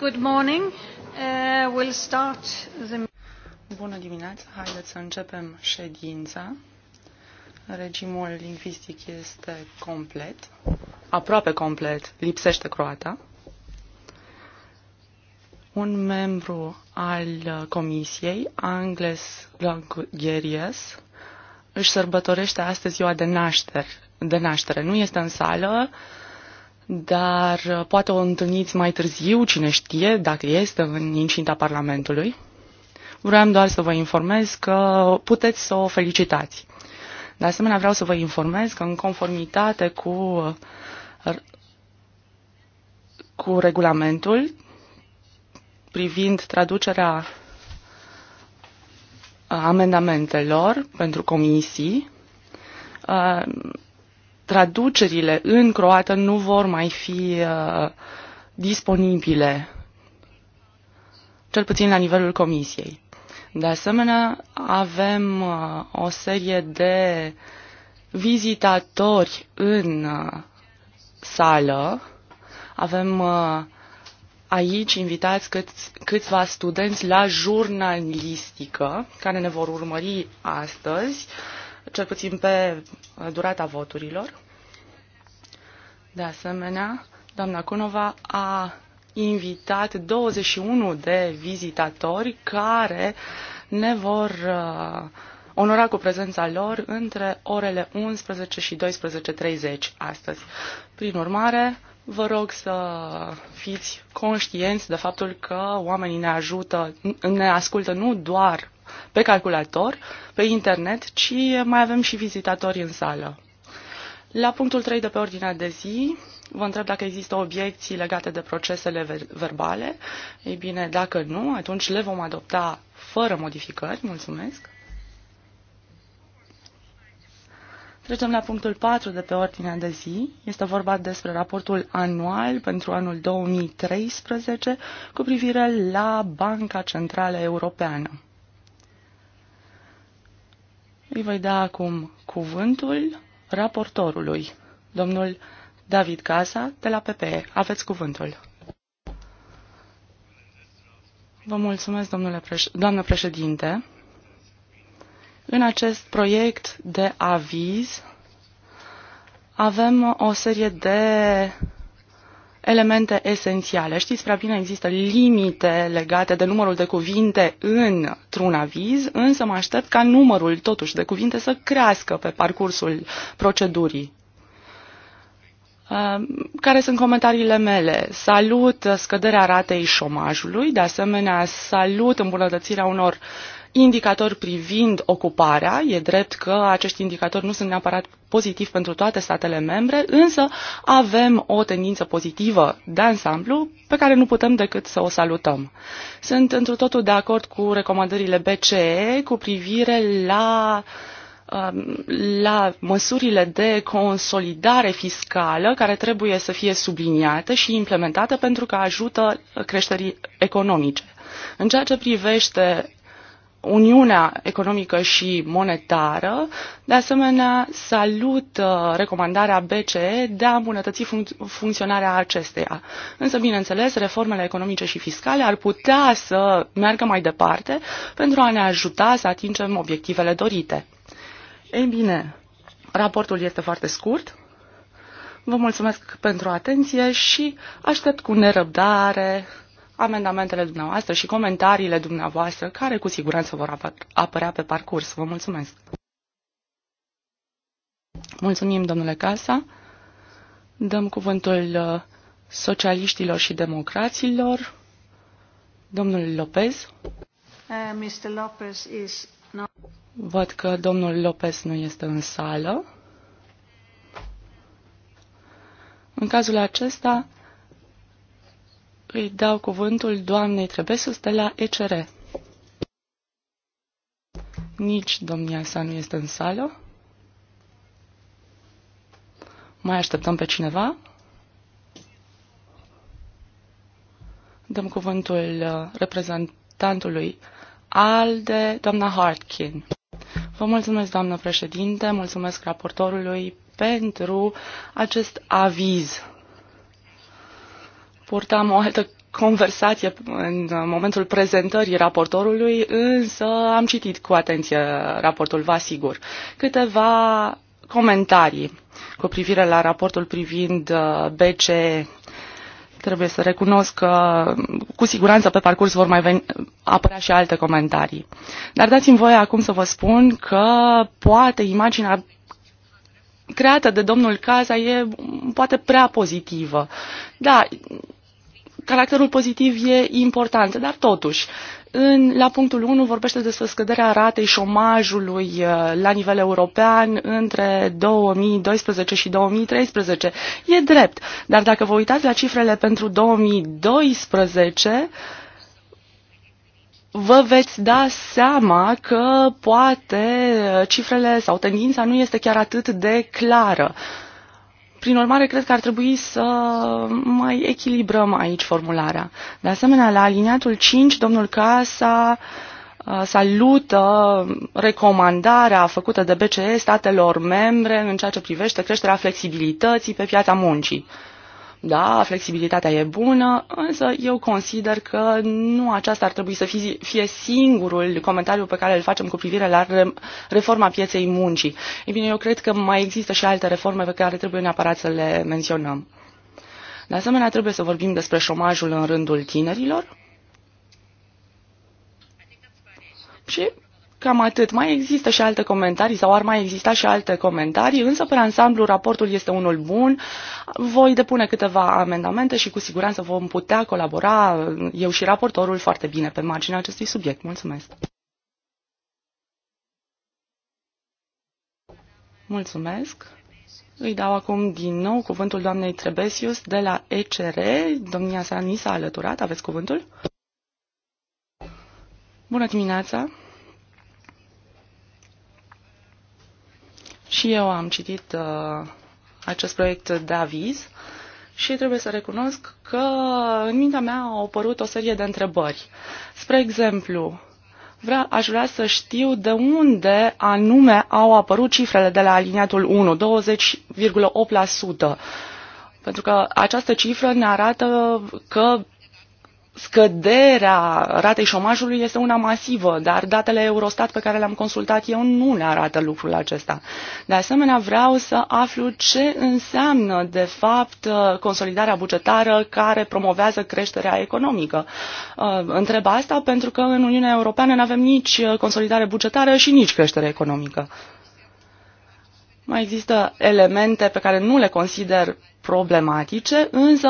Uh, Bună dimineața, haideți să începem ședința. Regimul lingvistic este complet, aproape complet, lipsește croata. Un membru al uh, comisiei, Angles Langheries, își sărbătorește astăzi ziua de naștere. De naștere. Nu este în sală, uh, dar uh, poate o întâlniți mai târziu, cine știe, dacă este în incinta Parlamentului. Vreau doar să vă informez că puteți să o felicitați. De asemenea, vreau să vă informez că în conformitate cu, uh, cu regulamentul privind traducerea uh, amendamentelor pentru comisii, traducerile în croată nu vor mai fi uh, disponibile, cel puțin la nivelul comisiei. De asemenea, avem uh, o serie de vizitatori în uh, sală. Avem aici invitați câți, câțiva studenți la jurnalistică care ne vor urmări astăzi. Uh, cel puțin pe uh, durata voturilor. De asemenea, doamna Cunova a invitat 21 de vizitatori care ne vor uh, onora cu prezența lor între orele 11 și 12.30 astăzi. Prin urmare, vă rog să fiți conștienți de faptul că oamenii ne ajută, ne ascultă nu doar pe calculator, pe internet, ci mai avem și vizitatori în sală. La punctul 3 de pe ordinea de zi, vă întreb dacă există obiecții legate de procesele ver verbale. Ei bine, dacă nu, atunci le vom adopta fără modificări. Mulțumesc! Trecem la punctul 4 de pe ordinea de zi. Este vorba despre raportul anual pentru anul 2013 cu privire la Banca Centrală Europeană. Îi voi da acum cuvântul raportorului, domnul David Casa, de la PPE. Aveți cuvântul. Vă mulțumesc, domnule preș- doamnă președinte. În acest proiect de aviz avem o serie de elemente esențiale. Știți prea bine, există limite legate de numărul de cuvinte într-un aviz, însă mă aștept ca numărul totuși de cuvinte să crească pe parcursul procedurii. Uh, care sunt comentariile mele? Salut scăderea ratei șomajului, de asemenea salut îmbunătățirea unor uh, indicatori privind ocuparea. E drept că acești indicatori nu sunt neapărat pozitivi pentru toate statele membre, însă avem o tendință pozitivă de ansamblu pe care nu putem decât să o salutăm. Sunt într totul de acord cu recomandările BCE cu privire la um, la măsurile de consolidare fiscală care trebuie să fie subliniate și implementate pentru că ajută creșterii economice. În ceea ce privește Uniunea Economică și Monetară. De asemenea, salut uh, recomandarea BCE de a îmbunătăți func- funcționarea acesteia. Însă, bineînțeles, reformele economice și fiscale ar putea să meargă mai departe pentru a ne ajuta să atingem obiectivele dorite. Ei bine, raportul este foarte scurt. Vă mulțumesc pentru atenție și aștept cu nerăbdare amendamentele dumneavoastră și comentariile dumneavoastră, care cu siguranță vor apărea pe parcurs. Vă mulțumesc! Mulțumim, domnule Casa. Dăm cuvântul uh, socialiștilor și democraților. Domnul Lopez. Uh, Mr. Lopez is not... Văd că domnul Lopez nu este în sală. În cazul acesta, îi dau cuvântul doamnei Trebesus de la ECR. Nici domnia sa nu este în sală. Mai așteptăm pe cineva? Dăm cuvântul uh, reprezentantului ALDE, doamna Hartkin. Vă mulțumesc, doamnă președinte, mulțumesc raportorului pentru acest aviz purtam o altă conversație în momentul prezentării raportorului, însă am citit cu atenție raportul, vă asigur. Câteva comentarii cu privire la raportul privind uh, BC. Trebuie să recunosc că cu siguranță pe parcurs vor mai veni, apărea și alte comentarii. Dar dați-mi voie acum să vă spun că poate imaginea creată de domnul Caza e poate prea pozitivă. Da, caracterul pozitiv e important, dar totuși, în, la punctul 1 vorbește despre scăderea ratei șomajului uh, la nivel european între 2012 și 2013. E drept, dar dacă vă uitați la cifrele pentru 2012, vă veți da seama că poate uh, cifrele sau tendința nu este chiar atât de clară. Uh, prin urmare, cred că ar trebui să mai echilibrăm aici formularea. De asemenea, la aliniatul 5, domnul Casa uh, salută recomandarea făcută de BCE statelor membre în ceea ce privește creșterea flexibilității pe piața muncii. Uh, da, flexibilitatea e bună, însă eu consider că nu aceasta ar trebui să fie singurul comentariu pe care îl facem cu privire la reforma pieței muncii. Ei bine, eu cred că mai există și alte reforme pe care trebuie neapărat să le menționăm. De asemenea, trebuie să vorbim despre șomajul în rândul tinerilor. Și Cam atât. Mai există și alte comentarii sau ar mai exista și alte comentarii, însă pe ansamblu raportul este unul bun. Voi depune câteva amendamente și cu siguranță vom putea colabora eu și raportorul foarte bine pe marginea acestui subiect. Mulțumesc! Mulțumesc! Îi dau acum din nou cuvântul doamnei Trebesius de la ECR. Domnia sa ni s-a alăturat. Aveți cuvântul? Bună dimineața! Și eu am citit uh, acest proiect de aviz și trebuie să recunosc că în mintea mea au apărut o serie de întrebări. Spre exemplu, vrea, aș vrea să știu de unde anume au apărut cifrele de la aliniatul 1, 20,8%. Pentru că această cifră ne arată că scăderea ratei șomajului este una masivă, dar datele Eurostat pe care le-am consultat eu nu ne arată lucrul acesta. De asemenea, vreau să aflu ce înseamnă, de fapt, consolidarea bugetară care promovează creșterea economică. Uh, întreb asta pentru că în Uniunea Europeană nu avem nici consolidare bugetară și nici creștere economică. Mai există elemente pe care nu le consider problematice, însă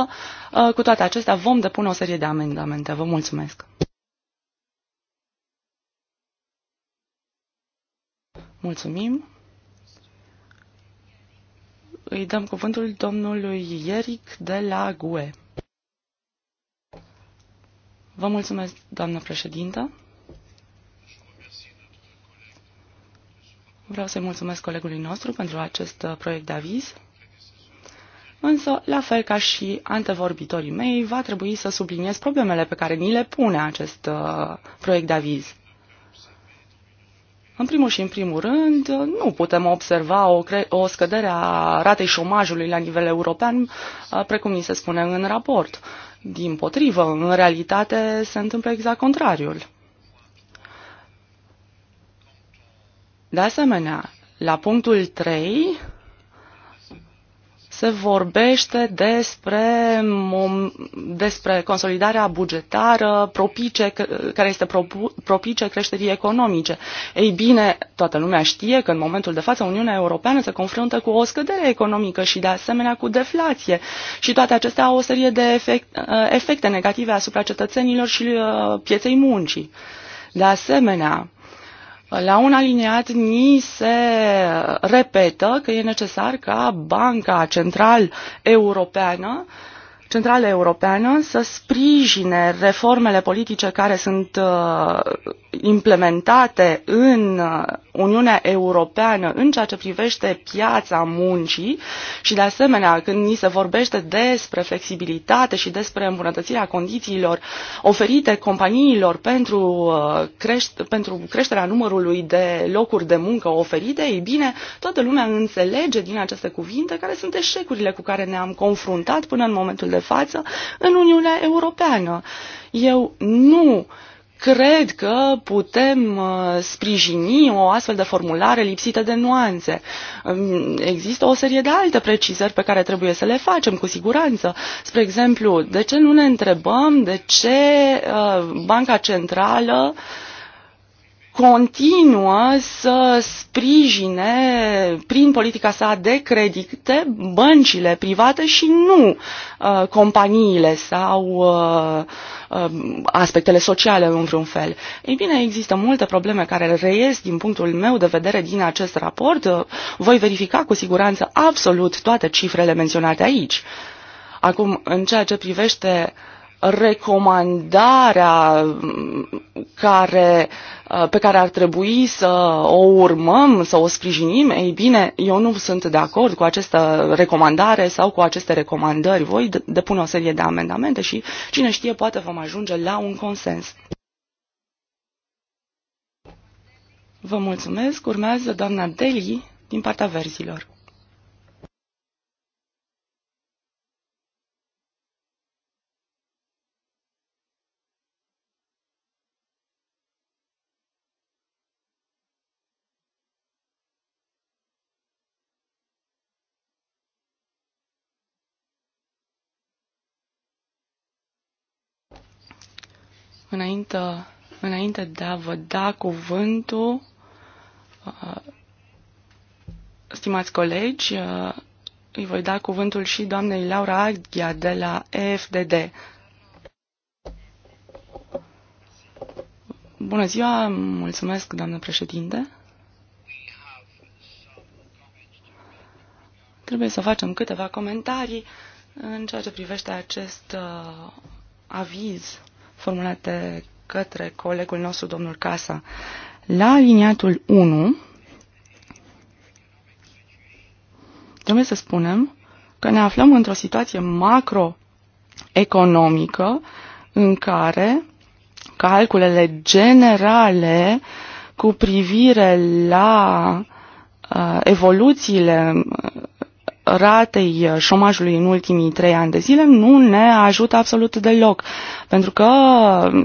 uh, cu toate acestea vom depune o serie de amendamente. Vă mulțumesc! Mulțumim! Îi dăm cuvântul domnului Ieric de la GUE. Vă mulțumesc, doamnă președintă! Vreau să-i mulțumesc colegului nostru pentru acest uh, proiect de aviz. Însă, la fel ca și antevorbitorii mei, va trebui să subliniez problemele pe care ni le pune acest uh, proiect de aviz. În primul și în primul rând, nu putem observa o, o scădere a ratei șomajului la nivel european, uh, precum ni se spune în raport. Din potrivă, în realitate se întâmplă exact contrariul. De asemenea, la punctul 3 se vorbește despre, despre consolidarea bugetară propice, care este propice creșterii economice. Ei bine, toată lumea știe că în momentul de față Uniunea Europeană se confruntă cu o scădere economică și de asemenea cu deflație și toate acestea au o serie de efect, uh, efecte negative asupra cetățenilor și uh, pieței muncii. De asemenea, la un aliniat ni se repetă că e necesar ca Banca Central Europeană Centrală Europeană să sprijine reformele politice care sunt uh, implementate în uh, Uniunea Europeană în ceea ce privește piața muncii și, de asemenea, când ni se vorbește despre flexibilitate și despre îmbunătățirea condițiilor oferite companiilor pentru, uh, crește, pentru creșterea numărului de locuri de muncă oferite, ei bine, toată lumea înțelege din aceste cuvinte care sunt eșecurile cu care ne-am confruntat până în momentul de față în Uniunea Europeană. Eu nu cred că putem uh, sprijini o astfel de formulare lipsită de nuanțe. Um, există o serie de alte precizări pe care trebuie să le facem cu siguranță. Spre exemplu, de ce nu ne întrebăm de ce uh, Banca Centrală continuă să sprijine prin politica sa de credite băncile private și nu uh, companiile sau uh, Um, aspectele sociale în vreun fel. Ei bine, există multe probleme care reies din punctul meu de vedere din acest raport. Voi verifica cu siguranță absolut toate cifrele menționate aici. Acum, în ceea ce privește uh, recomandarea mm, care, uh, pe care ar trebui să o urmăm, să o sprijinim, ei bine, eu nu sunt de acord cu această recomandare sau cu aceste recomandări. Voi depune o serie de amendamente și cine știe poate vom ajunge la un consens. Vă mulțumesc. Urmează doamna Deli din partea verzilor. Înainte, înainte de a vă da cuvântul, uh, stimați colegi, uh, îi voi da cuvântul și doamnei Laura Aghia de la EFDD. Bună ziua, mulțumesc, doamnă președinte. Trebuie să facem câteva comentarii în ceea ce privește acest uh, aviz formulate către colegul nostru, domnul Casa. La aliniatul 1, trebuie să spunem că ne aflăm într-o situație macroeconomică în care calculele generale cu privire la uh, evoluțiile uh, ratei șomajului în ultimii trei ani de zile nu ne ajută absolut deloc. Pentru că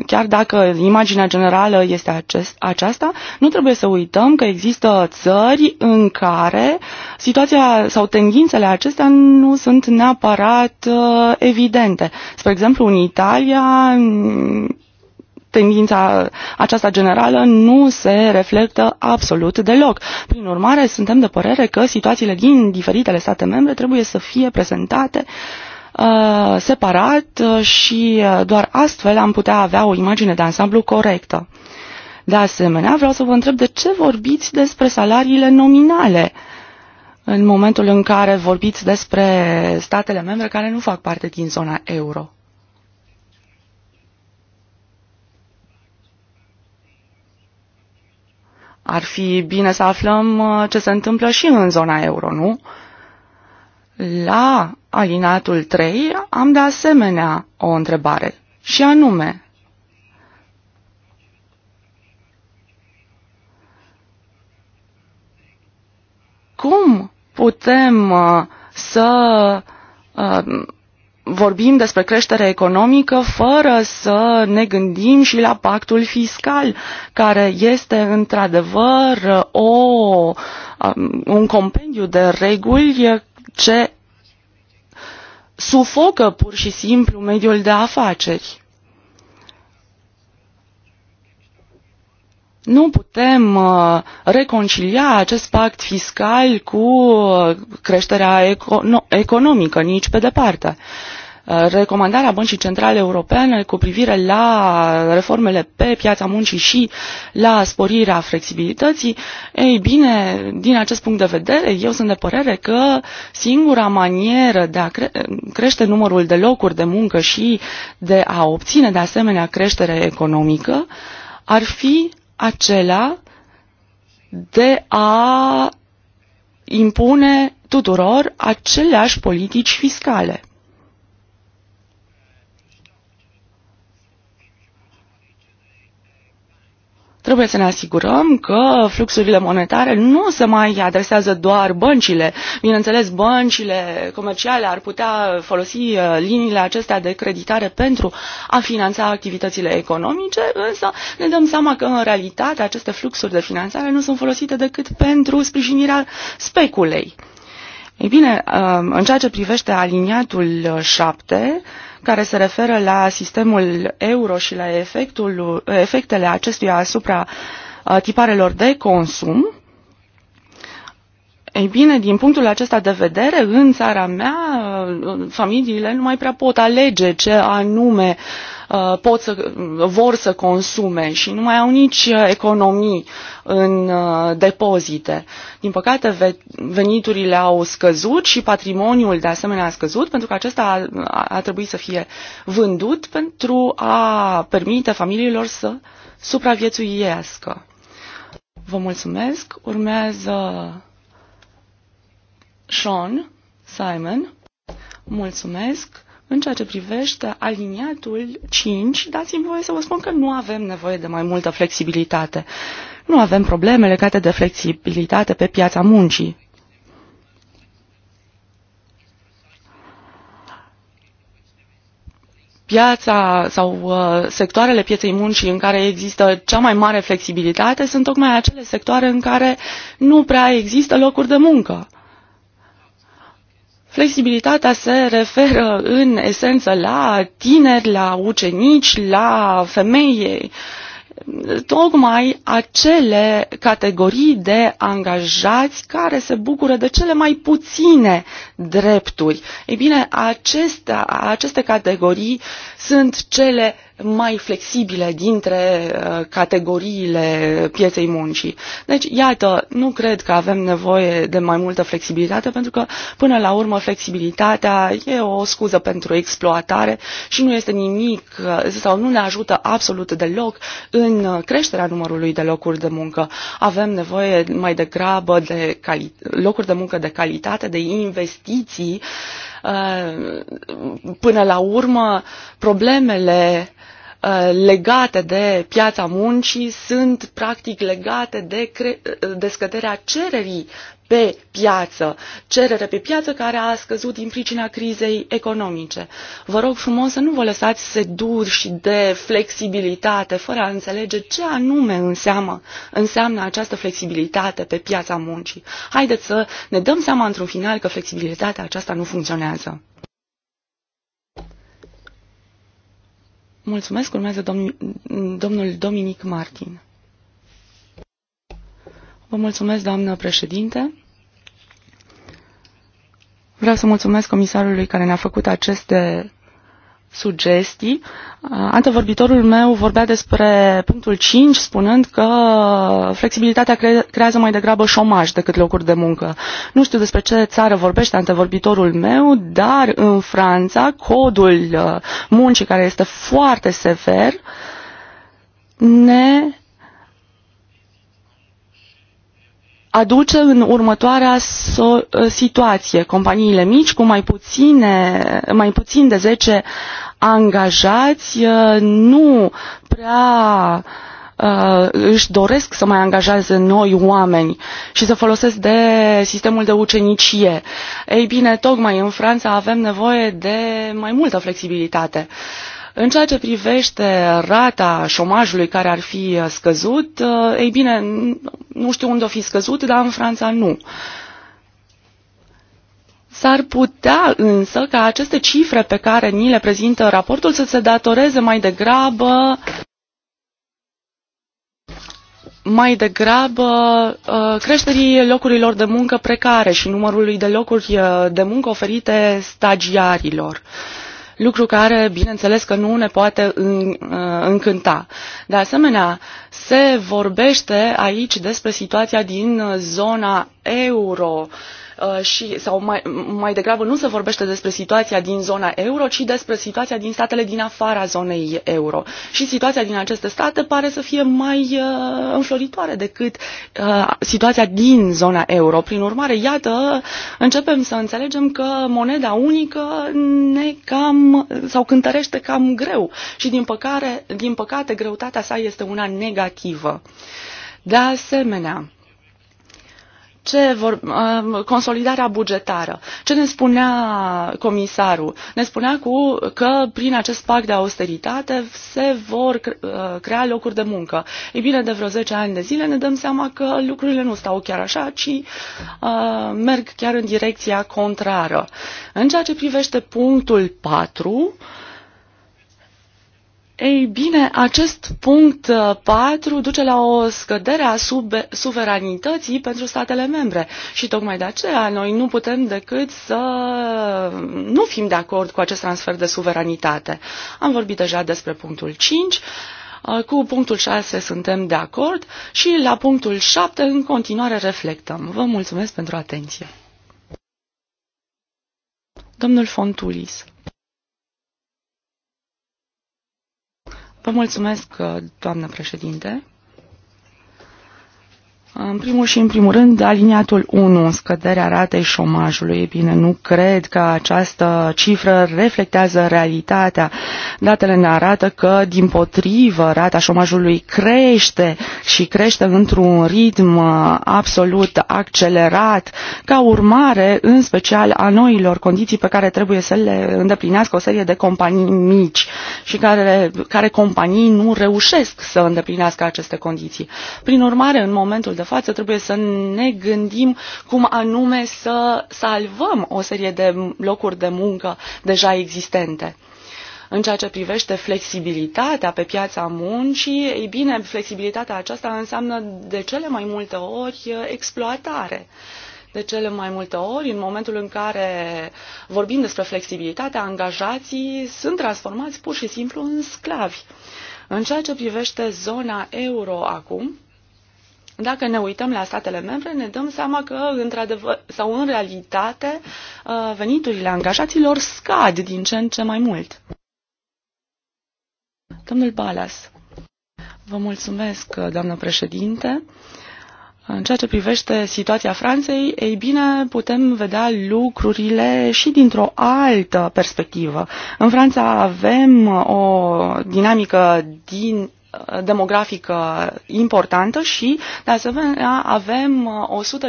chiar dacă imaginea generală este acest, aceasta, nu trebuie să uităm că există țări în care situația sau tendințele acestea nu sunt neapărat uh, evidente. Spre exemplu, în Italia tendința aceasta generală nu se reflectă absolut deloc. Prin urmare, suntem de părere că situațiile din diferitele state membre trebuie să fie prezentate uh, separat uh, și uh, doar astfel am putea avea o imagine de ansamblu corectă. De asemenea, vreau să vă întreb de ce vorbiți despre salariile nominale în momentul în care vorbiți despre statele membre care nu fac parte din zona euro. Ar fi bine să aflăm uh, ce se întâmplă și în zona euro, nu? La alinatul 3 am de asemenea o întrebare și anume cum putem uh, să uh, vorbim despre creștere economică fără să ne gândim și la pactul fiscal, care este într-adevăr uh, o, um, un compendiu de reguli ce sufocă pur și simplu mediul de afaceri. nu putem uh, reconcilia acest pact fiscal cu uh, creșterea economică nici pe departe. Uh, recomandarea Băncii Centrale Europene cu privire la reformele pe piața muncii și la sporirea flexibilității, ei bine, din acest punct de vedere, eu sunt de părere că singura manieră de a cre- crește numărul de locuri de muncă și de a obține de asemenea creștere economică ar fi acela de a impune tuturor aceleași politici fiscale. Trebuie să ne asigurăm că fluxurile monetare nu se mai adresează doar băncile. Bineînțeles, băncile comerciale ar putea folosi uh, liniile acestea de creditare pentru a finanța activitățile economice, însă ne dăm seama că, în realitate, aceste fluxuri de finanțare nu sunt folosite decât pentru sprijinirea speculei. Ei bine, uh, în ceea ce privește aliniatul 7, care se referă la sistemul euro și la efectul, efectele acestuia asupra uh, tiparelor de consum ei bine, din punctul acesta de vedere, în țara mea, familiile nu mai prea pot alege ce anume uh, pot să, vor să consume și nu mai au nici uh, economii în uh, depozite. Din păcate, veniturile au scăzut și patrimoniul de asemenea a scăzut, pentru că acesta a, a trebuit să fie vândut pentru a permite familiilor să supraviețuiască. Vă mulțumesc. Urmează Sean, Simon, mulțumesc. În ceea ce privește aliniatul 5, dați-mi voie să vă spun că nu avem nevoie de mai multă flexibilitate. Nu avem probleme legate de flexibilitate pe piața muncii. piața sau uh, sectoarele pieței muncii în care există cea mai mare flexibilitate sunt tocmai acele sectoare în care nu prea există locuri de muncă. Flexibilitatea se referă în esență la tineri, la ucenici, la femei, tocmai acele categorii de angajați care se bucură de cele mai puține drepturi. Ei bine, acestea, aceste categorii sunt cele mai flexibile dintre uh, categoriile pieței muncii. Deci, iată, nu cred că avem nevoie de mai multă flexibilitate, pentru că, până la urmă, flexibilitatea e o scuză pentru exploatare și nu este nimic uh, sau nu ne ajută absolut deloc în creșterea numărului de locuri de muncă. Avem nevoie mai degrabă de locuri de muncă de calitate, de investiții. Uh, până la urmă, problemele Uh, legate de piața muncii sunt practic legate de, cre- uh, de scăderea cererii pe piață, cerere pe piață care a scăzut din pricina crizei economice. Vă rog frumos să nu vă lăsați și de flexibilitate fără a înțelege ce anume înseamnă, înseamnă această flexibilitate pe piața muncii. Haideți să ne dăm seama într-un final că flexibilitatea aceasta nu funcționează. Mulțumesc. Urmează domn, domnul Dominic Martin. Vă mulțumesc, doamnă președinte. Vreau să mulțumesc comisarului care ne-a făcut aceste sugestii. Uh, antevorbitorul meu vorbea despre punctul 5, spunând că flexibilitatea creează mai degrabă șomaj decât locuri de muncă. Nu știu despre ce țară vorbește antevorbitorul meu, dar în Franța codul uh, muncii, care este foarte sever, ne aduce în următoarea so- ă, situație. Companiile mici cu mai, puține, mai puțin de 10 angajați ă, nu prea ă, își doresc să mai angajeze noi oameni și să folosesc de sistemul de ucenicie. Ei bine, tocmai în Franța avem nevoie de mai multă flexibilitate. În ceea ce privește rata șomajului care ar fi scăzut, ei bine, nu știu unde o fi scăzut, dar în Franța nu. S-ar putea însă ca aceste cifre pe care ni le prezintă raportul să se datoreze mai degrabă mai degrabă uh, creșterii locurilor de muncă precare și numărului de locuri uh, de muncă oferite stagiarilor. Uh, lucru care, bineînțeles, că nu ne poate uh, încânta. De asemenea, se vorbește aici despre situația din zona euro. Uh, Uh, și, sau mai, mai degrabă nu se vorbește despre situația din zona euro, ci despre situația din statele din afara zonei euro. Și situația din aceste state pare să fie mai uh, înfloritoare decât uh, situația din zona euro. Prin urmare, iată, începem să înțelegem că moneda unică ne cam, sau cântărește cam greu și din, păcare, din păcate greutatea sa este una negativă. De asemenea, ce vor, um, consolidarea bugetară. Ce ne spunea comisarul? Ne spunea cu, că prin acest pact de austeritate se vor uh, crea locuri de muncă. Ei bine, de vreo 10 ani de zile ne dăm seama că lucrurile nu stau chiar așa, ci uh, merg chiar în direcția contrară. În ceea ce privește punctul 4, uh, ei bine, acest punct 4 uh, duce la o scădere a sub- suveranității pentru statele membre și tocmai de aceea noi nu putem decât să nu fim de acord cu acest transfer de suveranitate. Am vorbit deja despre punctul 5. Uh, cu punctul 6 suntem de acord și la punctul 7 în continuare reflectăm. Vă mulțumesc pentru atenție. Domnul Fontulis. Vă mulțumesc, doamnă președinte. În primul și în primul rând, aliniatul 1, scăderea ratei șomajului. E bine, nu cred că această cifră reflectează realitatea. Datele ne arată că, din potrivă, rata șomajului crește și crește într-un ritm uh, absolut accelerat, ca urmare, în special, a noilor condiții pe care trebuie să le îndeplinească o serie de companii mici și care, care companii nu reușesc să îndeplinească aceste condiții. Prin urmare, în momentul de de față, trebuie să ne gândim cum anume să salvăm o serie de locuri de muncă deja existente. În ceea ce privește flexibilitatea pe piața muncii, ei bine, flexibilitatea aceasta înseamnă de cele mai multe ori uh, exploatare de cele mai multe ori, în momentul în care vorbim despre flexibilitate, angajații sunt transformați pur și simplu în sclavi. În ceea ce privește zona euro acum, dacă ne uităm la statele membre, ne dăm seama că, într-adevăr, sau în realitate, uh, veniturile angajaților scad din ce în ce mai mult. Domnul Balas, vă mulțumesc, uh, doamnă președinte. În ceea ce privește situația Franței, ei bine, putem vedea lucrurile și dintr-o altă perspectivă. În Franța avem uh, o dinamică din demografică importantă și, de asemenea, avem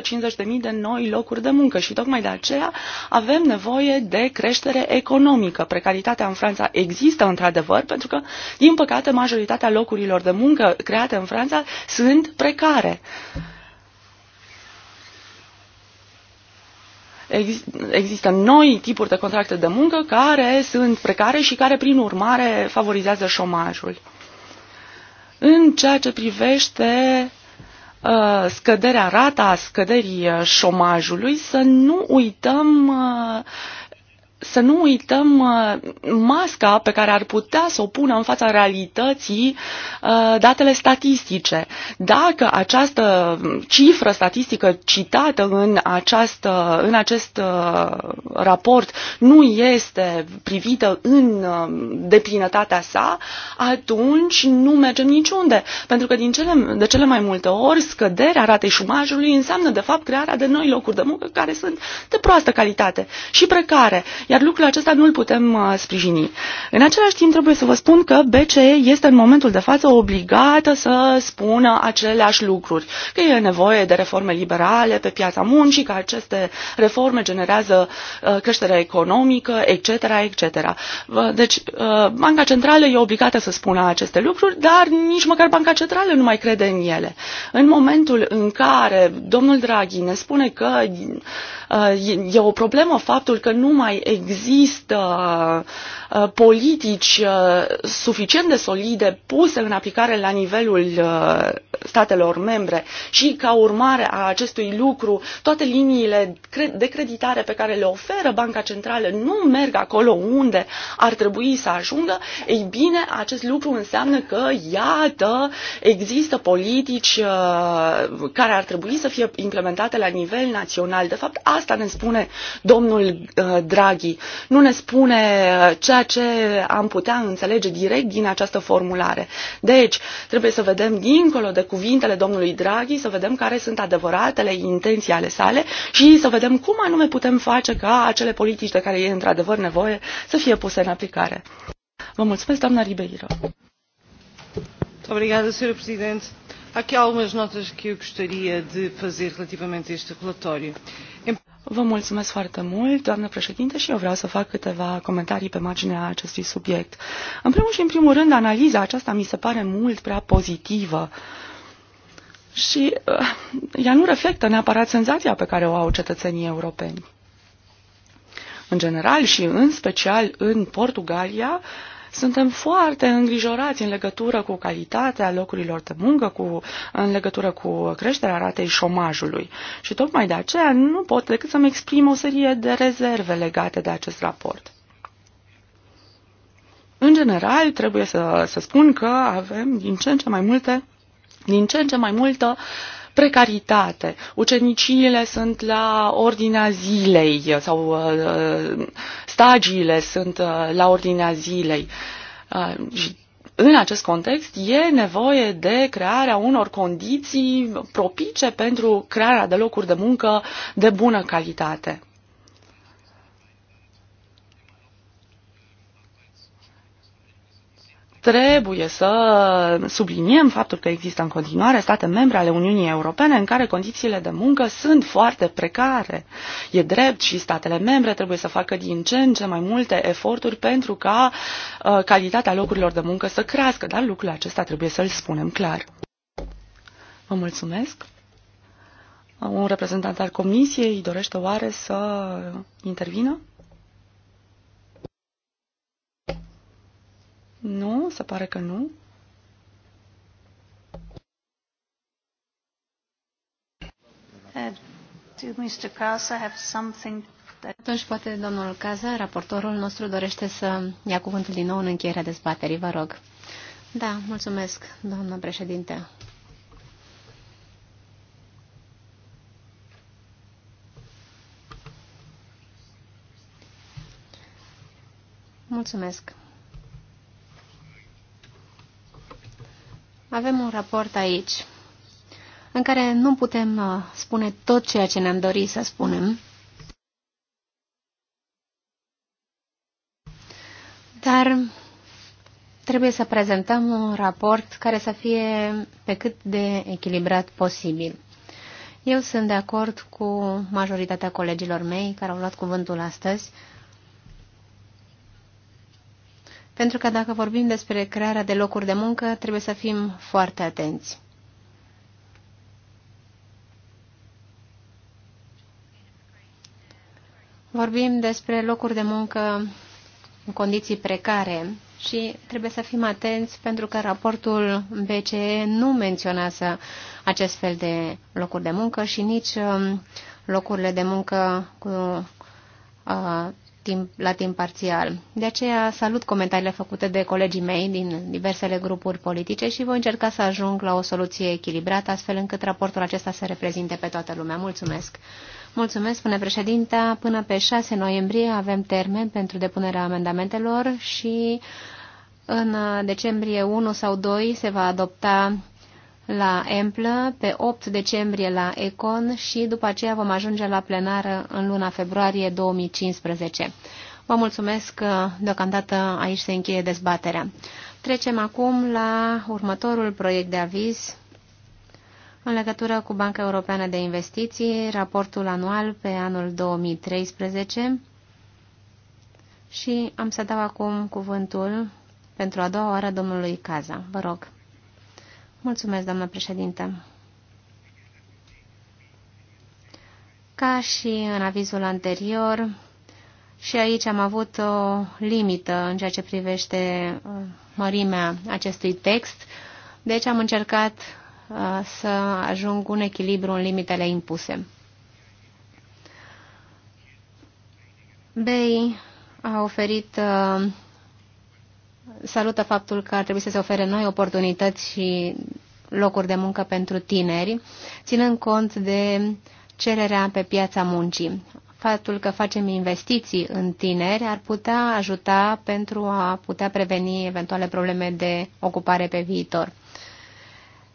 150.000 uh, de noi locuri de muncă și tocmai de aceea avem nevoie de creștere economică. Precaritatea în Franța există într-adevăr pentru că, din păcate, majoritatea locurilor de muncă create în Franța sunt precare. există noi tipuri de contracte de muncă care sunt precare și care, prin urmare, favorizează șomajul. În ceea ce privește uh, scăderea rata scăderii uh, șomajului, să nu uităm uh, să nu uităm uh, masca pe care ar putea să o pună în fața realității uh, datele statistice. Dacă această cifră statistică citată în, această, în acest uh, raport nu este privită în deplinătatea sa, atunci nu mergem niciunde. Pentru că din cele, de cele mai multe ori scăderea ratei șumajului înseamnă de fapt crearea de noi locuri de muncă care sunt de proastă calitate și precare iar lucrul acesta nu îl putem uh, sprijini. În același timp, trebuie să vă spun că BCE este în momentul de față obligată să spună aceleași lucruri, că e nevoie de reforme liberale pe piața muncii, că aceste reforme generează uh, creșterea economică, etc., etc. Deci, uh, Banca Centrală e obligată să spună aceste lucruri, dar nici măcar Banca Centrală nu mai crede în ele. În momentul în care domnul Draghi ne spune că Uh, e o problemă faptul că nu mai există uh, politici uh, suficient de solide puse în aplicare la nivelul statelor membre și ca urmare a acestui lucru toate liniile de creditare pe care le oferă Banca Centrală nu merg acolo unde ar trebui să ajungă, ei bine, acest lucru înseamnă că, iată, există politici care ar trebui să fie implementate la nivel național. De fapt, asta Asta ne spune domnul uh, Draghi. Nu ne spune uh, ceea ce am putea înțelege direct din această formulare. Deci, trebuie să vedem dincolo de cuvintele domnului Draghi, să vedem care sunt adevăratele intenții ale sale și să vedem cum anume putem face ca acele politici de care e într-adevăr nevoie să fie puse în aplicare. Vă mulțumesc, doamna Ribeiro. Obrigada, Sr. Presidente. Há aqui algumas notas que eu gostaria de fazer relativamente a este relatório. Uh, Vă mulțumesc foarte mult, doamnă președinte, și eu vreau să fac câteva comentarii pe marginea acestui subiect. În primul și în primul rând, analiza aceasta mi se pare mult prea pozitivă și uh, ea nu reflectă neapărat senzația pe care o au cetățenii europeni. În general și în special în Portugalia, uh, suntem foarte îngrijorați în legătură cu calitatea locurilor de muncă, cu, în legătură cu creșterea ratei șomajului. Și tocmai de aceea nu pot decât să-mi exprim o serie de rezerve legate de acest raport. În general, trebuie să, să spun că avem din ce în ce mai multe din ce în ce mai multă uh, precaritate. Uceniciile sunt la ordinea zilei sau uh, stagiile sunt uh, la ordinea zilei. Uh, în acest context e nevoie de crearea unor condiții propice pentru crearea de locuri de muncă de bună calitate. trebuie să subliniem faptul că există în continuare state membre ale Uniunii Europene în care condițiile de muncă sunt foarte precare. E drept și statele membre trebuie să facă din ce în ce mai multe eforturi pentru ca uh, calitatea locurilor de muncă să crească, dar lucrul acesta trebuie să-l spunem clar. Vă mulțumesc. Un reprezentant al Comisiei dorește oare să intervină? Nu, se pare că nu. Casa uh, atunci, poate, domnul Caza, raportorul nostru, dorește să ia cuvântul din nou în încheierea dezbaterii. Vă rog. Da, mulțumesc, doamnă președinte. Mulțumesc. Avem un raport aici în care nu putem uh, spune tot ceea ce ne-am dorit să spunem, dar trebuie să prezentăm un raport care să fie pe cât de echilibrat posibil. Eu sunt de acord cu majoritatea colegilor mei care au luat cuvântul astăzi, pentru că dacă vorbim despre crearea de locuri de muncă, trebuie să fim foarte atenți. Vorbim despre locuri de muncă în condiții precare și trebuie să fim atenți pentru că raportul BCE nu menționează acest fel de locuri de muncă și nici um, locurile de muncă cu uh, timp, la timp parțial. De aceea salut comentariile făcute de colegii mei din diversele grupuri politice și voi încerca să ajung la o soluție echilibrată, astfel încât raportul acesta să reprezinte pe toată lumea. Mulțumesc! Mulțumesc, spune președinta. Până pe 6 noiembrie avem termen pentru depunerea amendamentelor și în decembrie 1 sau 2 se va adopta la Emplă, pe 8 decembrie la Econ și după aceea vom ajunge la plenară în luna februarie 2015. Vă mulțumesc că uh, deocamdată aici se încheie dezbaterea. Trecem acum la următorul proiect de aviz în legătură cu Banca Europeană de Investiții, raportul anual pe anul 2013 și am să dau acum cuvântul pentru a doua oară domnului Caza. Vă rog. Mulțumesc, doamnă președinte. Ca și în avizul anterior, și aici am avut o limită în ceea ce privește uh, mărimea acestui text, deci am încercat uh, să ajung un echilibru în limitele impuse. BEI a oferit uh, salută faptul că ar trebui să se ofere noi oportunități și locuri de muncă pentru tineri, ținând cont de cererea pe piața muncii. Faptul că facem investiții în tineri ar putea ajuta pentru a putea preveni eventuale probleme de ocupare pe viitor.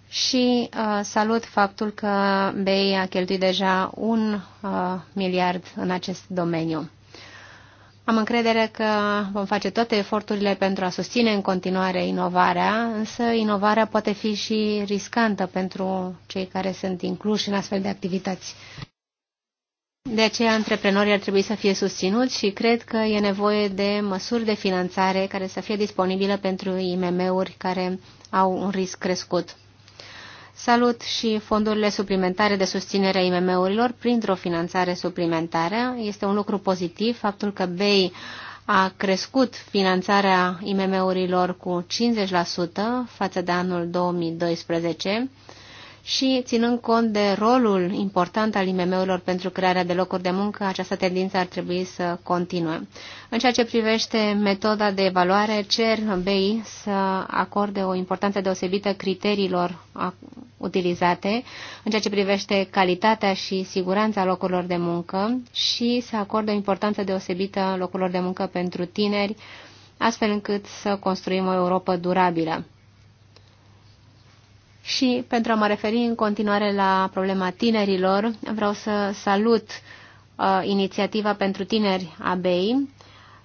Și uh, salut faptul că BEI a cheltuit deja un uh, miliard în acest domeniu. Am încredere că vom face toate eforturile pentru a susține în continuare inovarea, însă inovarea poate fi și riscantă pentru cei care sunt incluși în astfel de activități. De aceea, antreprenorii ar trebui să fie susținuți și cred că e nevoie de măsuri de finanțare care să fie disponibile pentru IMM-uri care au un risc crescut. Salut și fondurile suplimentare de susținere a IMM-urilor printr-o finanțare suplimentară. Este un lucru pozitiv faptul că BEI a crescut finanțarea IMM-urilor cu 50% față de anul 2012 și ținând cont de rolul important al IMM-urilor pentru crearea de locuri de muncă, această tendință ar trebui să continue. În ceea ce privește metoda de evaluare, cer BI să acorde o importanță deosebită criteriilor utilizate în ceea ce privește calitatea și siguranța locurilor de muncă și să acorde o importanță deosebită locurilor de muncă pentru tineri, astfel încât să construim o Europa durabilă. Și pentru a mă referi în continuare la problema tinerilor, vreau să salut uh, inițiativa pentru tineri a BEI,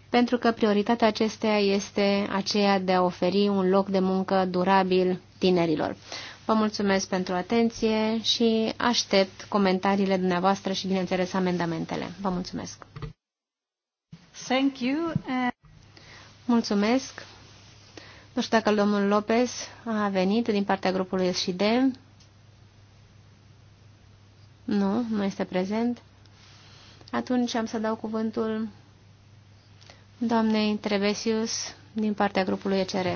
pentru că prioritatea acesteia este aceea de a oferi un loc de muncă durabil tinerilor. Vă mulțumesc pentru atenție și aștept comentariile dumneavoastră și, bineînțeles, amendamentele. Vă mulțumesc! Thank you. Mulțumesc! Nu știu dacă domnul Lopez a venit din partea grupului SID. Nu, nu este prezent. Atunci am să dau cuvântul doamnei Trevesius din partea grupului ECR.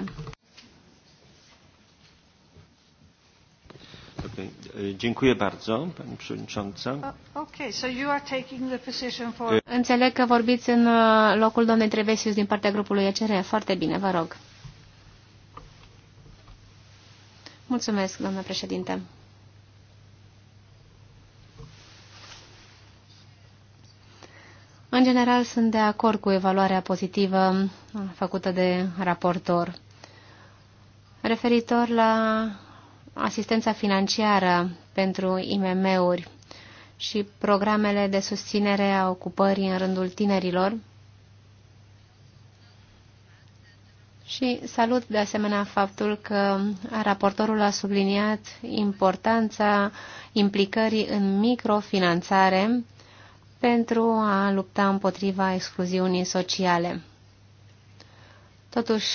Dziękuję bardzo, Pani Przewodnicząca. Okay, so you are taking the position for... Înțeleg că vorbiți în uh, locul doamnei Trebesius din partea grupului ECR. Foarte bine, vă rog. Mulțumesc, doamnă președinte. În general, sunt de acord cu evaluarea pozitivă făcută de raportor. Referitor la asistența financiară pentru IMM-uri și programele de susținere a ocupării în rândul tinerilor, Și salut de asemenea faptul că raportorul a subliniat importanța implicării în microfinanțare pentru a lupta împotriva excluziunii sociale. Totuși,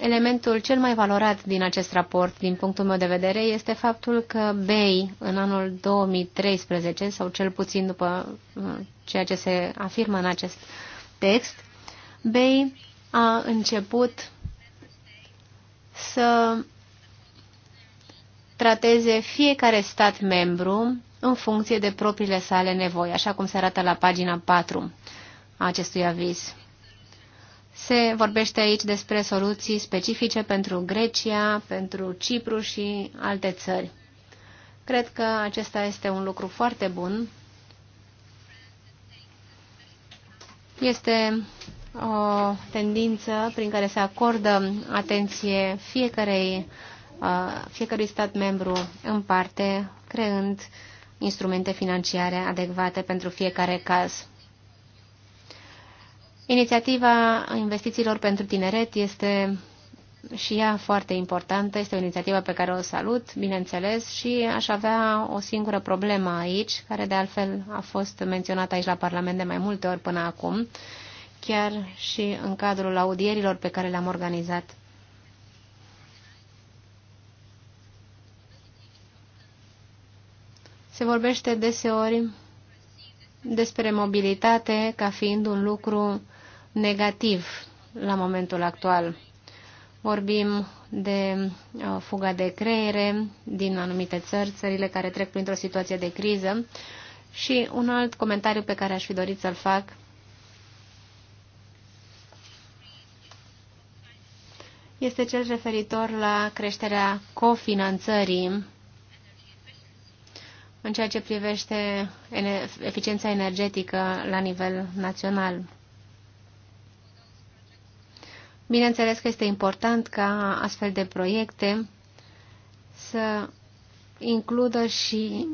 elementul cel mai valorat din acest raport, din punctul meu de vedere, este faptul că BEI în anul 2013, sau cel puțin după uh, ceea ce se afirmă în acest text, BEI a început să trateze fiecare stat membru în funcție de propriile sale nevoi, așa cum se arată la pagina 4 a acestui aviz. Se vorbește aici despre soluții specifice pentru Grecia, pentru Cipru și alte țări. Cred că acesta este un lucru foarte bun. Este o tendință prin care se acordă atenție fiecarei, fiecărui stat membru în parte, creând instrumente financiare adecvate pentru fiecare caz. Inițiativa investițiilor pentru tineret este și ea foarte importantă, este o inițiativă pe care o salut, bineînțeles, și aș avea o singură problemă aici, care de altfel a fost menționată aici la Parlament de mai multe ori până acum, chiar și în cadrul audierilor pe care le-am organizat. Se vorbește deseori despre mobilitate ca fiind un lucru negativ la momentul actual. Vorbim de uh, fuga de creiere din anumite țări, țările care trec printr-o situație de criză. Și un alt comentariu pe care aș fi dorit să-l fac este cel referitor la creșterea cofinanțării în ceea ce privește eficiența energetică la nivel național. Bineînțeles că este important ca astfel de proiecte să includă și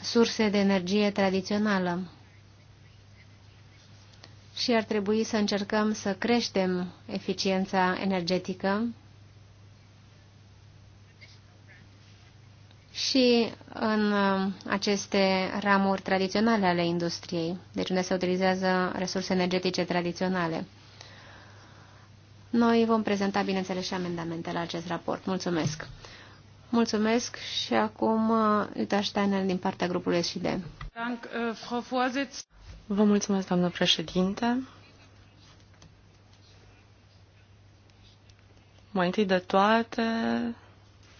surse de energie tradițională și ar trebui să încercăm să creștem eficiența energetică și în uh, aceste ramuri tradiționale ale industriei, deci unde se utilizează resurse energetice tradiționale. Noi vom prezenta, bineînțeles, și amendamente la acest raport. Mulțumesc! Mulțumesc și acum uh, Uta Steiner din partea grupului uh, SID. Vă mulțumesc, doamnă președinte. Mai întâi de toate,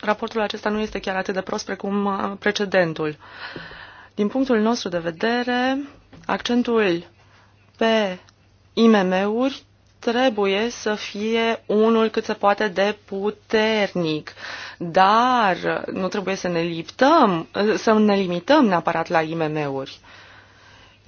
raportul acesta nu este chiar atât de prost precum uh, precedentul. Din punctul nostru de vedere, accentul pe IMM-uri trebuie să fie unul cât se poate de puternic, dar nu trebuie să ne liptăm, să ne limităm neapărat la IMM-uri.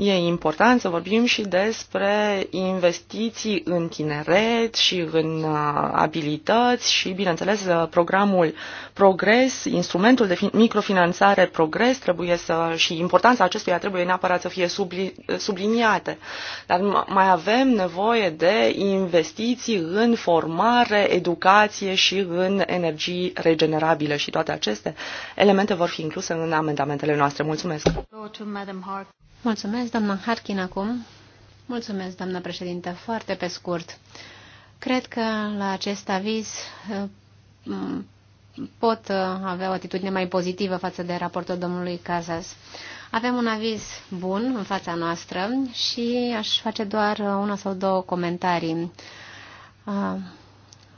E important să vorbim și despre investiții în tineret și în uh, abilități și, bineînțeles, uh, programul Progres, instrumentul de microfinanțare Progres trebuie să, și importanța acestuia trebuie neapărat să fie subli, subliniate. Dar mai avem nevoie de investiții în formare, educație și în energii regenerabile și toate aceste elemente vor fi incluse în amendamentele noastre. Mulțumesc! Mulțumesc, doamna Harkin, acum. Mulțumesc, doamna președinte foarte pe scurt. Cred că la acest aviz eh, pot eh, avea o atitudine mai pozitivă față de raportul domnului Casas. Avem un aviz bun în fața noastră și aș face doar una sau două comentarii. Ah,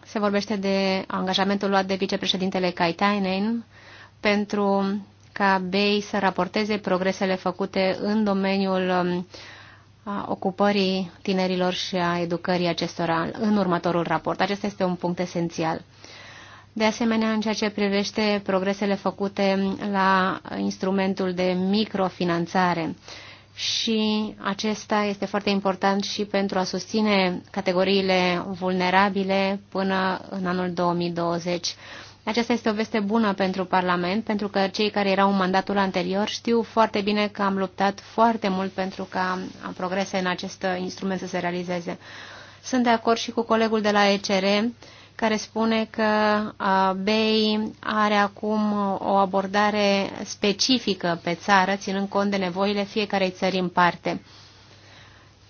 se vorbește de angajamentul luat de vicepreședintele Kaitainen pentru ca BEI să raporteze progresele făcute în domeniul um, ocupării tinerilor și a educării acestora în următorul raport. Acesta este un punct esențial. De asemenea, în ceea ce privește progresele făcute la instrumentul de microfinanțare, și acesta este foarte important și pentru a susține categoriile vulnerabile până în anul 2020. Aceasta este o veste bună pentru Parlament, pentru că cei care erau în mandatul anterior știu foarte bine că am luptat foarte mult pentru ca progrese în acest instrument să se realizeze. Sunt de acord și cu colegul de la ECR, care spune că BEI are acum o abordare specifică pe țară, ținând cont de nevoile fiecarei țări în parte.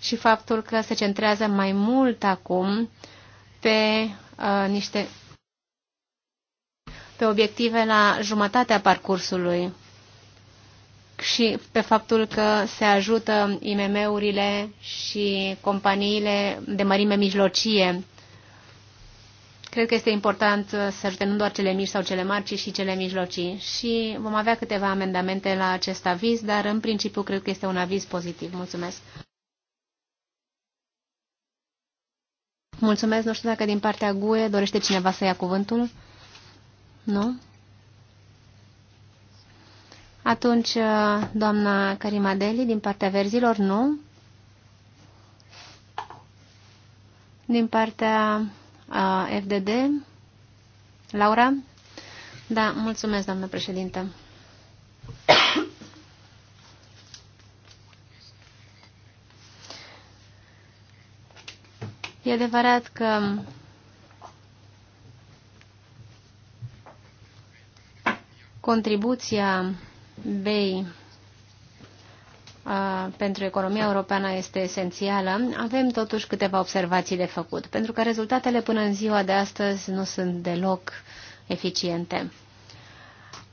Și faptul că se centrează mai mult acum pe uh, niște pe obiective la jumătatea parcursului și pe faptul că se ajută IMM-urile și companiile de mărime mijlocie. Cred că este important să ajutăm nu doar cele mici sau cele mari, ci și cele mijlocii. Și vom avea câteva amendamente la acest aviz, dar în principiu cred că este un aviz pozitiv. Mulțumesc! Mulțumesc, nu știu dacă din partea GUE dorește cineva să ia cuvântul. Nu? Atunci, uh, doamna Carimadeli, din partea verzilor, nu? Din partea uh, FDD, Laura? Da, mulțumesc, doamnă președintă. E adevărat că Contribuția BEI pentru economia europeană este esențială, avem totuși câteva observații de făcut, pentru că rezultatele până în ziua de astăzi nu sunt deloc eficiente.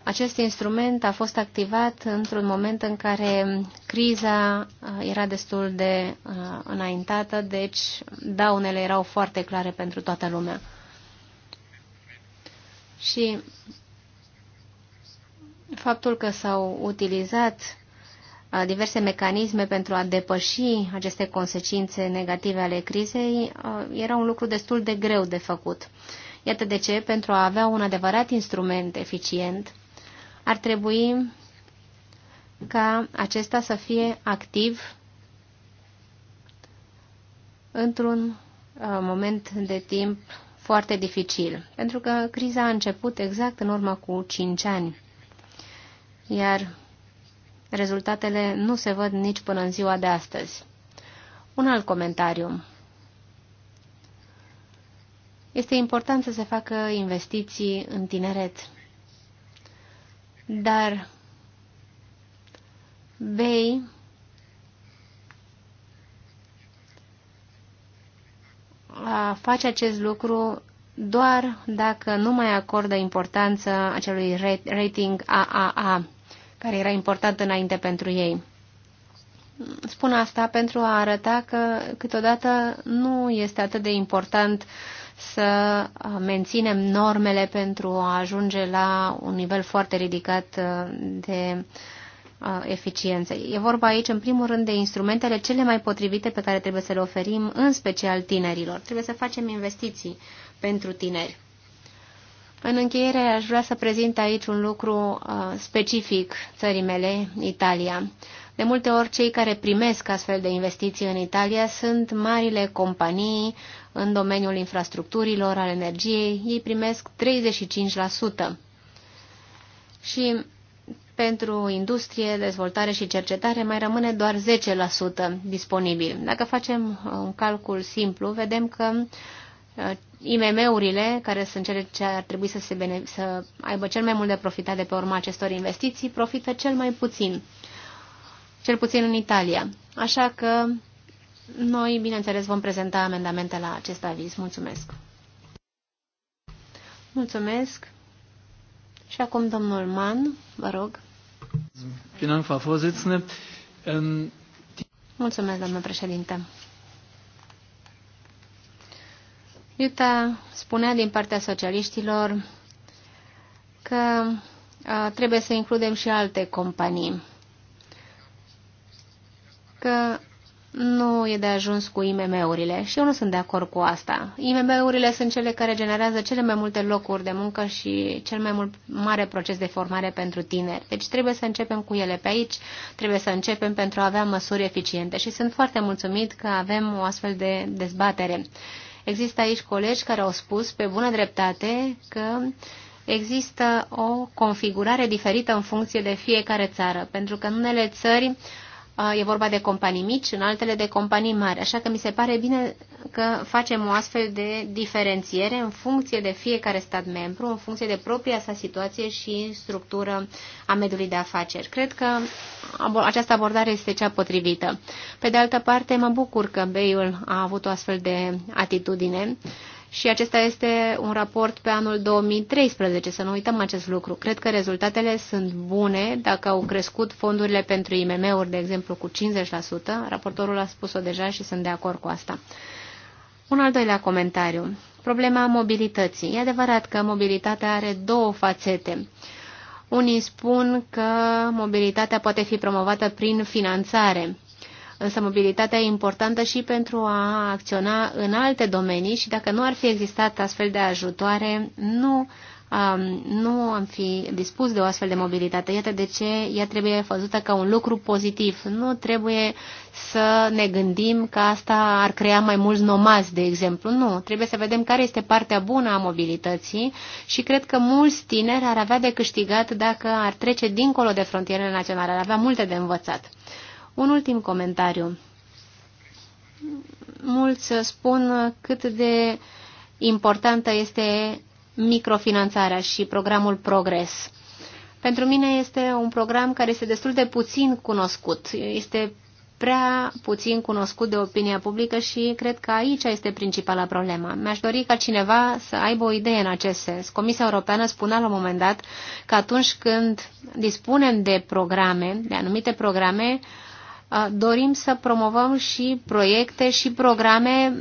Acest instrument a fost activat într-un moment în care criza era destul de înaintată, deci daunele erau foarte clare pentru toată lumea. Și faptul că s-au utilizat uh, diverse mecanisme pentru a depăși aceste consecințe negative ale crizei uh, era un lucru destul de greu de făcut. Iată de ce, pentru a avea un adevărat instrument eficient, ar trebui ca acesta să fie activ într-un uh, moment de timp foarte dificil, pentru că criza a început exact în urmă cu 5 ani iar rezultatele nu se văd nici până în ziua de astăzi. Un alt comentariu. Este important să se facă investiții în tineret, dar vei a face acest lucru doar dacă nu mai acordă importanță acelui rating AAA care era important înainte pentru ei. Spun asta pentru a arăta că câteodată nu este atât de important să menținem normele pentru a ajunge la un nivel foarte ridicat uh, de uh, eficiență. E vorba aici, în primul rând, de instrumentele cele mai potrivite pe care trebuie să le oferim, în special tinerilor. Trebuie să facem investiții pentru tineri. În încheiere, aș vrea să prezint aici un lucru uh, specific țării mele, Italia. De multe ori, cei care primesc astfel de investiții în Italia sunt marile companii în domeniul infrastructurilor, al energiei. Ei primesc 35%. Și pentru industrie, dezvoltare și cercetare mai rămâne doar 10% disponibil. Dacă facem uh, un calcul simplu, vedem că uh, IMM-urile, care sunt cele ce ar trebui să, se bene să aibă cel mai mult de profitat de pe urma acestor investiții, profită cel mai puțin, cel puțin în Italia. Așa că noi, bineînțeles, vom prezenta amendamente la acest aviz. Mulțumesc! Mulțumesc! Și acum domnul Mann, vă rog. Ähm, Mulțumesc, doamnă președinte. Iuta spunea din partea socialiștilor că trebuie să includem și alte companii, că nu e de ajuns cu IMM-urile și eu nu sunt de acord cu asta. IMM-urile sunt cele care generează cele mai multe locuri de muncă și cel mai mult, mare proces de formare pentru tineri. Deci trebuie să începem cu ele pe aici, trebuie să începem pentru a avea măsuri eficiente și sunt foarte mulțumit că avem o astfel de dezbatere. Există aici colegi care au spus, pe bună dreptate, că există o configurare diferită în funcție de fiecare țară, pentru că în unele țări e vorba de companii mici, în altele de companii mari. Așa că mi se pare bine că facem o astfel de diferențiere în funcție de fiecare stat membru, în funcție de propria sa situație și structură a mediului de afaceri. Cred că această abordare este cea potrivită. Pe de altă parte, mă bucur că bei a avut o astfel de atitudine și acesta este un raport pe anul 2013, să nu uităm acest lucru. Cred că rezultatele sunt bune dacă au crescut fondurile pentru IMM-uri, de exemplu, cu 50%. Raportorul a spus-o deja și sunt de acord cu asta. Un al doilea comentariu. Problema mobilității. E adevărat că mobilitatea are două fațete. Unii spun că mobilitatea poate fi promovată prin finanțare Însă mobilitatea e importantă și pentru a acționa în alte domenii și dacă nu ar fi existat astfel de ajutoare, nu, um, nu am fi dispus de o astfel de mobilitate. Iată de ce ea trebuie văzută ca un lucru pozitiv. Nu trebuie să ne gândim că asta ar crea mai mulți nomazi, de exemplu. Nu, trebuie să vedem care este partea bună a mobilității și cred că mulți tineri ar avea de câștigat dacă ar trece dincolo de frontierele naționale, ar avea multe de învățat. Un ultim comentariu. Mulți spun cât de importantă este microfinanțarea și programul Progres. Pentru mine este un program care este destul de puțin cunoscut. Este prea puțin cunoscut de opinia publică și cred că aici este principala problemă. Mi-aș dori ca cineva să aibă o idee în acest sens. Comisia Europeană spunea la un moment dat că atunci când dispunem de programe, de anumite programe, dorim să promovăm și proiecte și programe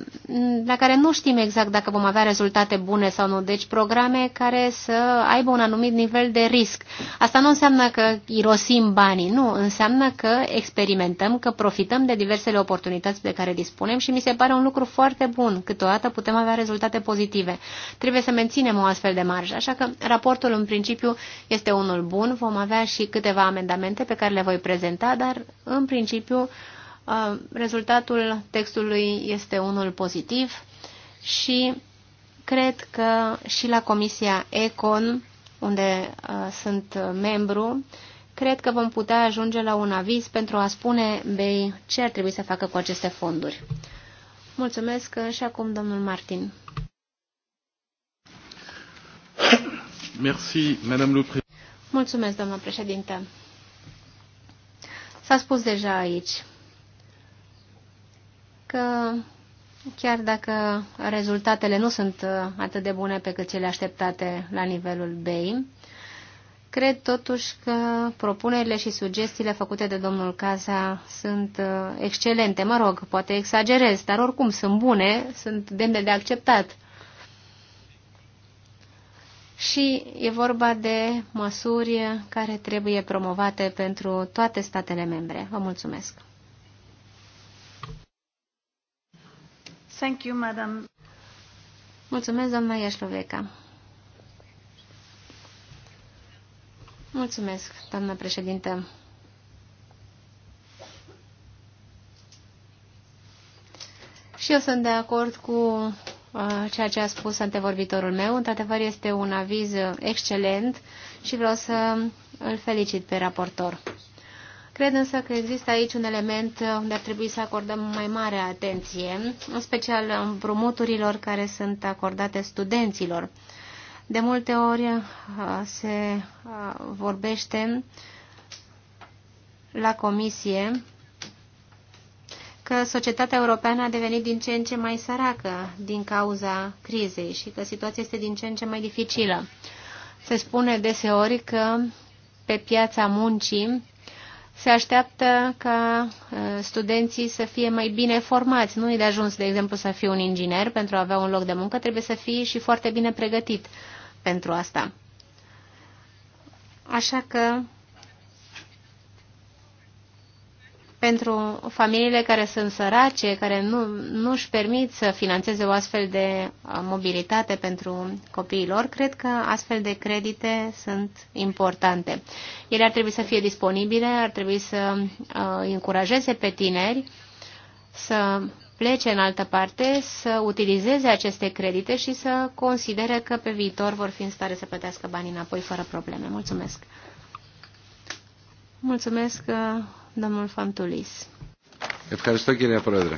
la care nu știm exact dacă vom avea rezultate bune sau nu, deci programe care să aibă un anumit nivel de risc. Asta nu înseamnă că irosim banii, nu, înseamnă că experimentăm, că profităm de diversele oportunități de care dispunem și mi se pare un lucru foarte bun. Câteodată putem avea rezultate pozitive. Trebuie să menținem o astfel de marjă, așa că raportul în principiu este unul bun, vom avea și câteva amendamente pe care le voi prezenta, dar în principiu principiu, uh, rezultatul textului este unul pozitiv și cred că și la Comisia ECON, unde uh, sunt membru, cred că vom putea ajunge la un aviz pentru a spune BEI ce ar trebui să facă cu aceste fonduri. Mulțumesc și acum domnul Martin. Merci, Mulțumesc, doamnă președinte. S-a spus deja aici că chiar dacă rezultatele nu sunt uh, atât de bune pe cât cele așteptate la nivelul BEI, cred totuși că propunerile și sugestiile făcute de domnul Casa sunt uh, excelente. Mă rog, poate exagerez, dar oricum sunt bune, sunt demne de acceptat și e vorba de măsuri care trebuie promovate pentru toate statele membre. Vă mulțumesc! Thank you, madam. Mulțumesc, doamna Iașloveca. Mulțumesc, doamna președintă. Și eu sunt de acord cu ceea ce a spus antevorbitorul meu. Într-adevăr, este un aviz excelent și vreau să îl felicit pe raportor. Cred însă că există aici un element unde ar trebui să acordăm mai mare atenție, în special împrumuturilor care sunt acordate studenților. De multe ori se vorbește la comisie că societatea europeană a devenit din ce în ce mai săracă din cauza crizei și că situația este din ce în ce mai dificilă. Se spune deseori că pe piața muncii se așteaptă ca uh, studenții să fie mai bine formați. Nu e de ajuns, de exemplu, să fii un inginer pentru a avea un loc de muncă, trebuie să fii și foarte bine pregătit pentru asta. Așa că pentru familiile care sunt sărace, care nu, nu își permit să financeze o astfel de uh, mobilitate pentru copiilor, cred că astfel de credite sunt importante. Ele ar trebui să fie disponibile, ar trebui să uh, încurajeze pe tineri să plece în altă parte, să utilizeze aceste credite și să considere că pe viitor vor fi în stare să plătească banii înapoi fără probleme. Mulțumesc! Mulțumesc, uh, domnul Fantulis. Ευχαριστώ, κύριε Πρόεδρε.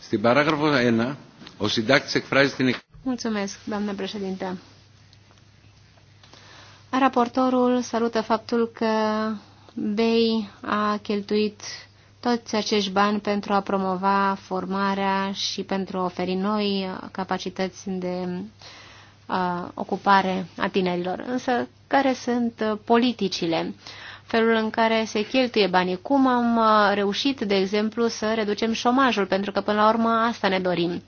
Στην παράγραφο 1, ο συντάκτης εκφράζει την... Mulțumesc, doamnă președinte. Raportorul salută faptul că BEI a cheltuit toți acești bani pentru a promova formarea și pentru a oferi noi capacități de uh, ocupare a tinerilor. Însă, care sunt uh, politicile? Uh, felul în care se cheltuie banii, cum am uh, reușit, de exemplu, să reducem șomajul, pentru că până la urmă asta ne dorim.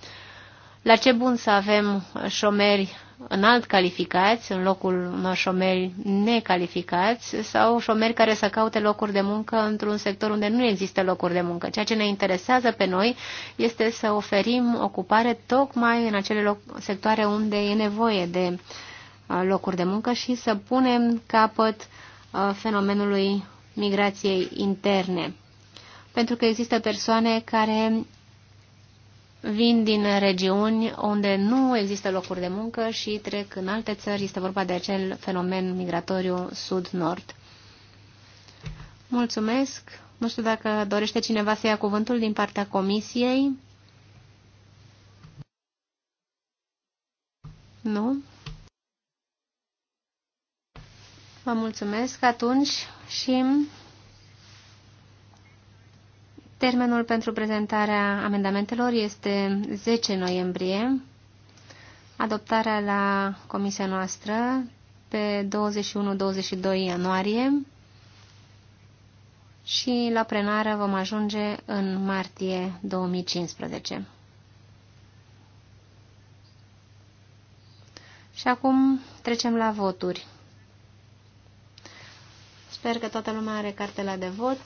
La ce bun să avem șomeri înalt calificați în locul unor șomeri necalificați sau șomeri care să caute locuri de muncă într-un sector unde nu există locuri de muncă. Ceea ce ne interesează pe noi este să oferim ocupare tocmai în acele loc, sectoare unde e nevoie de uh, locuri de muncă și să punem capăt uh, fenomenului migrației interne. Pentru că există persoane care vin din regiuni unde nu există locuri de muncă și trec în alte țări. Este vorba de acel fenomen migratoriu sud-nord. Mulțumesc. Nu știu dacă dorește cineva să ia cuvântul din partea comisiei. Nu? Vă mulțumesc atunci și termenul pentru prezentarea amendamentelor este 10 noiembrie, adoptarea la comisia noastră pe 21-22 ianuarie și la plenară vom ajunge în martie 2015. Și acum trecem la voturi. Sper că toată lumea are cartela de vot.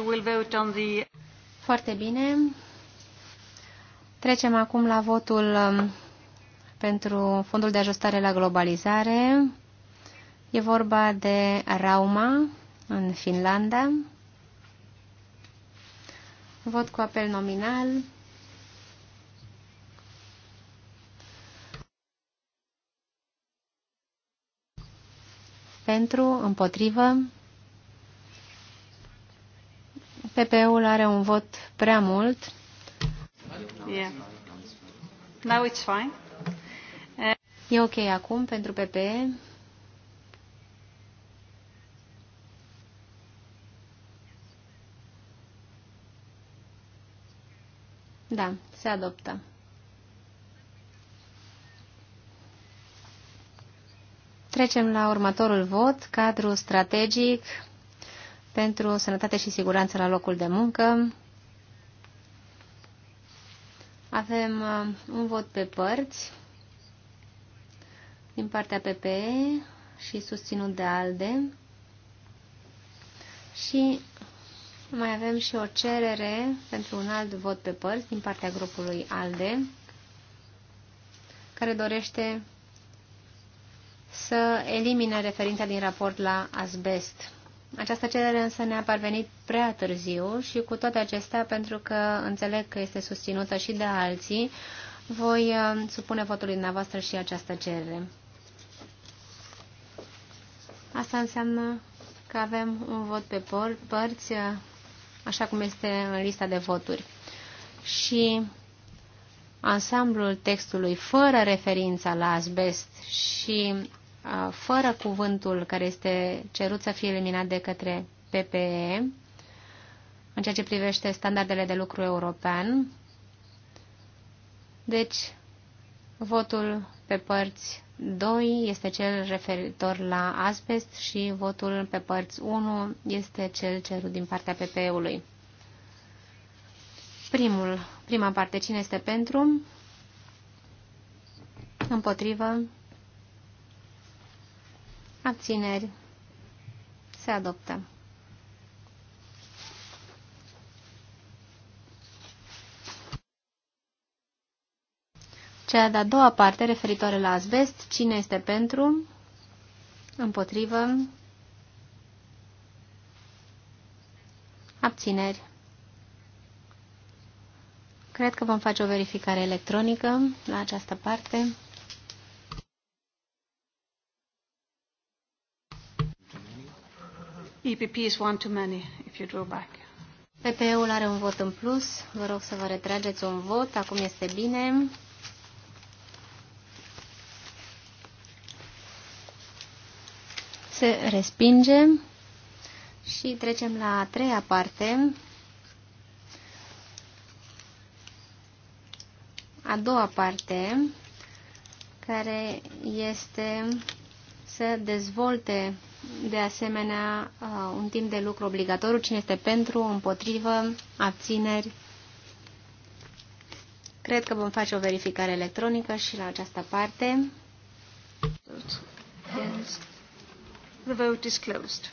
vote on the... Foarte bine. Trecem acum la votul um, pentru Fondul de Ajustare la Globalizare. E vorba de Rauma, în Finlanda. Vot cu apel nominal. Pentru, împotrivă, PPE-ul are un vot prea mult. Yeah. Now it's fine. E ok acum pentru PPE. Da, se adoptă. Trecem la următorul vot, cadru strategic pentru sănătate și siguranță la locul de muncă. Avem uh, un vot pe părți din partea PPE și susținut de ALDE. Și mai avem și o cerere pentru un alt vot pe părți din partea grupului ALDE, care dorește să elimine referința din raport la asbest. Această cerere însă ne-a parvenit prea târziu și cu toate acestea, pentru că înțeleg că este susținută și de alții, voi uh, supune votului dumneavoastră și această cerere. Asta înseamnă că avem un vot pe părți, uh, așa cum este în lista de voturi. Și ansamblul textului fără referința la asbest și fără cuvântul care este cerut să fie eliminat de către PPE, în ceea ce privește standardele de lucru european. Deci, votul pe părți 2 este cel referitor la asbest și votul pe părți 1 este cel cerut din partea PPE-ului. Primul, prima parte, cine este pentru? Împotrivă? Abțineri. Se adoptă. Cea de-a doua parte, referitoare la asbest, cine este pentru, împotrivă, abțineri. Cred că vom face o verificare electronică la această parte. EPP is one too many if you draw back. PPE-ul are un vot în plus. Vă rog să vă retrageți un vot. Acum este bine. Se respinge. Și trecem la a treia parte. A doua parte, care este să dezvolte de asemenea uh, un timp de lucru obligatoriu, cine este pentru, împotrivă, abțineri. Cred că vom face o verificare electronică și la această parte. Yes. The vote is closed.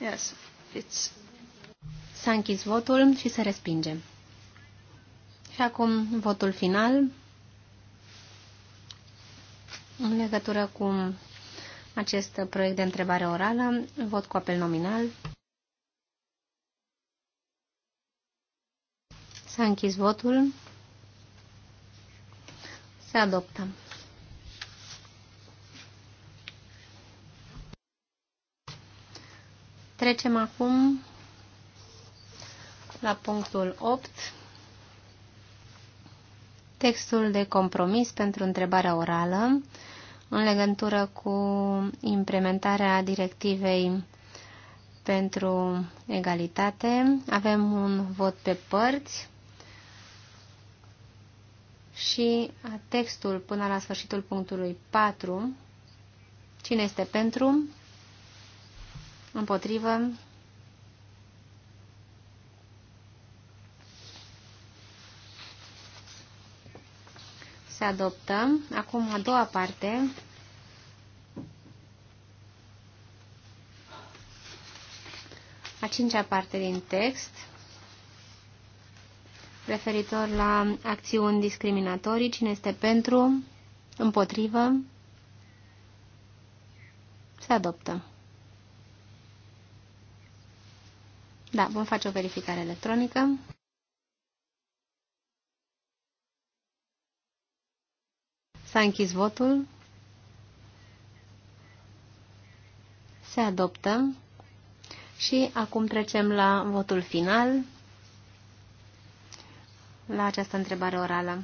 Yes, it's... S-a închis votul și se respinge. Și acum votul final în legătură cu acest proiect de întrebare orală. Vot cu apel nominal. S-a închis votul. Se adoptă. Trecem acum la punctul 8. Textul de compromis pentru întrebarea orală în legătură cu implementarea directivei pentru egalitate. Avem un vot pe părți și textul până la sfârșitul punctului 4. Cine este pentru? Împotrivă? se adoptăm. Acum a doua parte. A cincea parte din text referitor la acțiuni discriminatorii. Cine este pentru? Împotrivă? Se adoptă. Da, vom face o verificare electronică. S-a închis votul. Se adoptă. Și acum trecem la votul final, la această întrebare orală.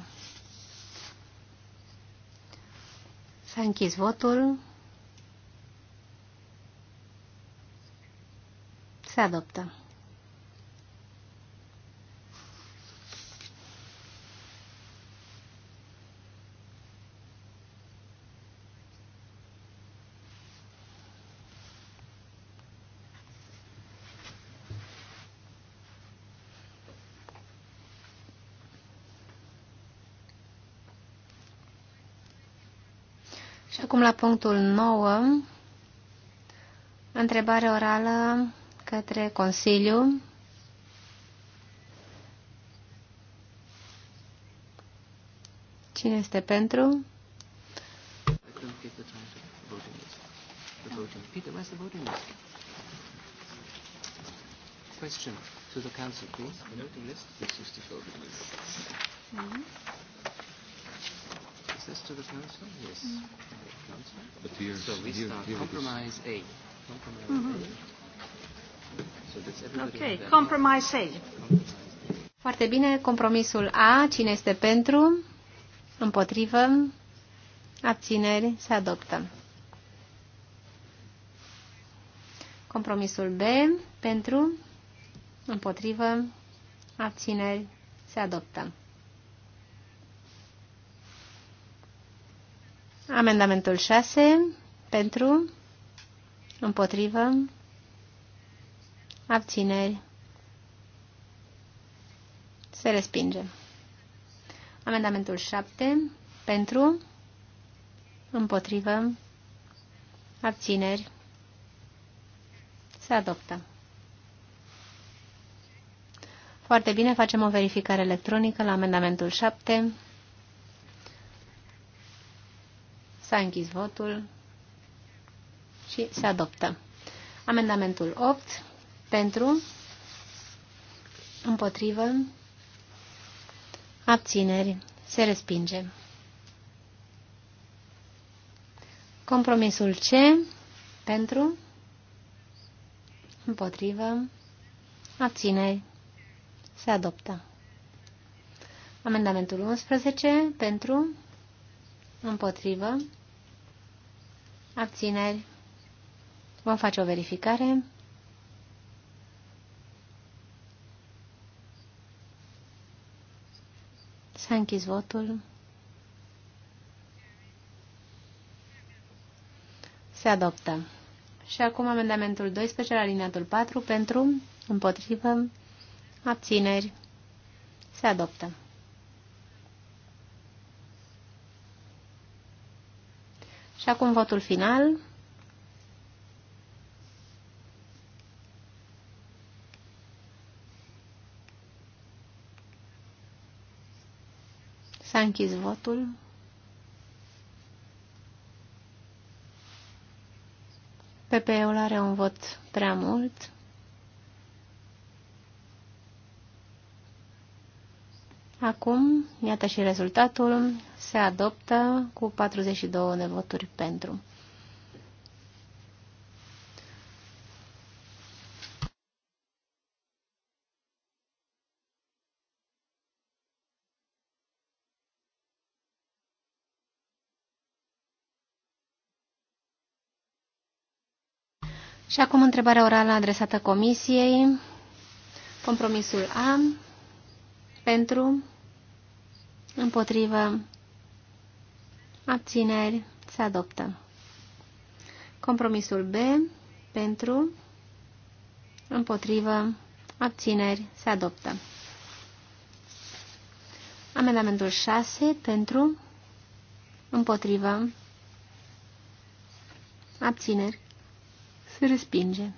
S-a închis votul. Se adoptă. acum la punctul 9, întrebare orală către Consiliu. Cine este pentru? Question to the council, please. The list? This is the voting list. Mm -hmm access to the council? Yes. Mm. hmm council. But here, so we here, start here compromise A. Compromise mm-hmm. A. So that's okay, compromise A. Foarte bine, compromisul A, cine este pentru, împotrivă, abțineri, se adoptă. Compromisul B, pentru, împotrivă, abțineri, se adoptă. Amendamentul 6 pentru, împotrivă, abțineri, se respinge. Amendamentul 7 pentru, împotrivă, abțineri, se adoptă. Foarte bine, facem o verificare electronică la amendamentul 7. S-a închis votul și se adoptă. Amendamentul 8 pentru, împotrivă, abțineri, se respinge. Compromisul C pentru, împotrivă, abțineri, se adoptă. Amendamentul 11 pentru, împotrivă, abțineri. Vom face o verificare. S-a închis votul. Se adoptă. Și acum amendamentul 12 la alineatul 4 pentru, împotrivă, abțineri. Se adoptă. Și acum votul final. S-a închis votul. PPE-ul are un vot prea mult. Acum, iată și rezultatul, se adoptă cu 42 de voturi pentru. Și acum întrebarea orală adresată Comisiei. Compromisul A pentru, împotrivă, abțineri, se adoptă. Compromisul B, pentru, împotrivă, abțineri, se adoptă. Amendamentul 6, pentru, împotrivă, abțineri, se respinge.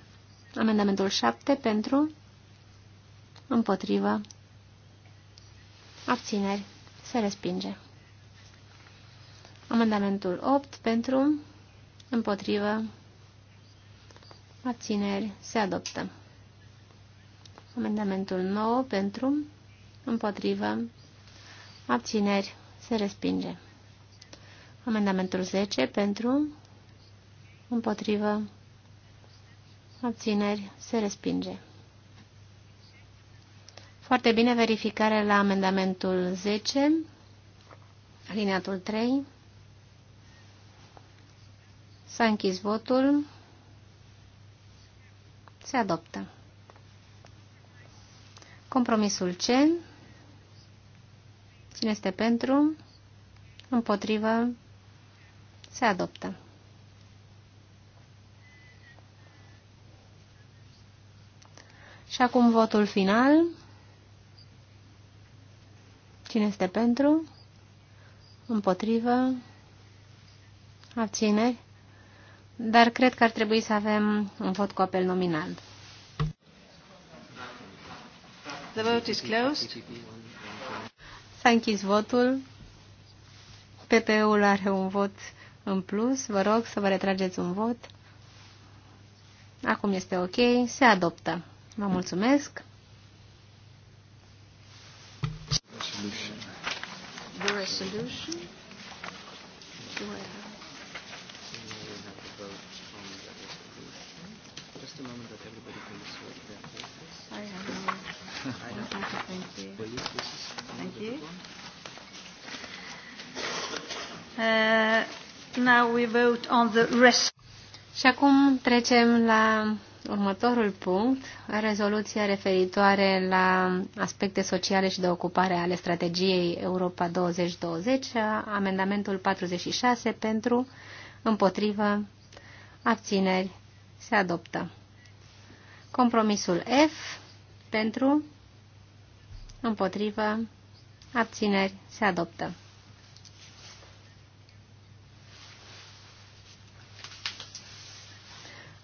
Amendamentul 7, pentru, împotrivă, Abțineri. Se respinge. Amendamentul 8 pentru, împotrivă, abțineri, se adoptă. Amendamentul 9 pentru, împotrivă, abțineri, se respinge. Amendamentul 10 pentru, împotrivă, abțineri, se respinge. Foarte bine, verificare la amendamentul 10, alineatul 3. S-a închis votul. Se adoptă. Compromisul C. Cine este pentru? Împotrivă? Se adoptă. Și acum votul final. Cine este pentru? Împotrivă? Abțineri? Dar cred că ar trebui să avem un vot cu apel nominal. The vote is closed. S-a închis votul. PPE-ul are un vot în plus. Vă rog să vă retrageți un vot. Acum este ok. Se adoptă. Vă mulțumesc. resolution? Do I have? Just a moment that everybody can their I have no. I don't have to thank you. thank you. Uh, now we vote on the rest. Și acum trecem la următorul punct, rezoluția referitoare la aspecte sociale și de ocupare ale strategiei Europa 2020, amendamentul 46 pentru, împotrivă, abțineri, se adoptă. Compromisul F pentru, împotrivă, abțineri, se adoptă.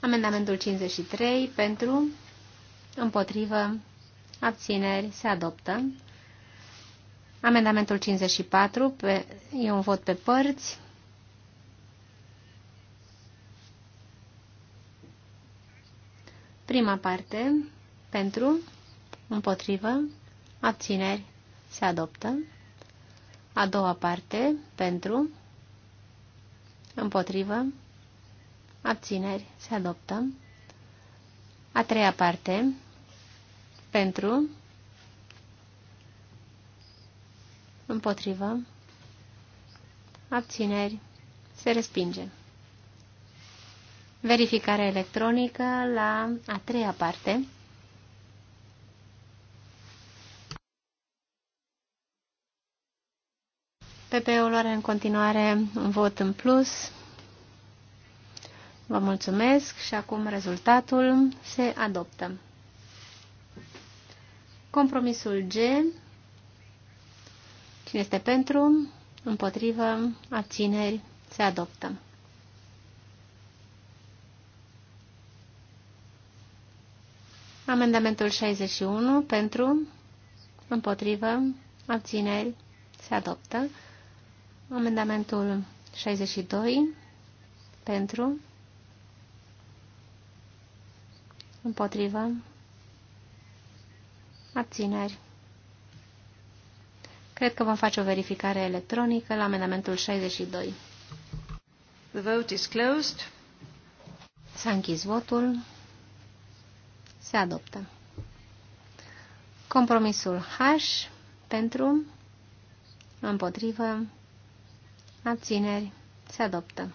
Amendamentul 53 pentru, împotrivă, abțineri, se adoptă. Amendamentul 54 pe, e un vot pe părți. Prima parte, pentru, împotrivă, abțineri, se adoptă. A doua parte, pentru, împotrivă, abțineri, se adoptă. A treia parte, pentru, împotrivă, abțineri, se respinge. Verificare electronică la a treia parte. PP-ul are în continuare un vot în plus. Vă mulțumesc și acum rezultatul se adoptă. Compromisul G. Cine este pentru, împotrivă, abțineri, se adoptă. Amendamentul 61 pentru, împotrivă, abțineri, se adoptă. Amendamentul 62 pentru, împotrivă, abțineri. Cred că vom face o verificare electronică la amendamentul 62. The vote is closed. S-a închis votul. Se adoptă. Compromisul H pentru, împotrivă, abțineri, se adoptă.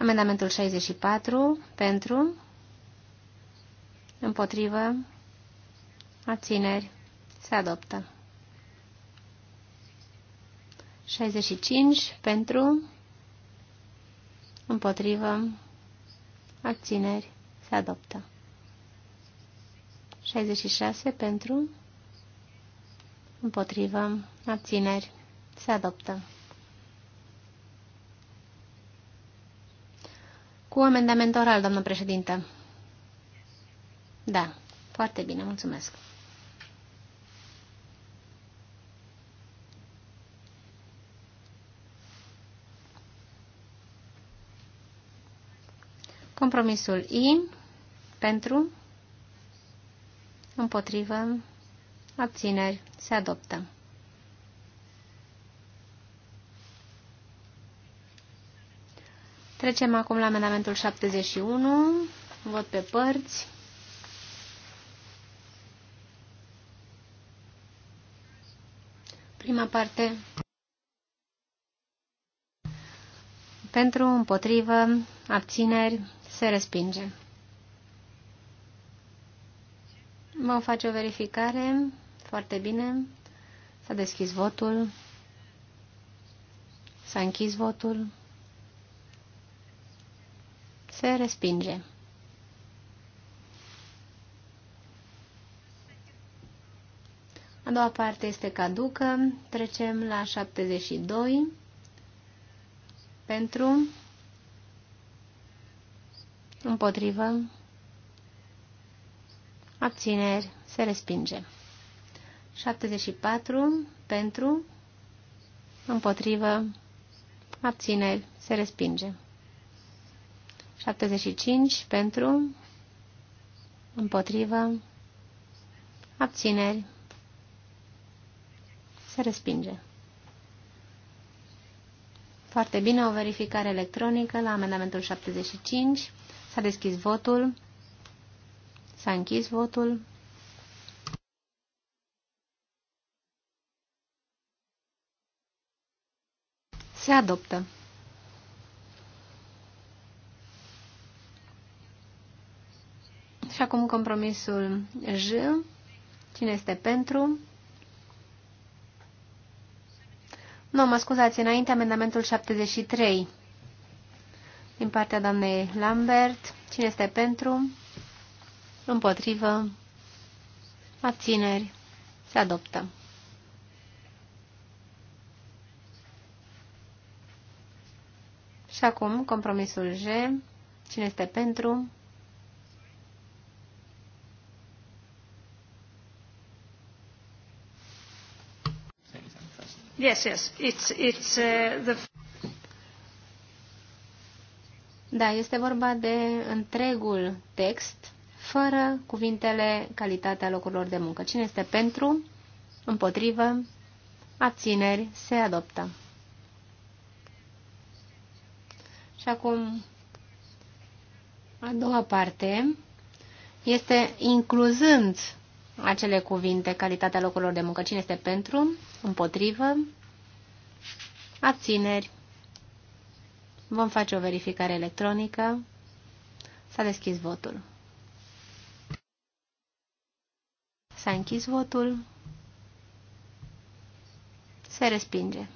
Amendamentul 64 pentru, împotrivă, abțineri, se adoptă. 65 pentru, împotrivă, abțineri, se adoptă. 66 pentru, împotrivă, abțineri, se adoptă. Cu amendament oral, doamnă președinte. Da, foarte bine, mulțumesc. Compromisul I pentru, împotrivă, abțineri, se adoptă. Trecem acum la amendamentul 71. Vot pe părți. Prima parte. Pentru, împotrivă, abțineri, se respinge. Vom face o verificare. Foarte bine. S-a deschis votul. S-a închis votul. Se respinge. A doua parte este caducă. Trecem la 72 pentru împotrivă abțineri se respinge. 74 pentru împotrivă abțineri se respinge. 75 pentru, împotrivă, abțineri, se respinge. Foarte bine, o verificare electronică la amendamentul 75. S-a deschis votul. S-a închis votul. Se adoptă. Și acum compromisul J. Cine este pentru? Nu, mă scuzați, înainte amendamentul 73 din partea doamnei Lambert. Cine este pentru? Împotrivă? Abțineri? Se adoptă. Și acum compromisul G. Cine este pentru? Yes, yes. It's, it's, uh, the... Da, este vorba de întregul text, fără cuvintele calitatea locurilor de muncă. Cine este pentru, împotrivă, abțineri, se adoptă. Și acum, a doua parte este incluzând acele cuvinte, calitatea locurilor de muncă. Cine este pentru? Împotrivă? Abțineri? Vom face o verificare electronică. S-a deschis votul. S-a închis votul. Se respinge.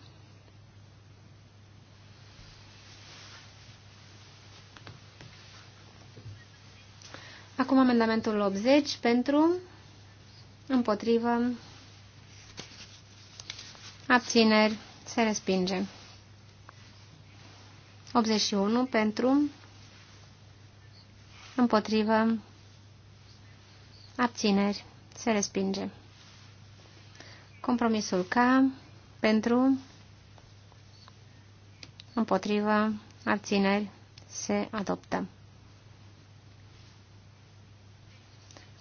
Acum amendamentul 80 pentru împotrivă, abțineri, se respinge. 81 pentru, împotrivă, abțineri, se respinge. Compromisul K pentru, împotrivă, abțineri, se adoptă.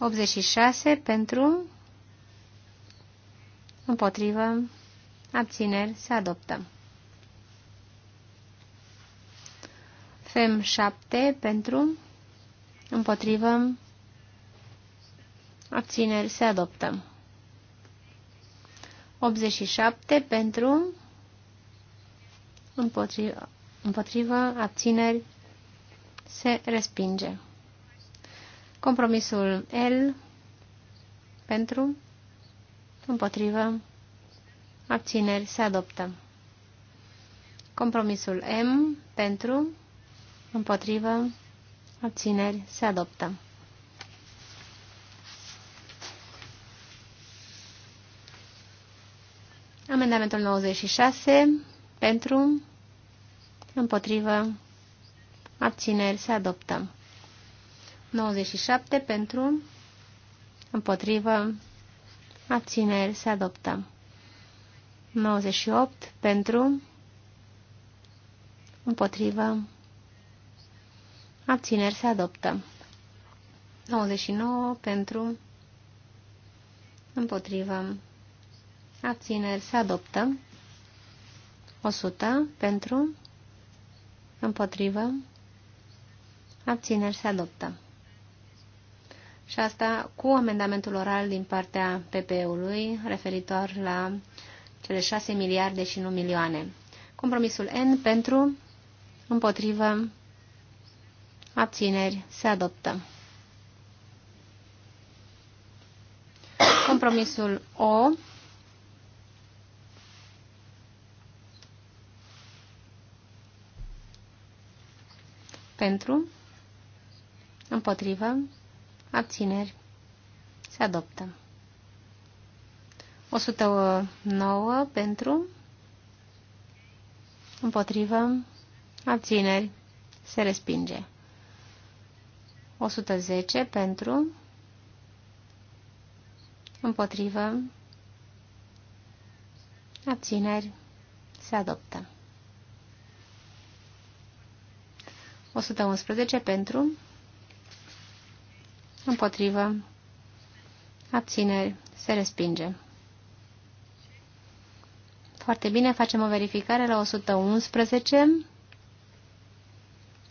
86 pentru, împotrivă, abțineri, se adoptă. FEM 7 pentru, împotrivă, abțineri, se adoptă. 87 pentru, împotrivă, împotrivă abțineri, se respinge. Compromisul L pentru, împotrivă, abțineri se adoptă. Compromisul M pentru, împotrivă, abțineri se adoptă. Amendamentul 96 pentru, împotrivă, abțineri se adoptă. 97 pentru, împotrivă, abțineri, se adoptă. 98 pentru, împotrivă, abțineri, se adoptă. 99 pentru, împotrivă, abțineri, se adoptă. 100 pentru, împotrivă, abțineri, se adoptă și asta cu amendamentul oral din partea PPE-ului referitor la cele 6 miliarde și nu milioane. Compromisul N pentru, împotrivă, abțineri, se adoptă. Compromisul O pentru, împotrivă, abțineri, se adoptă. 109 pentru, împotrivă, abțineri, se respinge. 110 pentru, împotrivă, abțineri, se adoptă. 111 pentru, împotrivă, abțineri, se respinge. Foarte bine, facem o verificare la 111.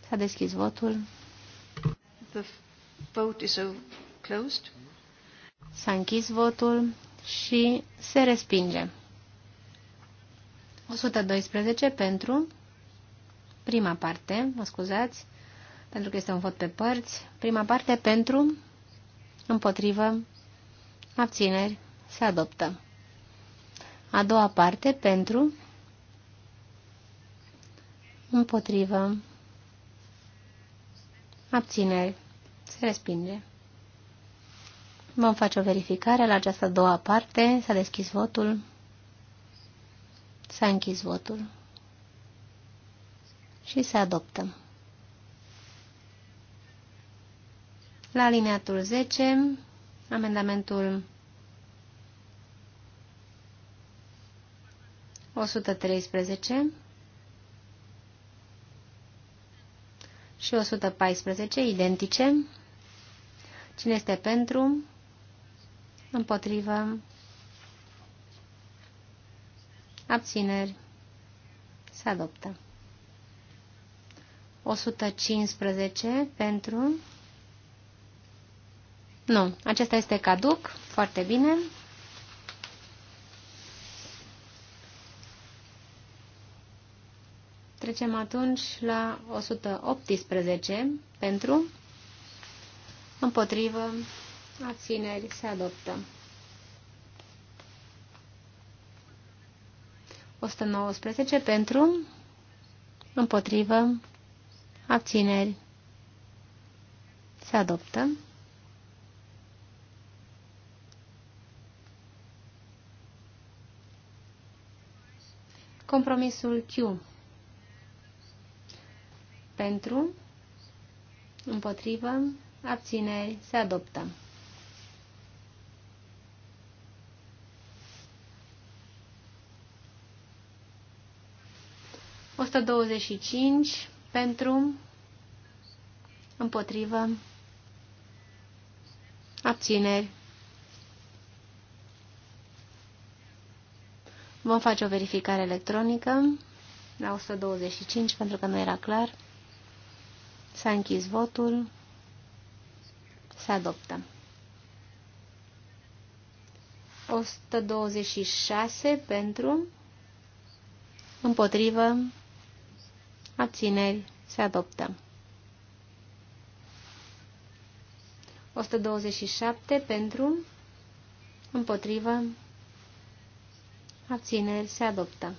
S-a deschis votul. The vote is closed. S-a închis votul și se respinge. 112 pentru prima parte, mă scuzați, pentru că este un vot pe părți. Prima parte pentru, împotrivă, abțineri, se adoptă. A doua parte pentru, împotrivă, abțineri, se respinge. Vom face o verificare la această doua parte. S-a deschis votul. S-a închis votul. Și se adoptă. La alineatul 10, amendamentul 113 și 114, identice. Cine este pentru? Împotrivă. Abțineri. Se adoptă. 115 pentru nu, acesta este caduc. Foarte bine. Trecem atunci la 118 pentru împotrivă abțineri se adoptă. 119 pentru împotrivă abțineri se adoptă. Compromisul Q. Pentru, împotrivă, abțineri, se adoptă. cinci pentru, împotrivă, abțineri, Vom face o verificare electronică la 125 pentru că nu era clar. S-a închis votul. Se adoptă. 126 pentru, împotrivă, abțineri, se adoptă. 127 pentru, împotrivă, abțineri, se adoptă.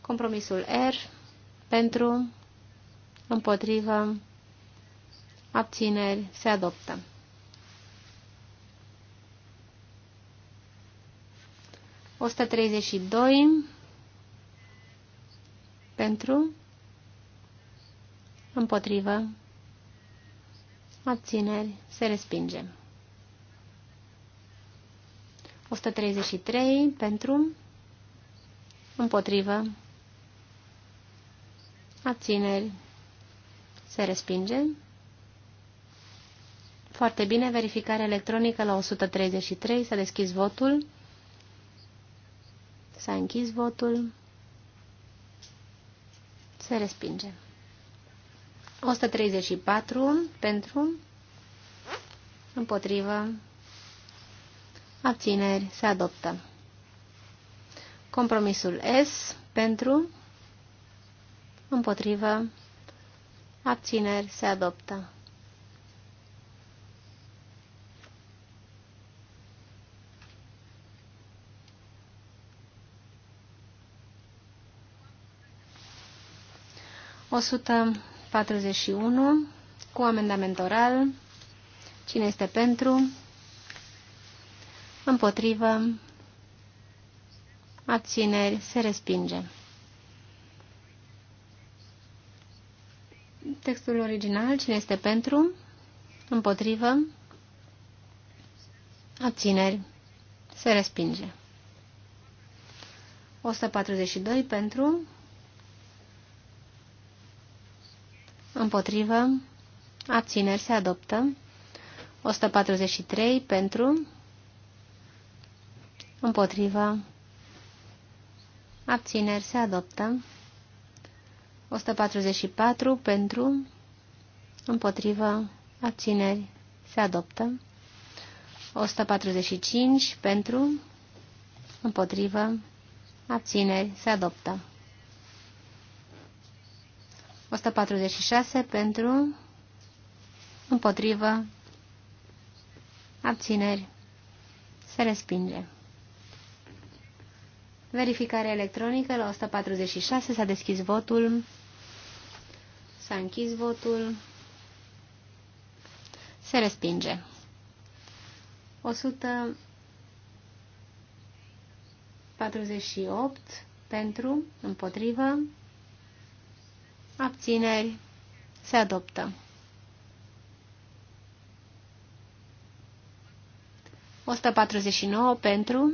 Compromisul R, pentru, împotrivă, abțineri, se adoptă. O doi pentru, împotrivă, abțineri, se respinge. 133 pentru, împotrivă, abțineri, se respinge. Foarte bine, verificare electronică la 133, s-a deschis votul, s-a închis votul, se respinge. 134 pentru, împotrivă, abțineri, se adoptă. Compromisul S pentru, împotrivă, abțineri, se adoptă. O 141 cu amendament oral. Cine este pentru? împotrivă, abțineri, se respinge. Textul original, cine este pentru, împotrivă, abțineri, se respinge. 142 pentru, împotrivă, abțineri, se adoptă. 143 pentru, împotriva, abțineri se adoptă, 144 pentru, împotriva, abțineri se adoptă, 145 pentru, împotrivă, abțineri, se adoptă. 146 pentru, împotrivă, abțineri, se respinge. Verificare electronică la 146. S-a deschis votul. S-a închis votul. Se respinge. 148 pentru, împotrivă, abțineri, se adoptă. 149 pentru,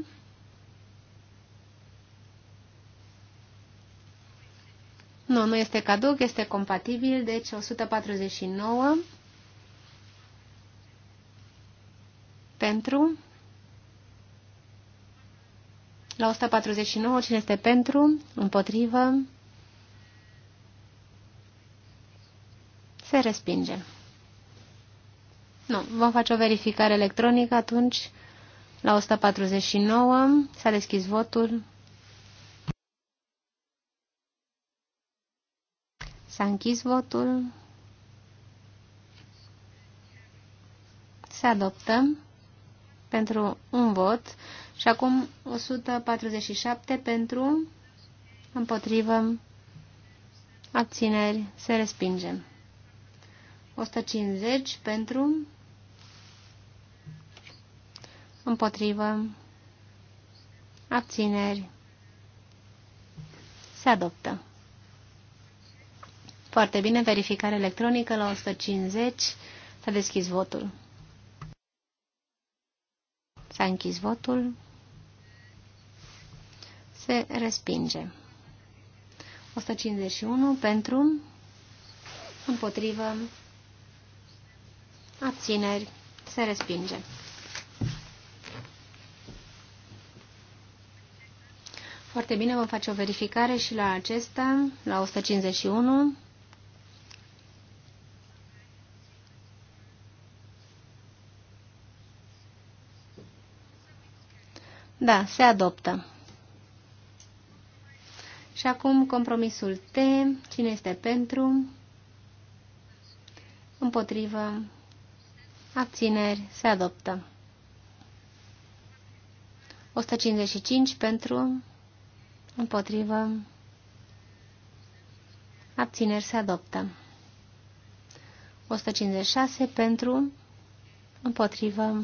Nu, nu este caduc, este compatibil, deci 149 pentru. La 149, cine este pentru, împotrivă, se respinge. Nu, vom face o verificare electronică atunci. La 149 s-a deschis votul. S-a închis votul. Se adoptă pentru un vot și acum 147 pentru împotrivă abțineri se respingem 150 pentru împotrivă abțineri se adoptă. Foarte bine, verificare electronică la 150. S-a deschis votul. S-a închis votul. Se respinge. 151 pentru, împotrivă, abțineri, se respinge. Foarte bine, vom face o verificare și la acesta, la 151. Da, se adoptă. Și acum compromisul T. Cine este pentru? Împotrivă. Abțineri. Se adoptă. 155 pentru. Împotrivă. Abțineri. Se adoptă. 156 pentru. Împotrivă.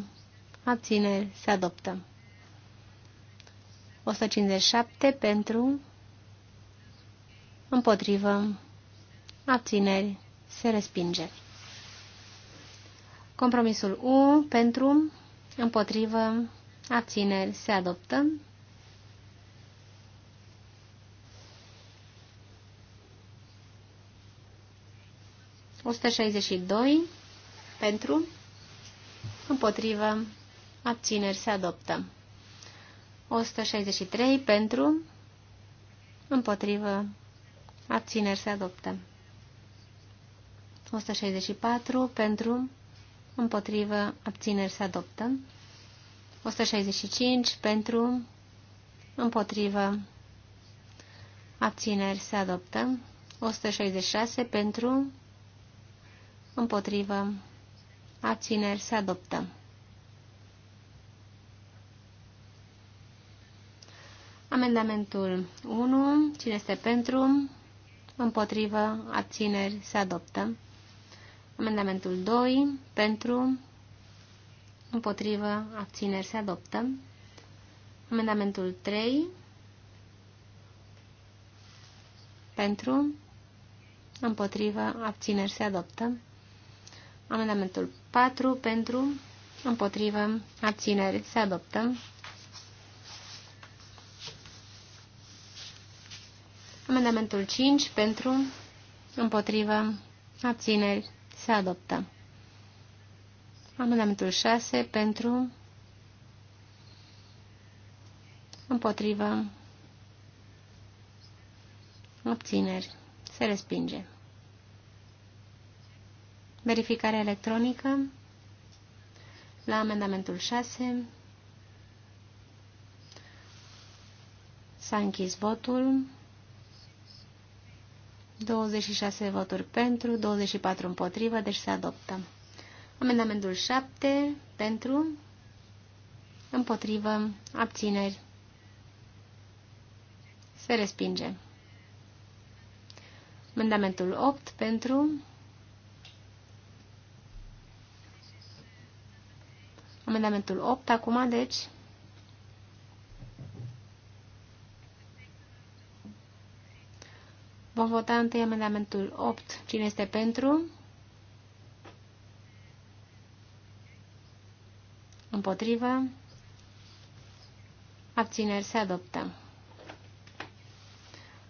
Abțineri. Se adoptă. 157 pentru, împotrivă, abțineri, se respinge. Compromisul U pentru, împotrivă, abțineri, se adoptă. doi pentru, împotrivă, abțineri, se adoptă. 163 pentru, împotrivă, abțineri se adoptă. 164 pentru, împotrivă, abțineri se adoptă. 165 pentru, împotrivă, abțineri se adoptă. 166 pentru, împotrivă, abțineri se adoptă. Amendamentul 1. Cine este pentru? Împotrivă. Abțineri. Se adoptă. Amendamentul 2. Pentru. Împotrivă. Abțineri. Se adoptă. Amendamentul 3. Pentru. Împotrivă. Abțineri. Se adoptă. Amendamentul 4. Pentru. Împotrivă. Abțineri. Se adoptă. Amendamentul 5 pentru, împotrivă, abțineri, se adoptă. Amendamentul 6 pentru, împotrivă, abțineri, se respinge. Verificare electronică la amendamentul 6. S-a închis votul. 26 voturi pentru, 24 împotrivă, deci se adoptă. Amendamentul 7 pentru, împotrivă, abțineri. Se respinge. Amendamentul 8 pentru, amendamentul 8 acum, deci, Vom vota întâi amendamentul 8. Cine este pentru? Împotrivă? Abțineri se adoptă.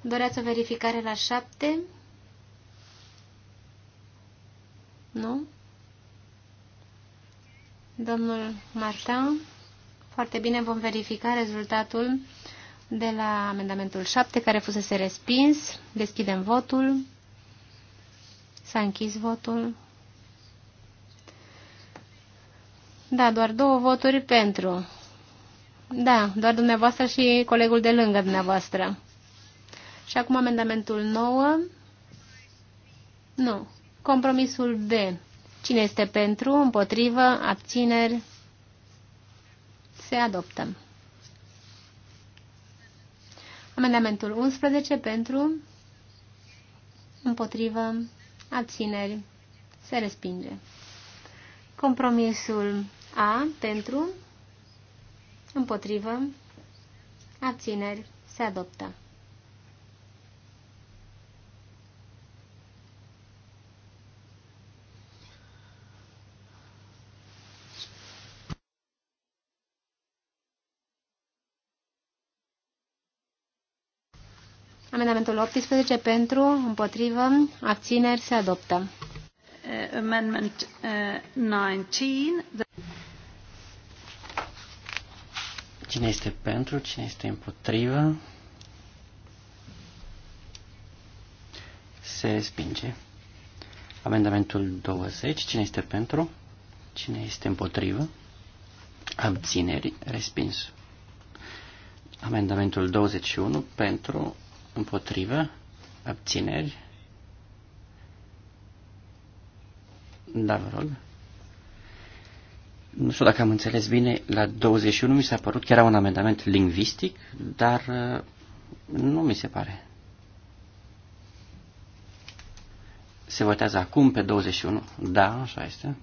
Doreați o verificare la 7? Nu? Domnul Martin, foarte bine vom verifica rezultatul de la amendamentul 7, care fusese respins. Deschidem votul. S-a închis votul. Da, doar două voturi pentru. Da, doar dumneavoastră și colegul de lângă dumneavoastră. Și acum amendamentul 9. Nu. Compromisul B. Cine este pentru, împotrivă, abțineri, se adoptă. Amendamentul 11 pentru, împotrivă, abțineri, se respinge. Compromisul A pentru, împotrivă, abțineri, se adoptă. Amendamentul 18 pentru, împotrivă, abțineri se adoptă. Uh, amendment uh, eh, 19. The... Cine este pentru, cine este împotrivă? Se respinge. Amendamentul 20. Cine este pentru? Cine este împotrivă? Abțineri. Respins. Amendamentul 21. Pentru. Împotrivă. Abțineri. Da, vă rog. Nu știu dacă am înțeles bine, la 21 mi s-a părut că era un amendament lingvistic, dar uh, nu mi se pare. Se votează acum pe 21. Da, așa este.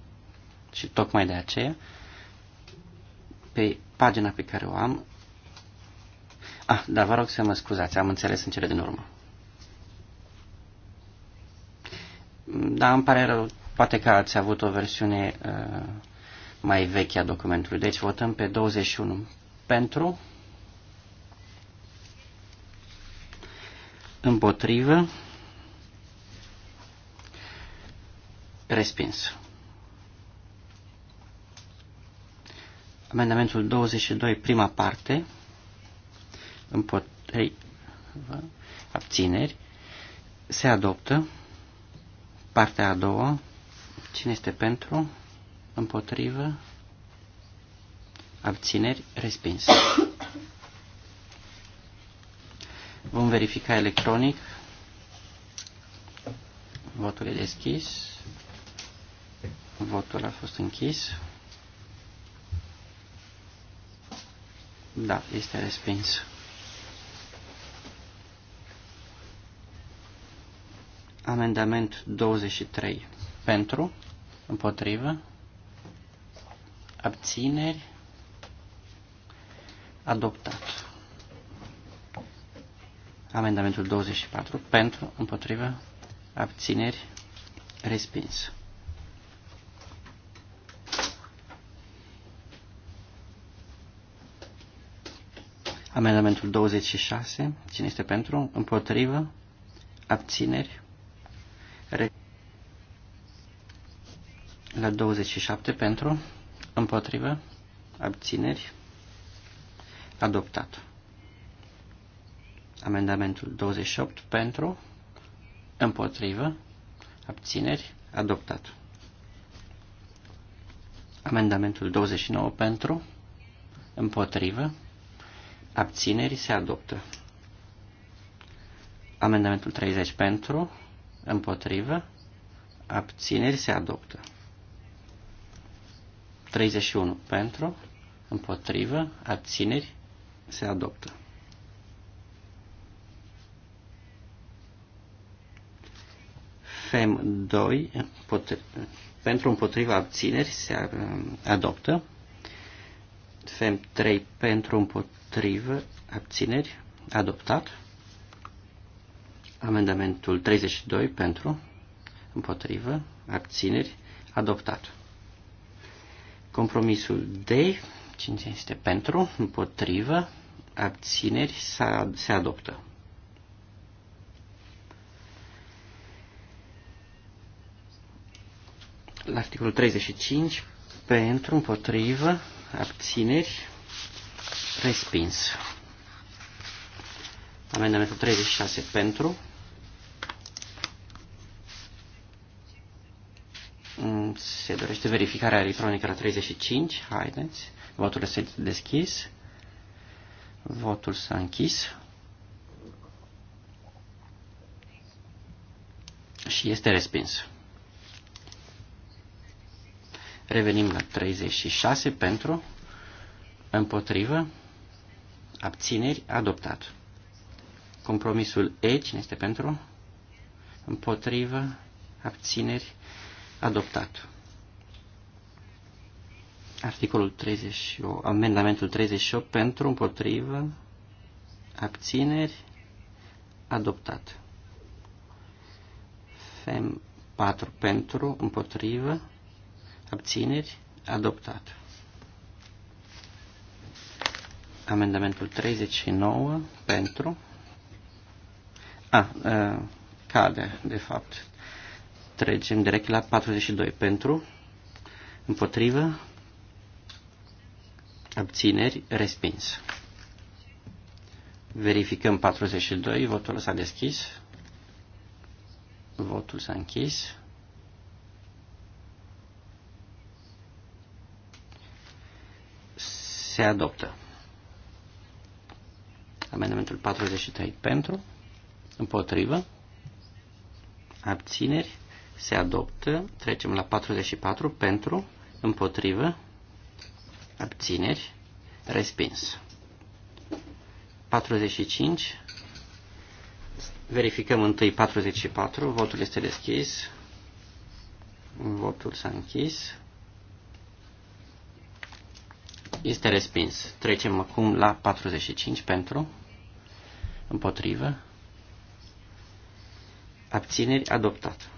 Și tocmai de aceea, pe pagina pe care o am, Ah, dar vă rog să mă scuzați, am înțeles în cele din urmă. Da, îmi pare rău, poate că ați avut o versiune uh, mai veche a documentului. Deci votăm pe 21 pentru, împotrivă, respins. Amendamentul 22, prima parte, împotriva abțineri se adoptă. Partea a doua, cine este pentru, împotrivă, abțineri, respins. Vom verifica electronic. Votul e deschis. Votul a fost închis. Da, este respins. Amendament 23 pentru, împotrivă, abțineri, adoptat. Amendamentul 24 pentru, împotrivă, abțineri, respins. Amendamentul 26, cine este pentru, împotrivă, abțineri, la 27 pentru, împotrivă, abțineri, adoptat. Amendamentul 28 pentru, împotrivă, abțineri, adoptat. Amendamentul 29 pentru, împotrivă, abțineri, se adoptă. Amendamentul 30 pentru, Împotrivă. Abțineri se adoptă. 31 pentru. Împotrivă. Abțineri se adoptă. FEM 2 pentru împotriva abțineri se um, adoptă. FEM 3 pentru împotriva abțineri adoptat. Amendamentul 32 pentru, împotrivă, abțineri, adoptat. Compromisul D, cine este pentru, împotrivă, abțineri, se adoptă. La articolul 35, pentru, împotrivă, abțineri, respins. Amendamentul 36 pentru, se dorește verificarea electronică la 35. Haideți. Votul este deschis. Votul s-a închis. Și este respins. Revenim la 36 pentru, împotrivă, abțineri, adoptat. Compromisul E, cine este pentru? Împotrivă, abțineri, adoptat. Articolul 38, amendamentul 38 pentru, împotrivă, abțineri, adoptat. FEM 4 pentru, împotrivă, abțineri, adoptat. Amendamentul 39 pentru. A, a ă, cade, de fapt. Trecem direct la 42 pentru, împotrivă, abțineri, respins. Verificăm 42, votul s-a deschis. Votul s-a închis. Se adoptă. Amendamentul 43 pentru, împotrivă, abțineri, se adoptă. Trecem la 44 pentru, împotrivă, abțineri, respins. 45, verificăm întâi 44, votul este deschis, votul s-a închis, este respins. Trecem acum la 45 pentru, împotrivă, abțineri, adoptat.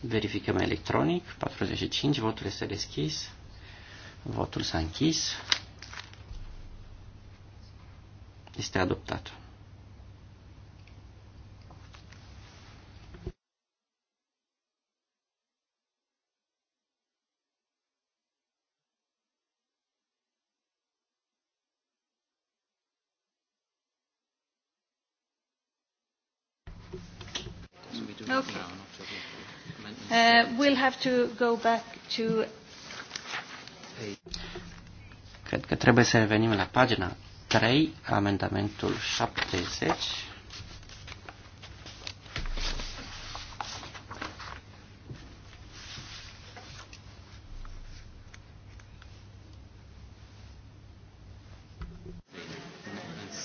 Verificăm electronic. 45. Votul este deschis. Votul s-a închis. Este adoptat. to go back to... Cred că trebuie să revenim la pagina 3, amendamentul 70.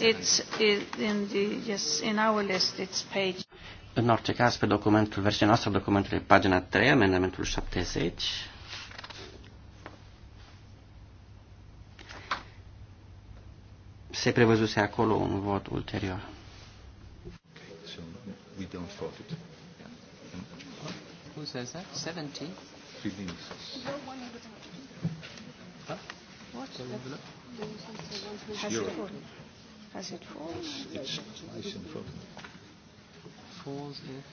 It's in the yes in our list it's page în orice caz, pe documentul, versiunea noastră documentului, pagina 3, amendamentul 70, se prevăzuse acolo un vot ulterior. Okay, so we don't vote it. Yeah. Who says that? 70? Huh? What? Has it fallen? Has it fallen? It's nice and fallen falls if...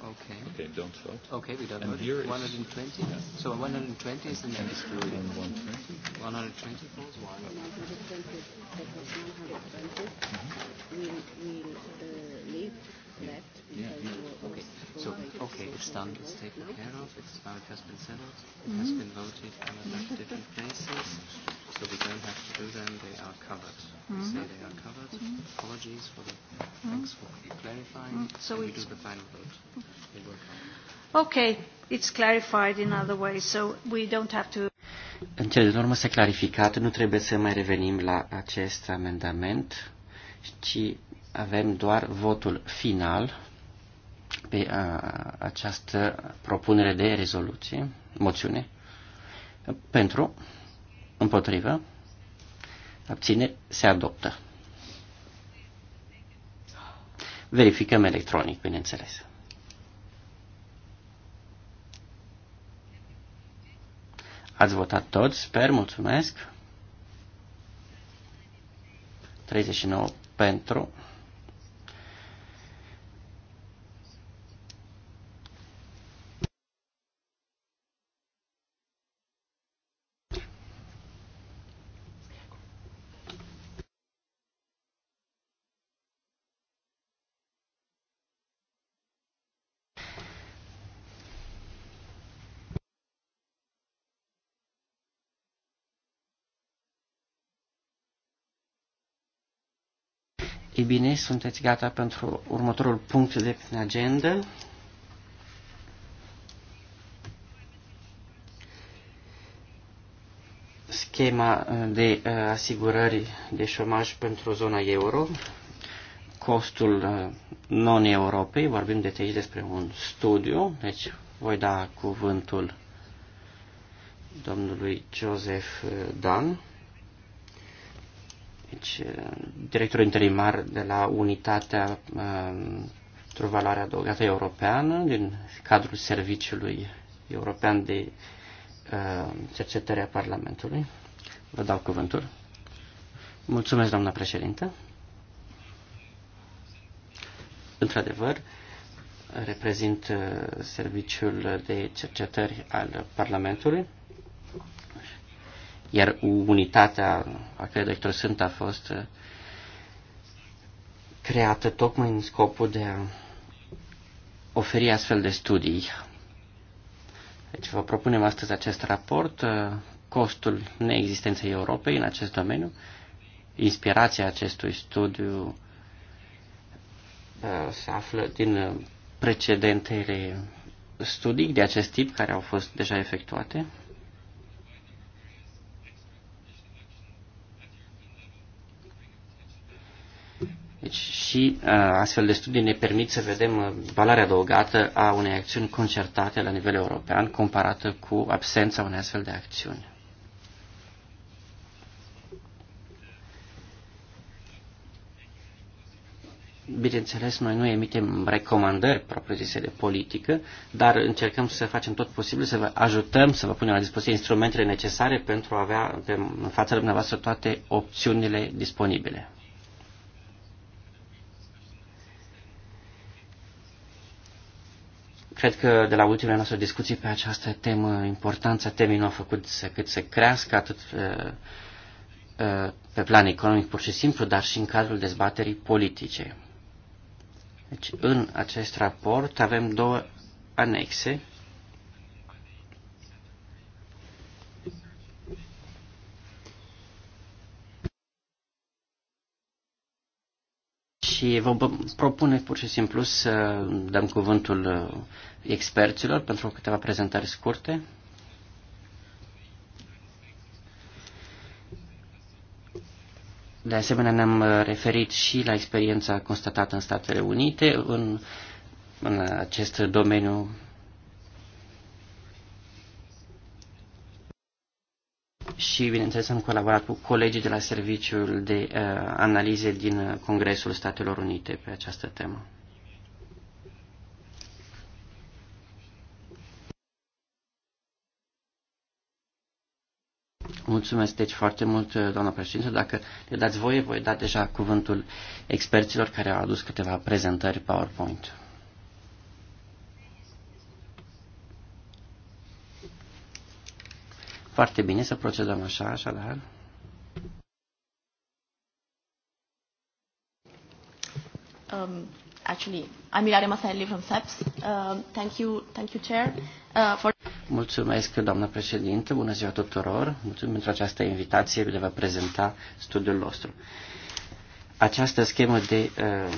Okay. Okay, don't vote. Okay, we don't and vote. Here 120? Yeah. So 120 is the next period. 120? 120 falls? Why? 120, 120. Mm -hmm. uh, leave yeah. left. Yeah, yeah. Okay. So, okay, it's done. It's taken care of. It's now it has been settled. It mm-hmm. has been voted on mm-hmm. different places. So we don't have to do them. They are covered. Mm-hmm. We say they are covered. Mm-hmm. Apologies for the. Mm-hmm. Thanks for clarifying. Mm-hmm. So we do the final vote. We work Okay, it's clarified in other ways, so we don't have to. În cele din urmă s-a clarificat, nu trebuie să mai revenim la acest amendament, ci avem doar votul final pe a, această propunere de rezoluție, moțiune, pentru, împotrivă, abține, se adoptă. Verificăm electronic, bineînțeles. Ați votat toți, sper, mulțumesc. 39 pentru, bine, sunteți gata pentru următorul punct de agenda. Schema uh, de uh, asigurări de șomaj pentru zona euro, costul uh, non-europei, vorbim de aici despre un studiu, deci voi da cuvântul domnului Joseph Dan. Deci, uh, directorul interimar de la unitatea uh, pentru valoare adăugată europeană din cadrul Serviciului European de uh, Cercetare a Parlamentului. Vă dau cuvântul. Mulțumesc, doamna președintă. Într-adevăr, reprezint Serviciul de Cercetări al Parlamentului iar unitatea a cărei doctor sunt a fost uh, creată tocmai în scopul de a oferi astfel de studii. Deci vă propunem astăzi acest raport, uh, costul neexistenței Europei în acest domeniu, inspirația acestui studiu uh, se află din precedentele studii de acest tip care au fost deja efectuate. Deci și uh, astfel de studii ne permit să vedem uh, valoarea adăugată a unei acțiuni concertate la nivel european comparată cu absența unei astfel de acțiuni. Bineînțeles, noi nu emitem recomandări propriu-zise de politică, dar încercăm să facem tot posibil să vă ajutăm, să vă punem la dispoziție instrumentele necesare pentru a avea în fața dumneavoastră toate opțiunile disponibile. Cred că de la ultimele noastre discuții pe această temă, importanța temei nu a făcut să, cât să crească atât uh, uh, pe plan economic pur și simplu, dar și în cadrul dezbaterii politice. Deci, în acest raport avem două anexe și vă propune pur și simplu să dăm cuvântul uh, experților pentru câteva prezentări scurte. De asemenea, ne-am uh, referit și la experiența constatată în Statele Unite în, în acest domeniu și, bineînțeles, am colaborat cu colegii de la Serviciul de uh, Analize din Congresul Statelor Unite pe această temă. Mulțumesc deci foarte mult, uh, doamna președinte. Dacă le dați voie, voi da deja cuvântul experților care au adus câteva prezentări PowerPoint. Foarte bine să procedăm așa, așadar. Um, actually, I'm Ilaria Masanelli from SEPS. Uh, thank you, thank you, Chair. Uh, for... Mulțumesc, doamnă președinte. Bună ziua tuturor. Mulțumim pentru această invitație de a vă prezenta studiul nostru. Această schemă de uh,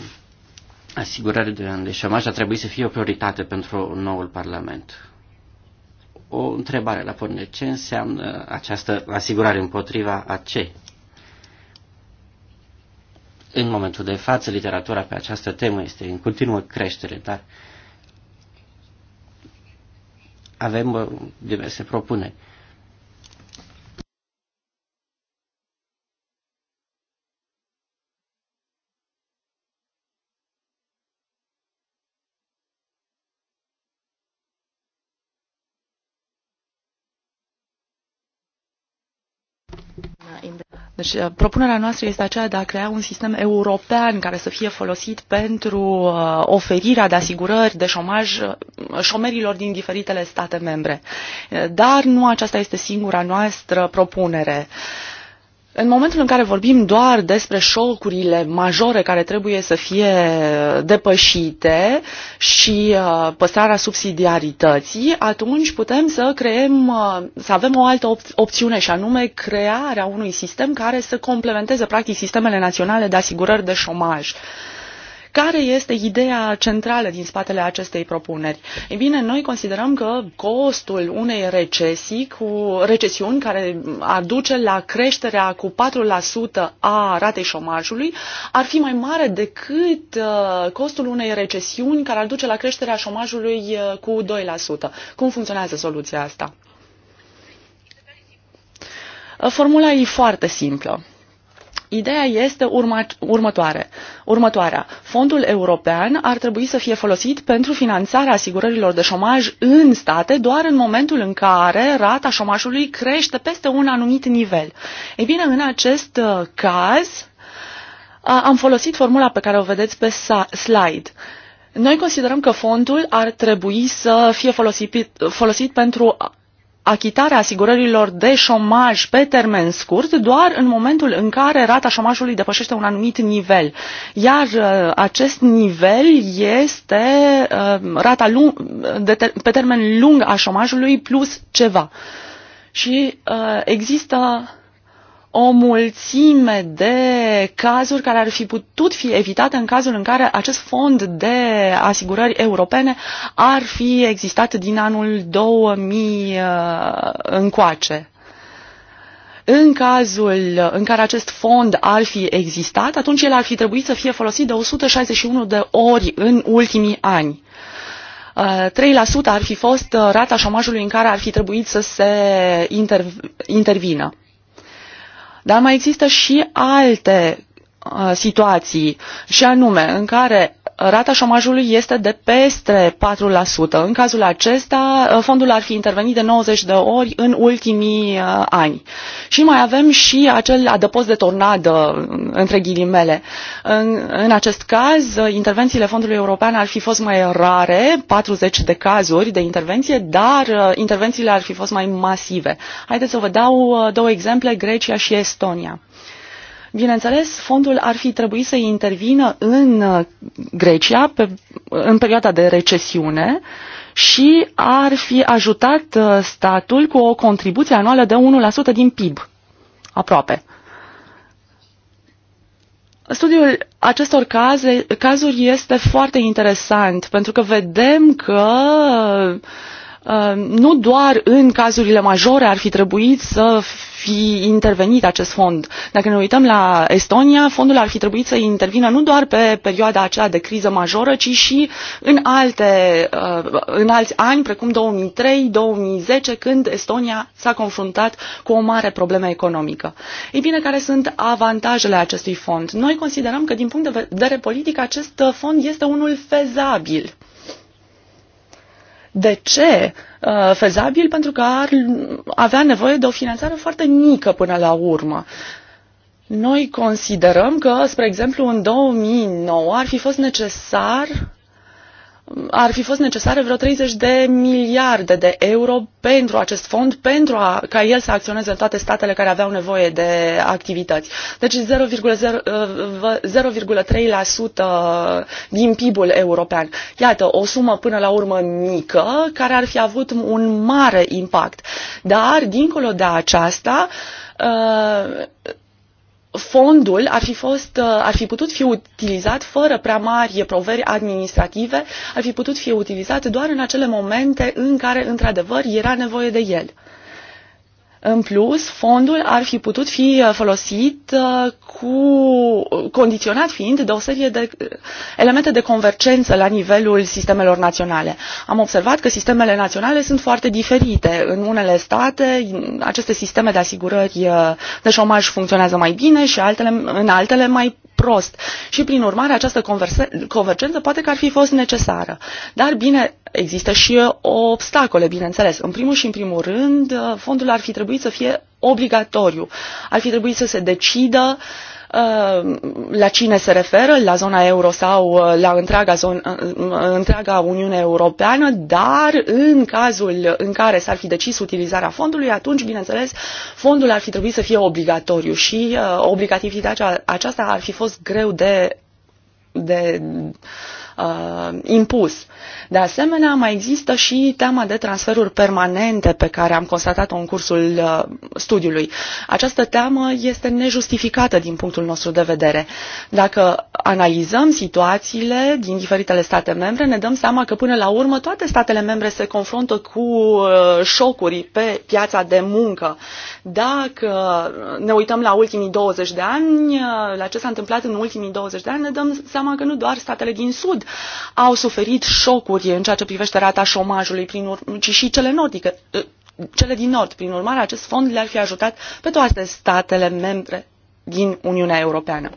asigurare de, de șomaj a trebuit să fie o prioritate pentru noul Parlament o întrebare la pornire. Ce înseamnă această asigurare împotriva a ce? În momentul de față, literatura pe această temă este în continuă creștere, dar avem uh, diverse propuneri. Deci, propunerea noastră este aceea de a crea un sistem european care să fie folosit pentru uh, oferirea de asigurări de șomaj uh, șomerilor din diferitele state membre. Dar nu aceasta este singura noastră propunere. Uh, în momentul în care vorbim doar despre șocurile majore care trebuie să fie depășite și uh, păstrarea subsidiarității, atunci putem să creăm, uh, să avem o altă op- opțiune și anume crearea unui sistem care să complementeze practic sistemele naționale de asigurări de șomaj. Care este ideea centrală din spatele acestei propuneri? Ei bine, noi considerăm că costul unei recesii cu recesiuni care aduce la creșterea cu 4% a ratei șomajului ar fi mai mare decât uh, costul unei recesiuni care ar duce la creșterea șomajului uh, cu 2%. Cum funcționează soluția asta? Formula e foarte simplă. Ideea este următoare, următoarea. Fondul european ar trebui să fie folosit pentru finanțarea asigurărilor de șomaj în state doar în momentul în care rata șomajului crește peste un anumit nivel. Ei bine, în acest uh, caz am folosit formula pe care o vedeți pe slide. Noi considerăm că fondul ar trebui să fie folosit, folosit pentru achitarea asigurărilor de șomaj pe termen scurt doar în momentul în care rata șomajului depășește un anumit nivel. Iar uh, acest nivel este uh, rata lung, ter pe termen lung a șomajului plus ceva. Și uh, există o mulțime de cazuri care ar fi putut fi evitate în cazul în care acest fond de asigurări europene ar fi existat din anul 2000 uh, încoace în cazul în care acest fond ar fi existat, atunci el ar fi trebuit să fie folosit de 161 de ori în ultimii ani. 3% uh, ar fi fost uh, rata șomajului în care ar fi trebuit să se intervină. Dar mai există și alte uh, situații și anume în care rata șomajului este de peste 4%. În cazul acesta, uh, fondul ar fi intervenit de 90 de ori în ultimii uh, ani. Și mai avem și acel adăpost de tornadă, uh, între ghilimele. În, în acest caz, intervențiile fondului european ar fi fost mai rare, 40 de cazuri de intervenție, dar intervențiile ar fi fost mai masive. Haideți să vă dau două exemple, Grecia și Estonia. Bineînțeles, fondul ar fi trebuit să intervină în uh, Grecia pe, uh, în perioada de recesiune și ar fi ajutat uh, statul cu o contribuție anuală de 1% din PIB, aproape. Studiul acestor caze, cazuri este foarte interesant pentru că vedem că uh, Uh, nu doar în cazurile majore ar fi trebuit să fi intervenit acest fond. Dacă ne uităm la Estonia, fondul ar fi trebuit să intervină nu doar pe perioada aceea de criză majoră, ci și în, alte, uh, în alți ani, precum 2003-2010, când Estonia s-a confruntat cu o mare problemă economică. Ei bine, care sunt avantajele acestui fond? Noi considerăm că, din punct de vedere politic, acest fond este unul fezabil de ce uh, fezabil? Pentru că ar avea nevoie de o finanțare foarte mică până la urmă. Noi considerăm că, spre exemplu, în 2009 ar fi fost necesar ar fi fost necesare vreo 30 de miliarde de euro pentru acest fond, pentru a, ca el să acționeze în toate statele care aveau nevoie de activități. Deci 0,3% uh, din PIB-ul european. Iată, o sumă până la urmă mică, care ar fi avut un mare impact. Dar, dincolo de aceasta, uh, fondul ar fi, fost, uh, ar fi putut fi utilizat fără prea mari proveri administrative, ar fi putut fi utilizat doar în acele momente în care, într-adevăr, era nevoie de el. În plus, fondul ar fi putut fi uh, folosit uh, cu, condiționat fiind de o serie de uh, elemente de convergență la nivelul sistemelor naționale. Am observat că sistemele naționale sunt foarte diferite. În unele state, aceste sisteme de asigurări de șomaj funcționează mai bine și altele, în altele mai prost și prin urmare această convergență poate că ar fi fost necesară. Dar bine, există și obstacole, bineînțeles. În primul și în primul rând, fondul ar fi trebuit să fie obligatoriu. Ar fi trebuit să se decidă uh, Uh, la cine se referă, la zona euro sau uh, la întreaga, zona, uh, întreaga Uniune Europeană, dar în cazul în care s-ar fi decis utilizarea fondului, atunci, bineînțeles, fondul ar fi trebuit să fie obligatoriu și obligativitatea aceasta ar fi fost greu de, de uh, impus. De asemenea, mai există și teama de transferuri permanente pe care am constatat-o în cursul uh, studiului. Această teamă este nejustificată din punctul nostru de vedere. Dacă analizăm situațiile din diferitele state membre, ne dăm seama că până la urmă toate statele membre se confruntă cu uh, șocuri pe piața de muncă. Dacă ne uităm la ultimii 20 de ani, uh, la ce s-a întâmplat în ultimii 20 de ani, ne dăm seama că nu doar statele din Sud au suferit șocuri în ceea ce privește rata șomajului, prin ur- ci și cele nordice, ă, cele din nord. Prin urmare, acest fond le-ar fi ajutat pe toate statele membre din Uniunea Europeană.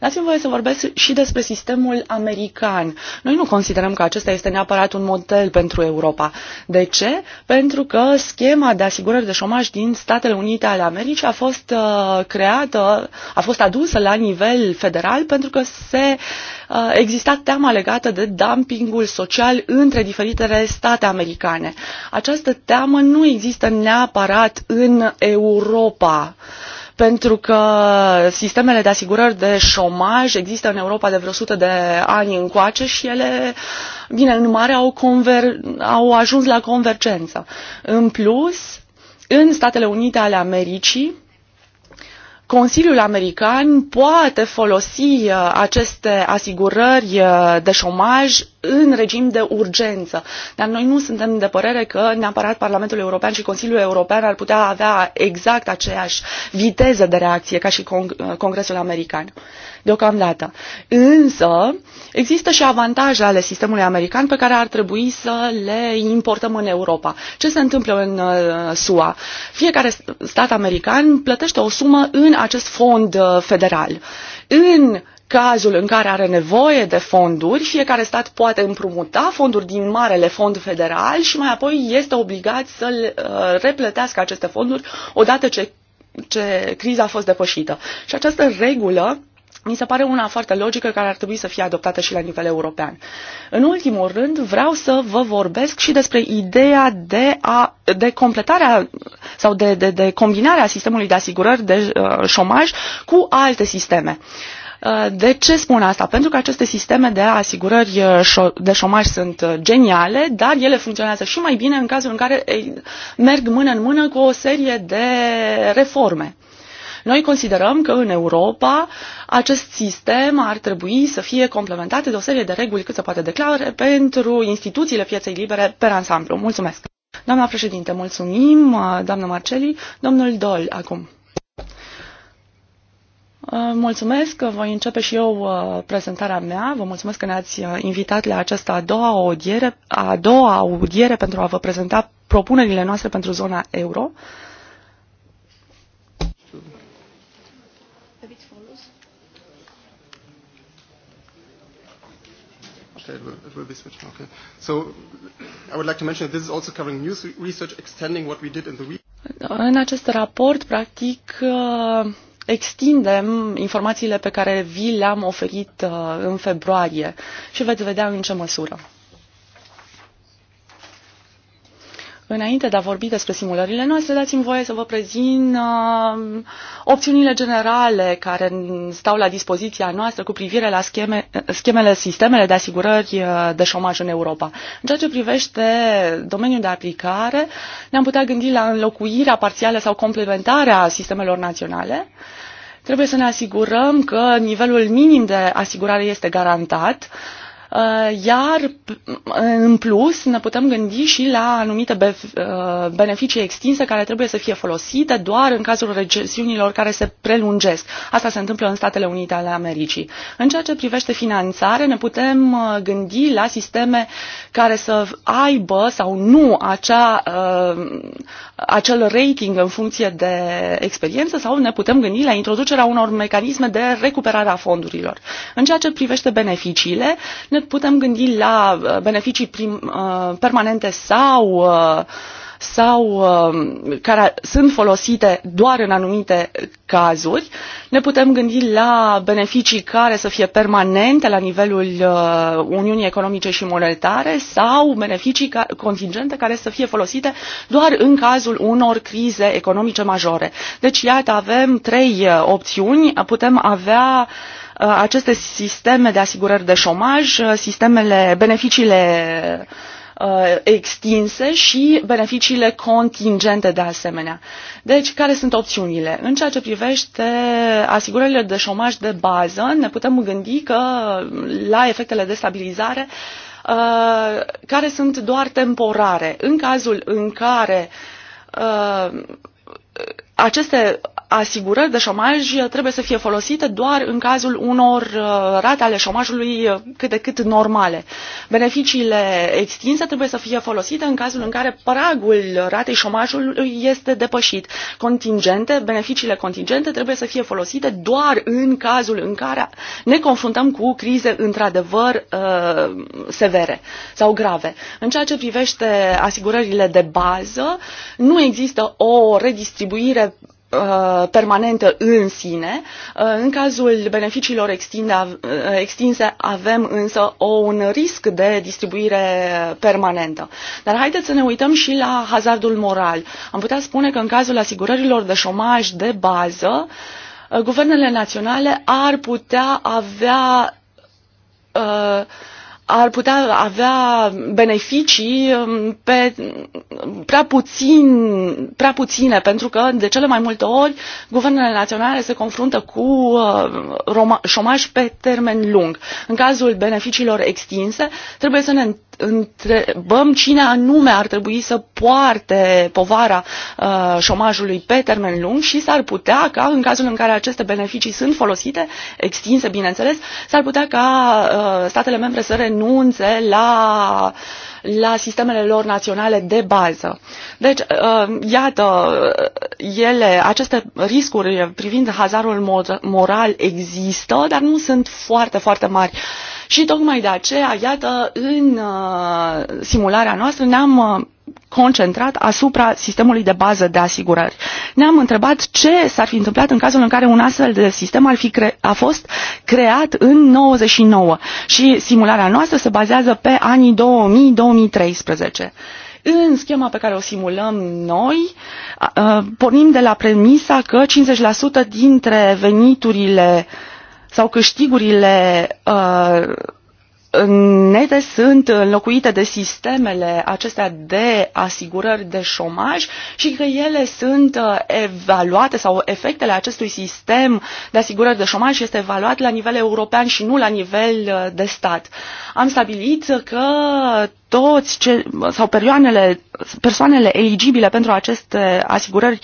Dați-mi voie să vorbesc și despre sistemul american. Noi nu considerăm că acesta este neapărat un model pentru Europa. De ce? Pentru că schema de asigurări de șomaj din Statele Unite ale Americii a fost ă, creată, a fost adusă la nivel federal pentru că se uh, exista teama legată de dumpingul social între diferitele state americane. Această teamă nu există neapărat în Europa pentru că sistemele de asigurări de șomaj există în Europa de vreo 100 de ani încoace și ele, bine, în mare au, conver- au ajuns la convergență. În plus, în Statele Unite ale Americii, Consiliul American poate folosi uh, aceste asigurări uh, de șomaj în regim de urgență. Dar noi nu suntem de părere că neapărat Parlamentul European și Consiliul European ar putea avea exact aceeași viteză de reacție ca și uh, Congresul American deocamdată. Însă, există și avantaje ale sistemului american pe care ar trebui să le importăm în Europa. Ce se întâmplă în uh, SUA? Fiecare stat american plătește o sumă în acest fond uh, federal. În cazul în care are nevoie de fonduri, fiecare stat poate împrumuta fonduri din marele fond federal și mai apoi este obligat să uh, replătească aceste fonduri odată ce, ce criza a fost depășită. Și această regulă mi se pare una foarte logică care ar trebui să fie adoptată și la nivel european. În ultimul rând, vreau să vă vorbesc și despre ideea de, a, de completarea sau de, de, de combinarea sistemului de asigurări de uh, șomaj cu alte sisteme. Uh, de ce spun asta? Pentru că aceste sisteme de asigurări uh, de șomaj sunt uh, geniale, dar ele funcționează și mai bine în cazul în care merg mână în mână cu o serie de reforme. Noi considerăm că în Europa acest sistem ar trebui să fie complementat de o serie de reguli cât se poate declare pentru instituțiile pieței libere pe ansamblu. Mulțumesc! Doamna președinte, mulțumim, doamna Marceli. Domnul Dol, acum. Mulțumesc, voi începe și eu uh, prezentarea mea. Vă mulțumesc că ne-ați uh, invitat la această a doua audiere, a doua audiere pentru a vă prezenta propunerile noastre pentru zona euro. Uh, later it will, it will be switched. Okay. So I would like to mention that this is also covering new research, extending what we did in the week. În acest raport, practic, uh, extindem informațiile pe care vi le-am oferit uh, în februarie și veți vedea în ce măsură. Înainte de a vorbi despre simulările noastre, dați-mi voie să vă prezint uh, opțiunile generale care stau la dispoziția noastră cu privire la scheme, schemele, sistemele de asigurări uh, de șomaj în Europa. În ceea ce privește domeniul de aplicare, ne-am putea gândi la înlocuirea parțială sau complementarea sistemelor naționale. Trebuie să ne asigurăm că nivelul minim de asigurare este garantat. Uh, Uh, iar uh, în plus ne putem gândi și la anumite uh, beneficii extinse care trebuie să fie folosite doar în cazul recesiunilor care se prelungesc. Asta se întâmplă în Statele Unite ale Americii. În ceea ce privește finanțare, ne putem gândi la sisteme care să aibă sau nu acea, acel rating în funcție de experiență sau ne putem gândi la introducerea unor mecanisme de recuperare a fondurilor. În ceea ce privește beneficiile, ne putem gândi la uh, beneficii prim, uh, permanente sau uh, sau care sunt folosite doar în anumite cazuri. Ne putem gândi la beneficii care să fie permanente la nivelul Uniunii Economice și Monetare sau beneficii contingente care să fie folosite doar în cazul unor crize economice majore. Deci, iată, avem trei opțiuni. Putem avea uh, Uh, aceste sisteme de asigurări de șomaj, uh, sistemele, beneficiile uh, extinse și beneficiile contingente de asemenea. Deci, care sunt opțiunile? În ceea ce privește asigurările de șomaj de bază, ne putem gândi că la efectele de stabilizare care sunt doar temporare. În cazul în care aceste asigurări de șomaj trebuie să fie folosite doar în cazul unor uh, rate ale șomajului uh, cât de cât normale. Beneficiile extinse trebuie să fie folosite în cazul în care pragul ratei șomajului este depășit. Contingente, beneficiile contingente trebuie să fie folosite doar în cazul în care ne confruntăm cu crize într-adevăr uh, severe sau grave. În ceea ce privește asigurările de bază, nu există o redistribuire Uh, permanentă în sine. Uh, în cazul beneficiilor uh, extinse avem însă o, un risc de distribuire permanentă. Dar haideți să ne uităm și la hazardul moral. Am putea spune că în cazul asigurărilor de șomaj de bază, guvernele naționale ar putea avea uh, ar putea avea beneficii um, pe prea, puțin, prea puține, pentru că de cele mai multe ori guvernele naționale se confruntă cu uh, șomaj pe termen lung. În cazul beneficiilor extinse, trebuie să ne întrebăm cine anume ar trebui să poarte povara uh, șomajului pe termen lung și s-ar putea ca, în cazul în care aceste beneficii sunt folosite, extinse, bineînțeles, s-ar putea ca uh, statele membre să renunțe la uh, la sistemele lor naționale de bază. Deci, uh, iată, ele, aceste riscuri privind hazardul moral există, dar nu sunt foarte, foarte mari. Și tocmai de aceea, iată, în uh, simularea noastră ne-am uh, concentrat asupra sistemului de bază de asigurări. Ne-am întrebat ce s-ar fi întâmplat în cazul în care un astfel de sistem ar fi cre- a fost creat în 99 și simularea noastră se bazează pe anii 2000-2013. În schema pe care o simulăm noi, pornim de la premisa că 50% dintre veniturile sau câștigurile uh, nete sunt înlocuite de sistemele acestea de asigurări de șomaj și că ele sunt uh, evaluate sau efectele acestui sistem de asigurări de șomaj este evaluat la nivel european și nu la nivel uh, de stat. Am stabilit că toți ce, sau perioanele, persoanele eligibile pentru aceste asigurări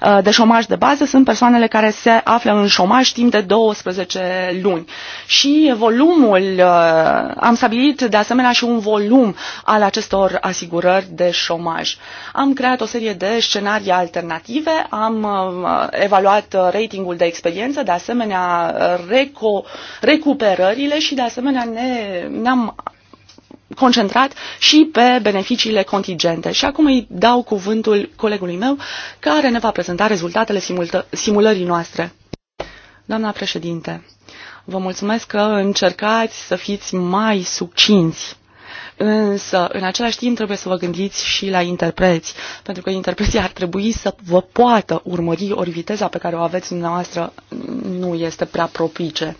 uh, de șomaj de bază sunt persoanele care se află în șomaj timp de 12 luni. Și volumul, uh, am stabilit de asemenea și un volum al acestor asigurări de șomaj. Am creat o serie de scenarii alternative, am uh, evaluat ratingul de experiență, de asemenea reco, recuperările și de asemenea ne, ne-am concentrat și pe beneficiile contingente. Și acum îi dau cuvântul colegului meu care ne va prezenta rezultatele simulării noastre. Doamna președinte, vă mulțumesc că încercați să fiți mai succinți. Însă, în același timp, trebuie să vă gândiți și la interpreți, pentru că interpreții ar trebui să vă poată urmări, ori viteza pe care o aveți dumneavoastră nu este prea propice.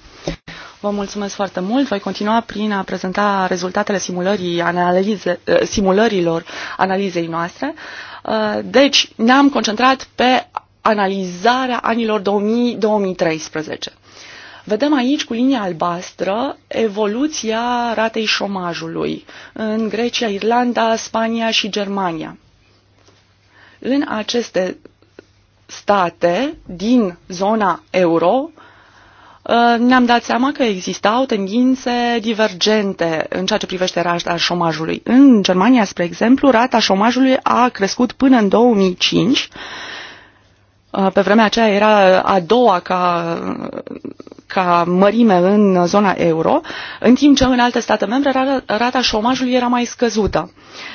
Vă mulțumesc foarte mult. Voi continua prin a prezenta rezultatele simulării analize, eh, simulărilor analizei noastre. Eh, deci, ne-am concentrat pe analizarea anilor 2000-2013. Vedem aici cu linia albastră evoluția ratei șomajului în Grecia, Irlanda, Spania și Germania. În aceste state din zona euro, Uh, ne-am dat seama că existau tendințe divergente în ceea ce privește rata șomajului. În Germania, spre exemplu, rata șomajului a crescut până în 2005. Uh, pe vremea aceea era a doua ca ca mărime în zona euro, în timp ce în alte state membre rata șomajului era mai scăzută.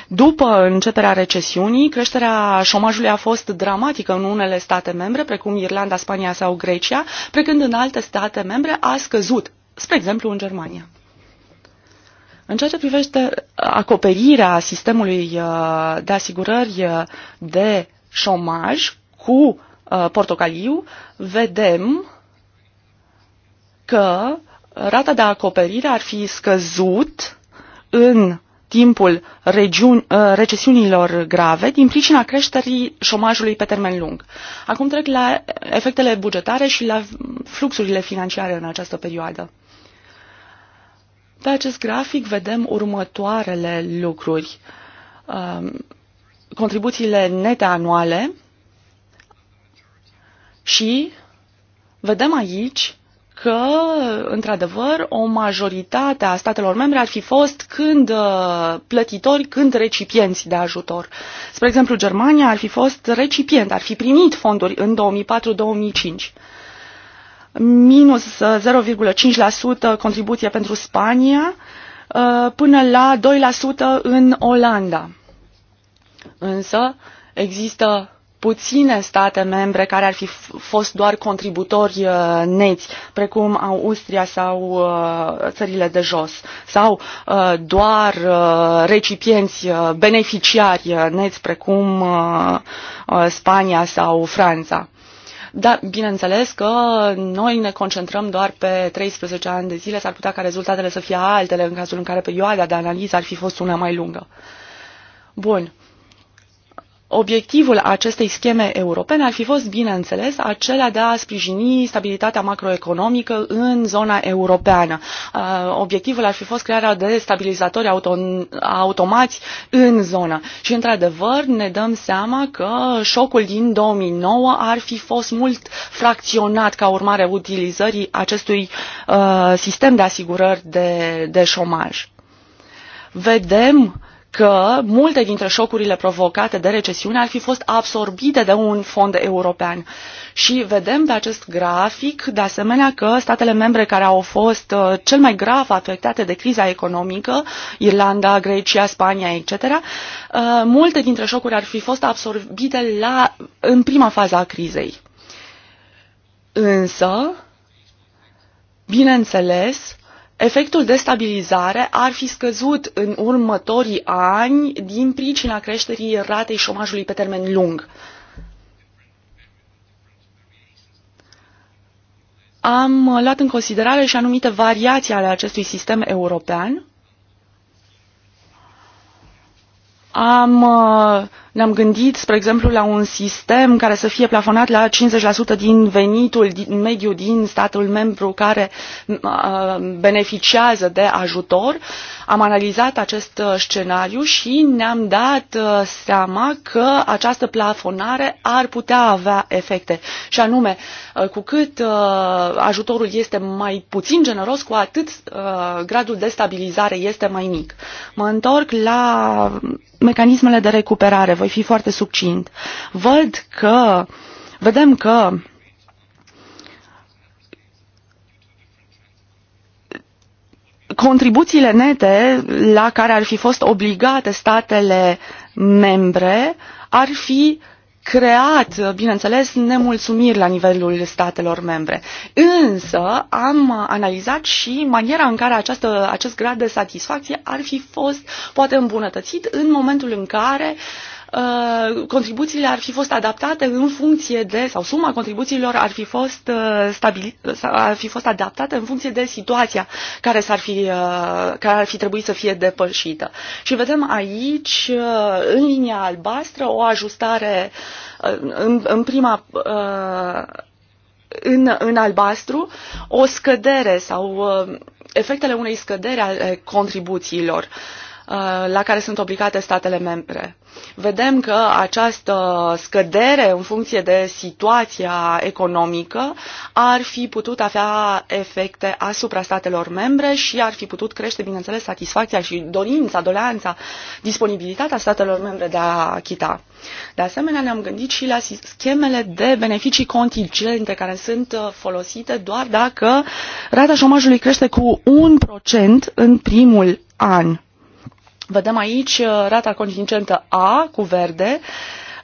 După începerea recesiunii, creșterea șomajului a fost dramatică în unele state membre, precum Irlanda, Spania sau Grecia, precând în alte state membre a scăzut, spre exemplu în Germania. În ceea ce privește acoperirea sistemului uh, de asigurări uh, de șomaj cu uh, portocaliu, vedem că rata de acoperire ar fi scăzut în timpul regiuni, uh, recesiunilor grave din pricina creșterii șomajului pe termen lung. Acum trec la efectele bugetare și la fluxurile financiare în această perioadă. Pe acest grafic vedem următoarele lucruri. Um, contribuțiile nete anuale și vedem aici că, într-adevăr, o majoritate a statelor membre ar fi fost când uh, plătitori, când recipienți de ajutor. Spre exemplu, Germania ar fi fost recipient, ar fi primit fonduri în 2004-2005 minus 0,5% uh, contribuție pentru Spania, uh, până la 2% în Olanda. Însă există puține state membre care ar fi fost doar contributori uh, neți, precum Austria sau uh, țările de jos, sau uh, doar recipienți beneficiari neți, precum Spania sau Franța. Dar, bineînțeles că noi ne concentrăm doar pe 13 ani de zile, s-ar putea ca rezultatele să fie altele în cazul în care perioada de analiză ar fi fost una mai lungă. Bun. Obiectivul acestei scheme europene ar fi fost, bineînțeles, acela de a sprijini stabilitatea macroeconomică în zona europeană. Uh, obiectivul ar fi fost crearea de stabilizatori auto- automați în zonă. Și, într-adevăr, ne dăm seama că șocul din 2009 ar fi fost mult fracționat ca urmare utilizării acestui uh, sistem de asigurări de, de șomaj. Vedem că multe dintre șocurile provocate de recesiune ar fi fost absorbite de un fond european. Și vedem pe acest grafic, de asemenea, că statele membre care au fost uh, cel mai grav afectate de criza economică, Irlanda, Grecia, Spania, etc., uh, multe dintre șocuri ar fi fost absorbite la, în prima fază a crizei. Însă, bineînțeles, efectul de stabilizare ar fi scăzut în următorii ani din pricina creșterii ratei șomajului pe termen lung. Am luat în considerare și anumite variații ale acestui sistem european am, uh, ne-am gândit, spre exemplu, la un sistem care să fie plafonat la 50% din venitul din mediu din statul membru care uh, beneficiază de ajutor. Am analizat acest uh, scenariu și ne-am dat seama că această plafonare ar putea avea efecte. Și anume, cu cât ajutorul este mai puțin generos, cu atât gradul de stabilizare este mai mic. Mă întorc la mecanismele de recuperare. Voi fi foarte succint. Văd că, vedem că contribuțiile nete la care ar fi fost obligate statele membre ar fi creat, bineînțeles, nemulțumiri la nivelul statelor membre. Însă am analizat și maniera în care această, acest grad de satisfacție ar fi fost poate îmbunătățit în momentul în care uh, Uh, contribuțiile ar fi fost adaptate în funcție de, sau suma contribuțiilor ar fi fost, uh, stabil, ar fi fost adaptată în funcție de situația care, s-ar fi, uh, care ar fi trebuit să fie depășită. Și vedem aici, în linia albastră, o ajustare în, în prima în, în albastru o scădere sau efectele unei scădere ale contribuțiilor. Uh, Uh, la care sunt obligate statele membre. Vedem că această scădere în funcție de situația economică ar fi putut avea efecte asupra statelor membre și ar fi putut crește, bineînțeles, satisfacția și dorința, doleanța, disponibilitatea statelor membre de a achita. De asemenea, ne-am gândit și la schemele de beneficii contingente care sunt uh, folosite doar dacă rata șomajului crește cu 1% în primul an. Vedem aici uh, rata contingentă A cu verde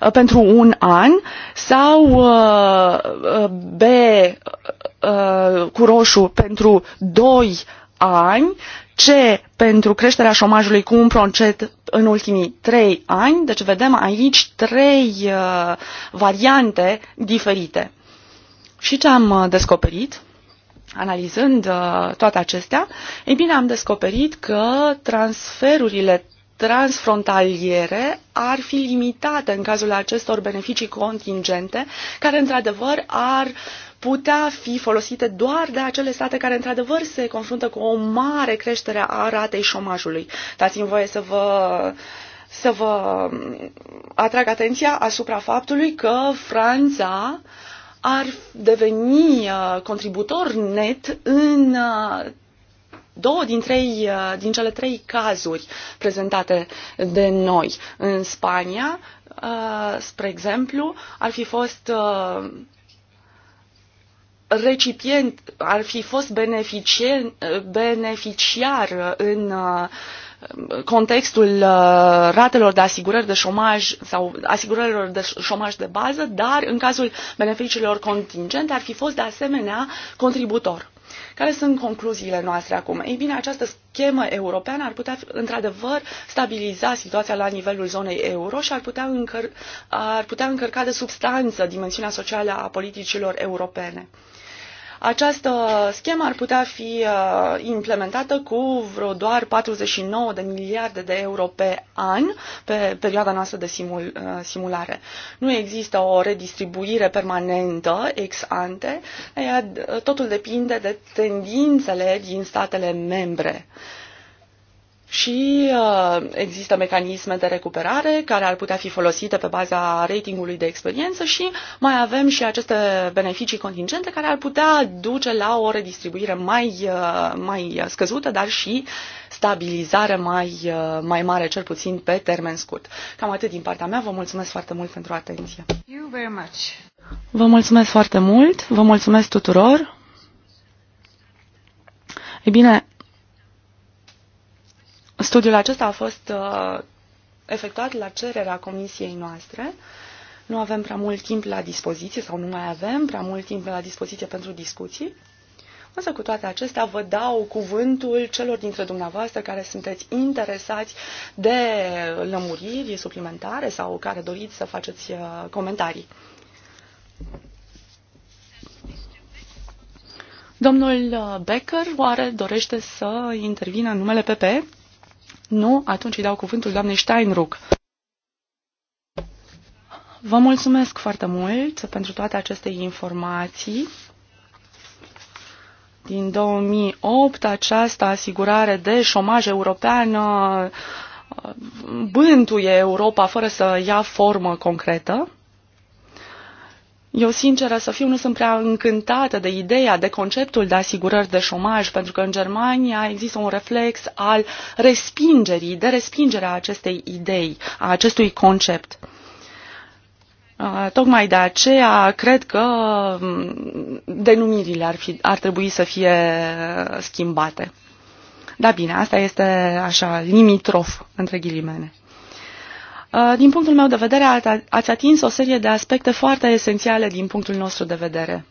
uh, pentru un an sau uh, B cu roșu pentru 2 ani, C pentru creșterea șomajului cu un procent în ultimii trei ani. Deci vedem aici trei variante diferite. Și ce am descoperit? analizând uh, toate acestea, ei bine, am descoperit că transferurile transfrontaliere ar fi limitate în cazul acestor beneficii contingente, care într-adevăr ar putea fi folosite doar de acele state care într-adevăr se confruntă cu o mare creștere a ratei șomajului. Dați-mi voie să vă să vă atrag atenția asupra faptului că Franța uh, ar deveni uh, contributor net în uh, două din, trei, uh, din cele trei cazuri prezentate de noi. În Spania, spre exemplu, ar fi fost recipient, ar fi fost beneficiar în contextul uh, ratelor de asigurări de șomaj sau asigurărilor de șomaj de bază, dar în cazul beneficiilor contingente ar fi fost de asemenea contributor. Care sunt concluziile noastre acum? Ei bine, această schemă europeană ar putea, într-adevăr, stabiliza situația la nivelul zonei euro și ar putea, încăr- ar putea încărca de substanță dimensiunea socială a politicilor europene. Această schemă ar putea fi uh, implementată cu vreo doar 49 de miliarde de euro pe an pe perioada noastră de simul, uh, simulare. Nu există o redistribuire permanentă ex ante, uh, totul depinde de tendințele din statele membre și uh, există mecanisme de recuperare care ar putea fi folosite pe baza ratingului de experiență și mai avem și aceste beneficii contingente care ar putea duce la o redistribuire mai, uh, mai scăzută, dar și stabilizare mai, uh, mai mare, cel puțin pe termen scurt. Cam atât din partea mea. Vă mulțumesc foarte mult pentru atenție. Vă mulțumesc foarte mult. Vă mulțumesc tuturor. Ei bine, Studiul acesta a fost uh, efectuat la cererea comisiei noastre. Nu avem prea mult timp la dispoziție sau nu mai avem prea mult timp la dispoziție pentru discuții. Însă cu toate acestea vă dau cuvântul celor dintre dumneavoastră care sunteți interesați de lămuriri suplimentare sau care doriți să faceți uh, comentarii. Domnul uh, Becker oare dorește să intervină în numele PP? Nu? Atunci îi dau cuvântul doamnei Steinruck. Vă mulțumesc foarte mult pentru toate aceste informații. Din 2008, această asigurare de șomaj european uh, bântuie Europa fără să ia formă concretă. Eu, sinceră să fiu, nu sunt prea încântată de ideea, de conceptul de asigurări de șomaj, pentru că în Germania există un reflex al respingerii, de respingerea acestei idei, a acestui concept. Tocmai de aceea cred că denumirile ar, fi, ar trebui să fie schimbate. Da bine, asta este așa, limitrof, între ghilimele. Uh, din punctul meu de vedere, ați atins o serie de aspecte foarte esențiale din punctul nostru de vedere.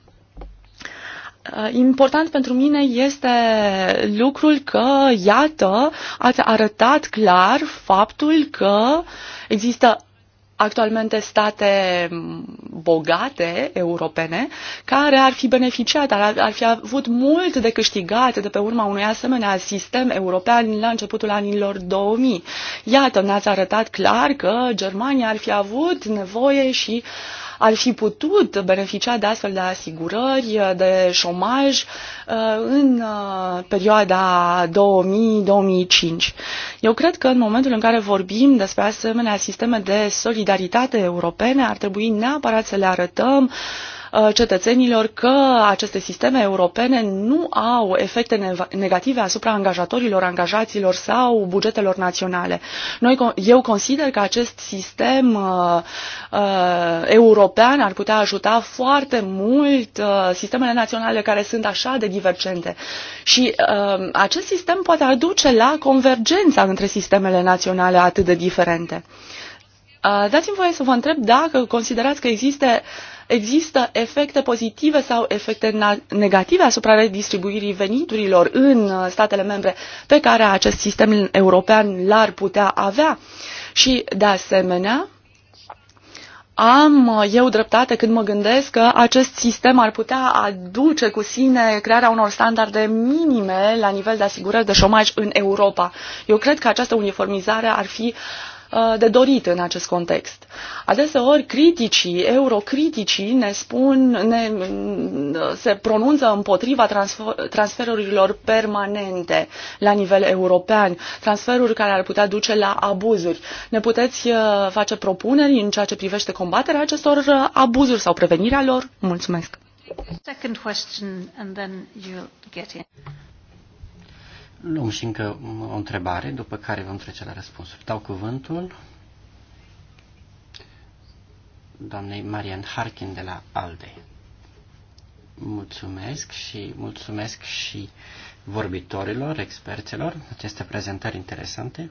Uh, important pentru mine este lucrul că, iată, ați arătat clar faptul că există actualmente state bogate europene care ar fi beneficiat, ar, ar fi avut mult de câștigat de pe urma unui asemenea sistem european la începutul anilor 2000. Iată, ne-ați arătat clar că Germania ar fi avut nevoie și ar fi putut beneficia de astfel de asigurări, uh, de șomaj uh, în uh, perioada 2000-2005. Eu cred că în momentul în care vorbim despre asemenea sisteme de solidaritate europene, ar trebui neapărat să le arătăm Uh, cetățenilor că aceste sisteme europene nu au efecte negative asupra angajatorilor, angajaților sau bugetelor naționale. Noi, eu consider că acest sistem uh, uh, european ar putea ajuta foarte mult sistemele naționale care sunt așa de divergente. Și acest sistem poate aduce la convergența între sistemele naționale atât de diferente. Dați-mi voie să vă întreb dacă considerați că există uh, există efecte pozitive sau efecte negative asupra redistribuirii veniturilor în uh, statele membre pe care acest sistem european l-ar putea avea. Și, de asemenea, am uh, eu dreptate când mă gândesc că acest sistem ar putea aduce cu sine crearea unor standarde minime la nivel de asigurări de șomaj în Europa. Eu cred că această uniformizare ar fi uh, Uh, de dorit în acest context. Adeseori criticii, eurocriticii ne spun, ne, se pronunță împotriva transfer, transferurilor permanente la nivel european, transferuri care ar putea duce la abuzuri. Ne puteți uh, face propuneri în ceea ce privește combaterea acestor uh, abuzuri sau prevenirea lor? Mulțumesc! Second question and then you'll get in. Luăm și încă o întrebare, după care vom trece la răspunsuri. Dau cuvântul doamnei Marian Harkin de la ALDE. Mulțumesc și mulțumesc și vorbitorilor, experților, aceste prezentări interesante.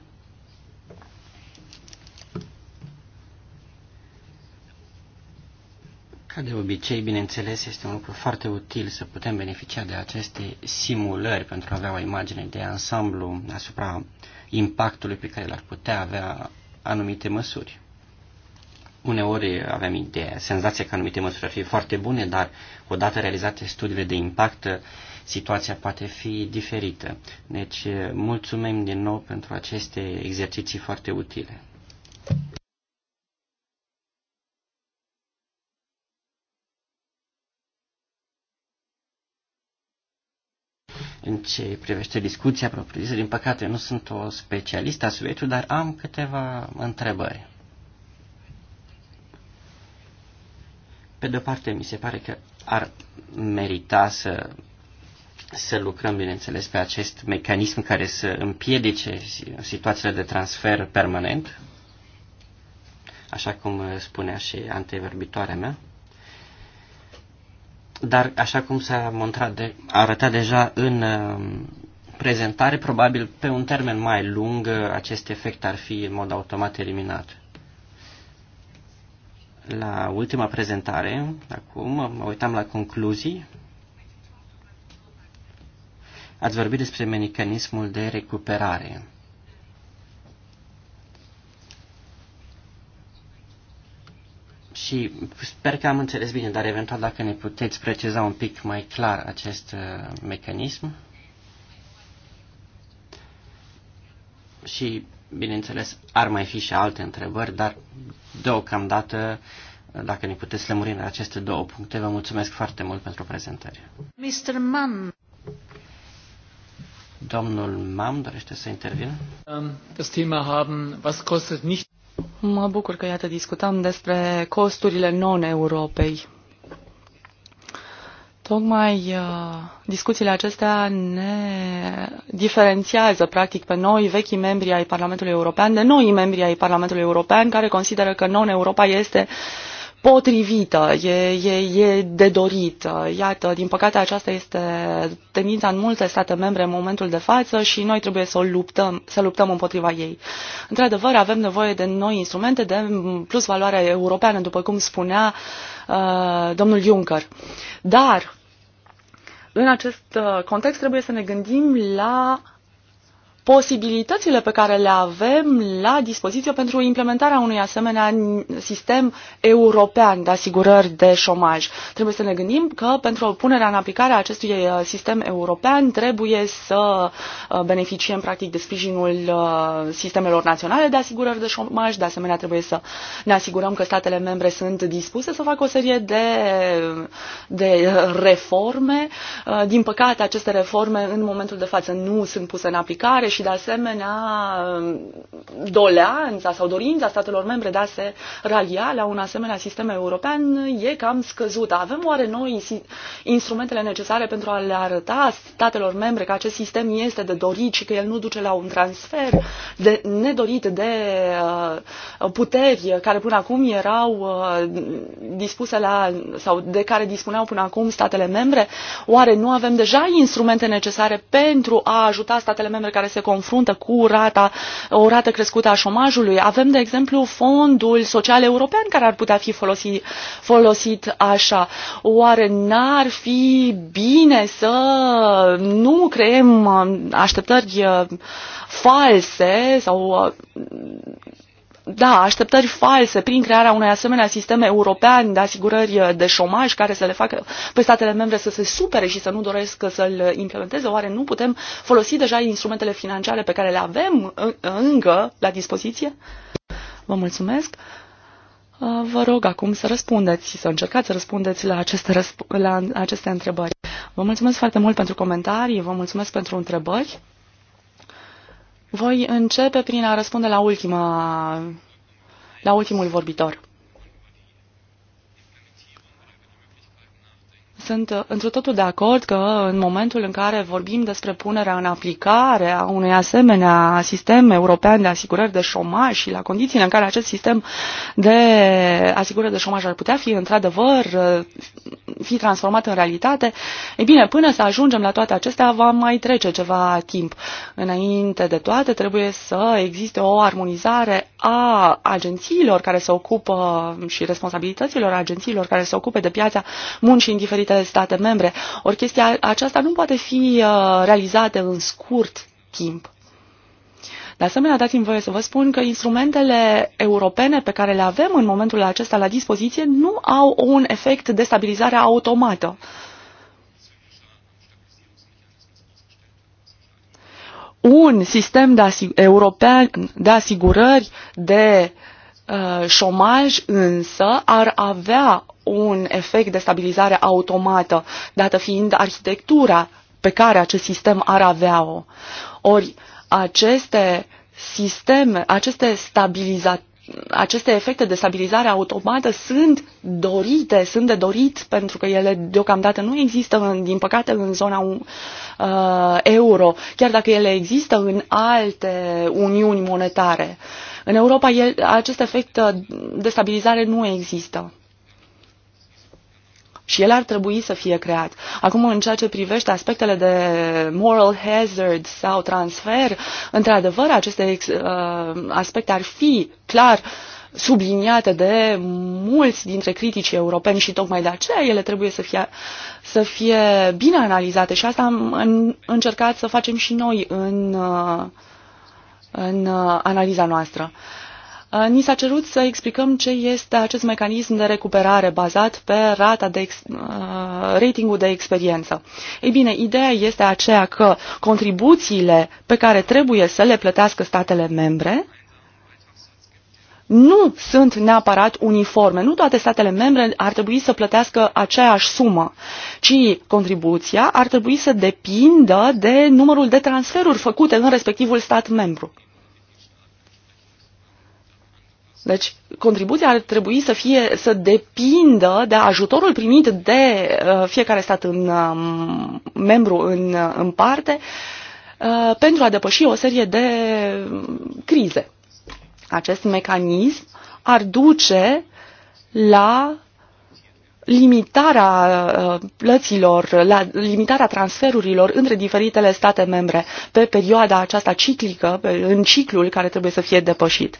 Ca de obicei, bineînțeles, este un lucru foarte util să putem beneficia de aceste simulări pentru a avea o imagine de ansamblu asupra impactului pe care l-ar putea avea anumite măsuri. Uneori avem ideea, senzația că anumite măsuri ar fi foarte bune, dar odată realizate studiile de impact, situația poate fi diferită. Deci, mulțumim din nou pentru aceste exerciții foarte utile. În ce privește discuția propriu-zisă, din păcate nu sunt o specialistă a subiectului, dar am câteva întrebări. Pe de-o parte, mi se pare că ar merita să, să lucrăm, bineînțeles, pe acest mecanism care să împiedice situațiile de transfer permanent, așa cum spunea și antevorbitoarea mea. Dar, așa cum s-a de, arătat deja în uh, prezentare, probabil pe un termen mai lung uh, acest efect ar fi în mod automat eliminat. La ultima prezentare, acum, mă uitam la concluzii. Ați vorbit despre mecanismul de recuperare. și sper că am înțeles bine, dar eventual dacă ne puteți preciza un pic mai clar acest uh, mecanism. Și, bineînțeles, ar mai fi și alte întrebări, dar deocamdată, dacă ne puteți lămuri în aceste două puncte, vă mulțumesc foarte mult pentru prezentare. Mr. Mann. Domnul Mam dorește să intervină. Um, das Thema haben, was kostet nicht Mă bucur că, iată, discutăm despre costurile non-Europei. Tocmai uh, discuțiile acestea ne diferențiază, practic, pe noi, vechii membri ai Parlamentului European, de noi membri ai Parlamentului European, care consideră că non-Europa este uh, potrivită, e, e, e de dorit. Iată, din păcate aceasta este tendința în multe state membre în momentul de față și noi trebuie să luptăm, să luptăm împotriva ei. Într-adevăr, avem nevoie de noi instrumente, de plus valoare europeană, după cum spunea uh, domnul Juncker. Dar, în acest uh, context, trebuie să ne gândim la posibilitățile pe care le avem la dispoziție pentru implementarea unui asemenea sistem european de asigurări de șomaj. Trebuie să ne gândim că pentru punerea în aplicare a acestui uh, sistem european trebuie să uh, beneficiem practic de sprijinul uh, sistemelor naționale de asigurări de șomaj. De asemenea, trebuie să ne asigurăm că statele membre sunt dispuse să facă o serie de, de reforme. Din păcate, aceste reforme în momentul de față nu sunt puse în aplicare și de asemenea doleanța sau dorința statelor membre de a se ralia la un asemenea sistem european e cam scăzută. Avem oare noi instrumentele necesare pentru a le arăta statelor membre că acest sistem este de dorit și că el nu duce la un transfer de nedorit de uh, puteri care până acum erau uh, dispuse la sau de care dispuneau până acum statele membre? Oare nu avem deja instrumente necesare pentru a ajuta statele membre care se confruntă cu rata, o rată crescută a șomajului. Avem, de exemplu, Fondul Social European care ar putea fi folosit, folosit așa. Oare n-ar fi bine să nu creem așteptări uh, false sau uh, da, așteptări false prin crearea unui asemenea sistem european de asigurări uh, de șomaj care să le facă pe statele membre să se supere și să nu doresc să-l implementeze, oare nu putem folosi deja instrumentele financiare pe care le avem uh, încă la dispoziție? Vă mulțumesc. Uh, vă rog acum să răspundeți, să încercați să răspundeți la aceste, răsp- la aceste întrebări. Vă mulțumesc foarte mult pentru comentarii, vă mulțumesc pentru întrebări. Voi începe prin a răspunde la, ultima, la ultimul vorbitor. Sunt uh, într totul de acord că în momentul în care vorbim despre punerea în aplicare a unui asemenea sistem european de asigurări de șomaj și la condițiile în care acest sistem de asigurări de șomaj ar putea fi într-adevăr uh, fi transformat în realitate, e bine, până să ajungem la toate acestea va mai trece ceva timp. Înainte de toate trebuie să existe o armonizare a agențiilor care se ocupă și responsabilităților agențiilor care se ocupe de piața muncii în diferite anumite state membre. Ori chestia aceasta nu poate fi uh, realizată în scurt timp. De asemenea, dați-mi voie să vă spun că instrumentele europene pe care le avem în momentul acesta la dispoziție nu au un efect de stabilizare automată. Un sistem de european de asigurări de uh, șomaj însă ar avea un efect de stabilizare automată, dată fiind arhitectura pe care acest sistem ar avea-o. Ori aceste sisteme, aceste stabilizate, aceste efecte de stabilizare automată sunt dorite, sunt de dorit, pentru că ele deocamdată nu există, din păcate, în zona uh, euro, chiar dacă ele există în alte uniuni monetare. În Europa, el, acest efect uh, de stabilizare nu există și ele ar trebui să fie creat. Acum, în ceea ce privește aspectele de moral hazard sau transfer, într-adevăr, aceste uh, aspecte ar fi clar subliniate de mulți dintre criticii europeni și tocmai de aceea ele trebuie să fie, să fie bine analizate și asta am în, încercat să facem și noi în, uh, în uh, analiza noastră. Uh, Uh, ni s-a cerut să explicăm ce este acest mecanism de recuperare bazat pe rata de ex, uh, ratingul de experiență. Ei bine, ideea este aceea că contribuțiile pe care trebuie să le plătească statele membre nu sunt neapărat uniforme. Nu toate statele membre ar trebui să plătească aceeași sumă, ci contribuția ar trebui să depindă de numărul de transferuri făcute în respectivul stat membru. Deci, contribuția ar trebui să fie să depindă de ajutorul primit de uh, fiecare stat în um, membru în, uh, în parte uh, pentru a depăși o serie de um, crize. Acest mecanism ar duce la limitarea uh, plăților, la limitarea transferurilor între diferitele state membre pe perioada aceasta ciclică, în ciclul care trebuie să fie depășit.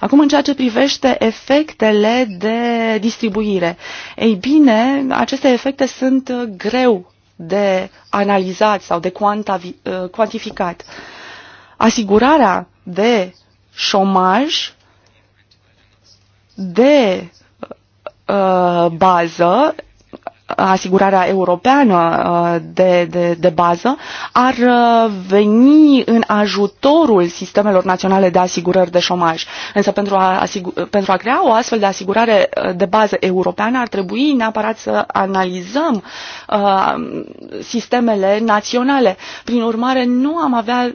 Acum, în ceea ce privește efectele de distribuire, ei bine, aceste efecte sunt uh, greu de analizat sau de uh, cuantificat. Asigurarea de șomaj, de Uh, bază asigurarea europeană uh, de, de, de bază ar uh, veni în ajutorul sistemelor naționale de asigurări de șomaj. Însă pentru a, asigur, pentru a crea o astfel de asigurare de bază europeană ar trebui neapărat să analizăm uh, sistemele naționale. Prin urmare, nu am avea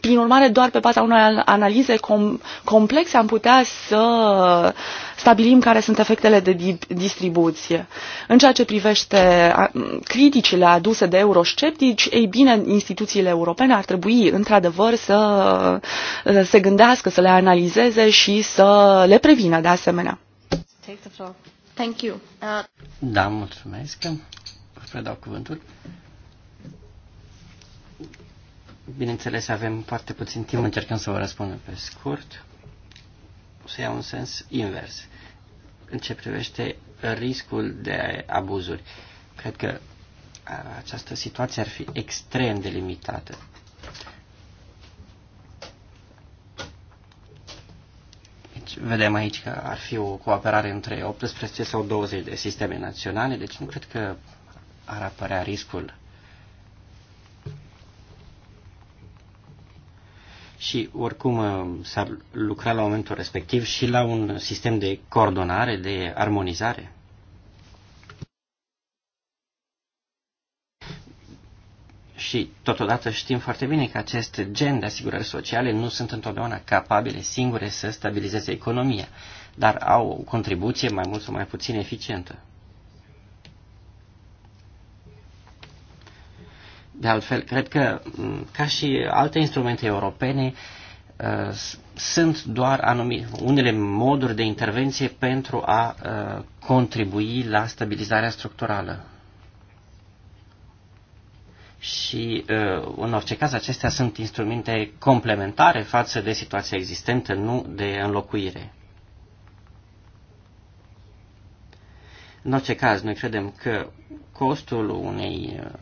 prin urmare, doar pe baza unei analize com complexe am putea să stabilim care sunt efectele de di distribuție. În ceea ce privește criticile aduse de eurosceptici, ei bine, instituțiile europene ar trebui, într-adevăr, să se gândească, să le analizeze și să le prevină de asemenea. Take the floor. Thank you. Uh... Da, mulțumesc. Vă predau cuvântul. Bineînțeles, avem foarte puțin timp, încercăm să vă răspundem pe scurt. Să iau un sens invers. În ce privește riscul de abuzuri, cred că această situație ar fi extrem de limitată. Deci, vedem aici că ar fi o cooperare între 18 sau 20 de sisteme naționale, deci nu cred că ar apărea riscul și oricum uh, s-ar lucra la momentul respectiv și la un sistem de coordonare, de armonizare. Și totodată știm foarte bine că acest gen de asigurări sociale nu sunt întotdeauna capabile singure să stabilizeze economia, dar au o contribuție mai mult sau mai puțin eficientă. De altfel, cred că, ca și alte instrumente europene, uh, sunt doar anumite, unele moduri de intervenție pentru a uh, contribui la stabilizarea structurală. Și, uh, în orice caz, acestea sunt instrumente complementare față de situația existentă, nu de înlocuire. În orice caz, noi credem că costul unei uh,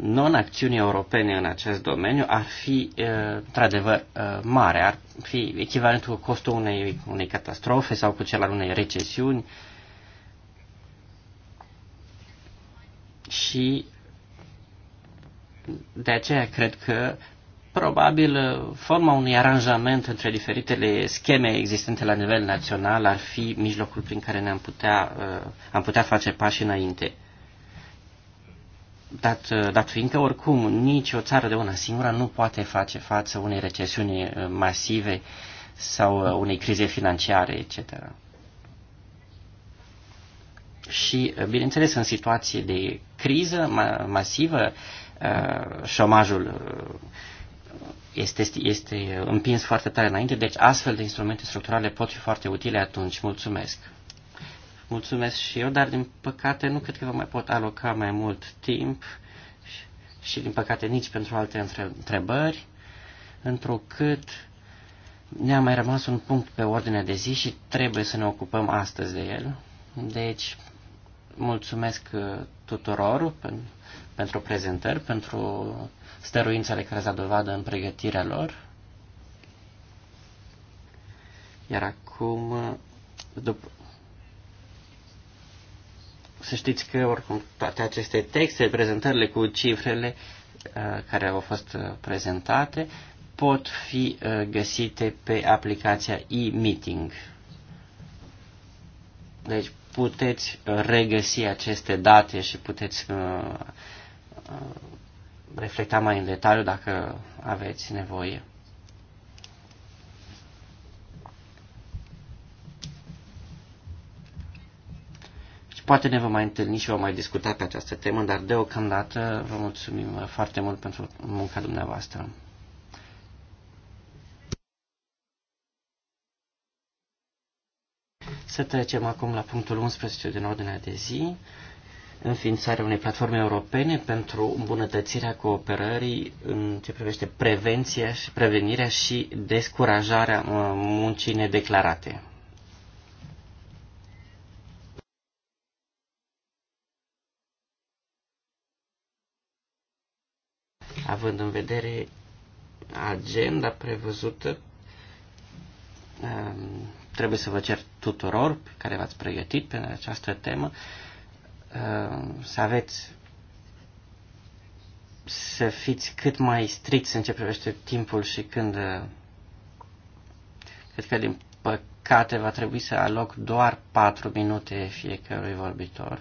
non-acțiunii europene în acest domeniu ar fi, într-adevăr, mare, ar fi echivalentul cu costul unei, unei catastrofe sau cu cel al unei recesiuni. Și de aceea cred că probabil forma unui aranjament între diferitele scheme existente la nivel național ar fi mijlocul prin care ne-am putea, am putea face pași înainte dat, dat fiindcă oricum nici o țară de una singură nu poate face față unei recesiuni uh, masive sau uh, unei crize financiare, etc. Și, uh, bineînțeles, în situații de criză masivă, șomajul este, este împins foarte tare înainte, deci astfel de instrumente structurale pot fi foarte utile atunci. Mulțumesc! Mulțumesc și eu, dar din păcate nu cred că vă mai pot aloca mai mult timp și din păcate nici pentru alte întrebări, întrucât ne-a mai rămas un punct pe ordinea de zi și trebuie să ne ocupăm astăzi de el. Deci, mulțumesc uh, tuturor pentru prezentări, pentru stăruințele care s-a dovadă în pregătirea lor. Iar acum, uh, după, să știți că, oricum, toate aceste texte, prezentările cu cifrele uh, care au fost uh, prezentate, pot fi uh, găsite pe aplicația e-meeting. Deci puteți regăsi aceste date și puteți reflecta mai în detaliu dacă aveți nevoie. Poate ne vom mai întâlni și vom mai discuta pe această temă, dar deocamdată vă mulțumim foarte mult pentru munca dumneavoastră. Să trecem acum la punctul 11 din ordinea de zi, înființarea unei platforme europene pentru îmbunătățirea cooperării în ce privește prevenția și prevenirea și descurajarea uh, muncii nedeclarate. având în vedere agenda prevăzută. Um, trebuie să vă cer tuturor care v-ați pregătit pentru această temă um, să aveți să fiți cât mai strict în ce privește timpul și când uh, cred că din păcate va trebui să aloc doar 4 minute fiecărui vorbitor.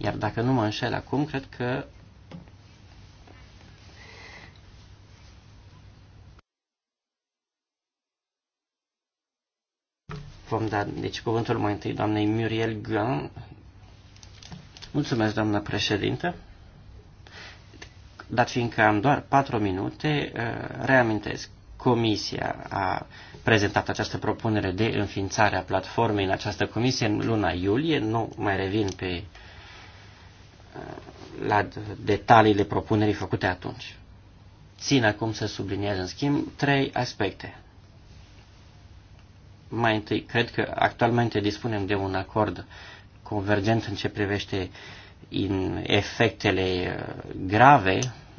Iar dacă nu mă înșel acum, cred că vom da deci cuvântul mai întâi doamnei Muriel Guin. Mulțumesc, doamnă președintă. Dar fiindcă am doar patru minute, uh, reamintesc. Comisia a prezentat această propunere de înființare a platformei în această comisie în luna iulie. Nu mai revin pe la detaliile propunerii făcute atunci. Țin acum să subliniez, în schimb, trei aspecte. Mai întâi, cred că actualmente dispunem de un acord convergent în ce privește în efectele uh, grave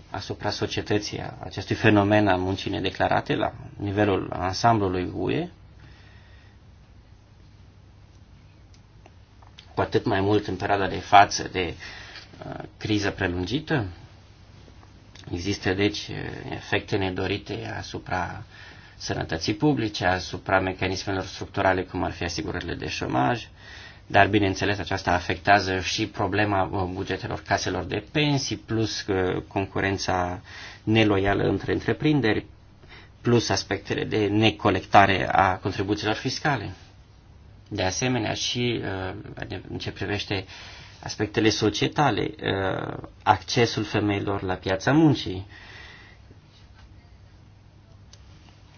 asupra societății acestui fenomen al muncii nedeclarate la nivelul ansamblului UE, cu atât mai mult în perioada de față de uh, criză prelungită. Există, deci, efecte nedorite asupra sănătății publice, asupra mecanismelor structurale, cum ar fi asigurările de șomaj, dar, bineînțeles, aceasta afectează și problema uh, bugetelor caselor de pensii, plus uh, concurența neloială între întreprinderi, plus aspectele de necolectare a contribuțiilor fiscale. De asemenea, și uh, în ce privește uh, aspectele societale, uh, accesul femeilor la piața muncii.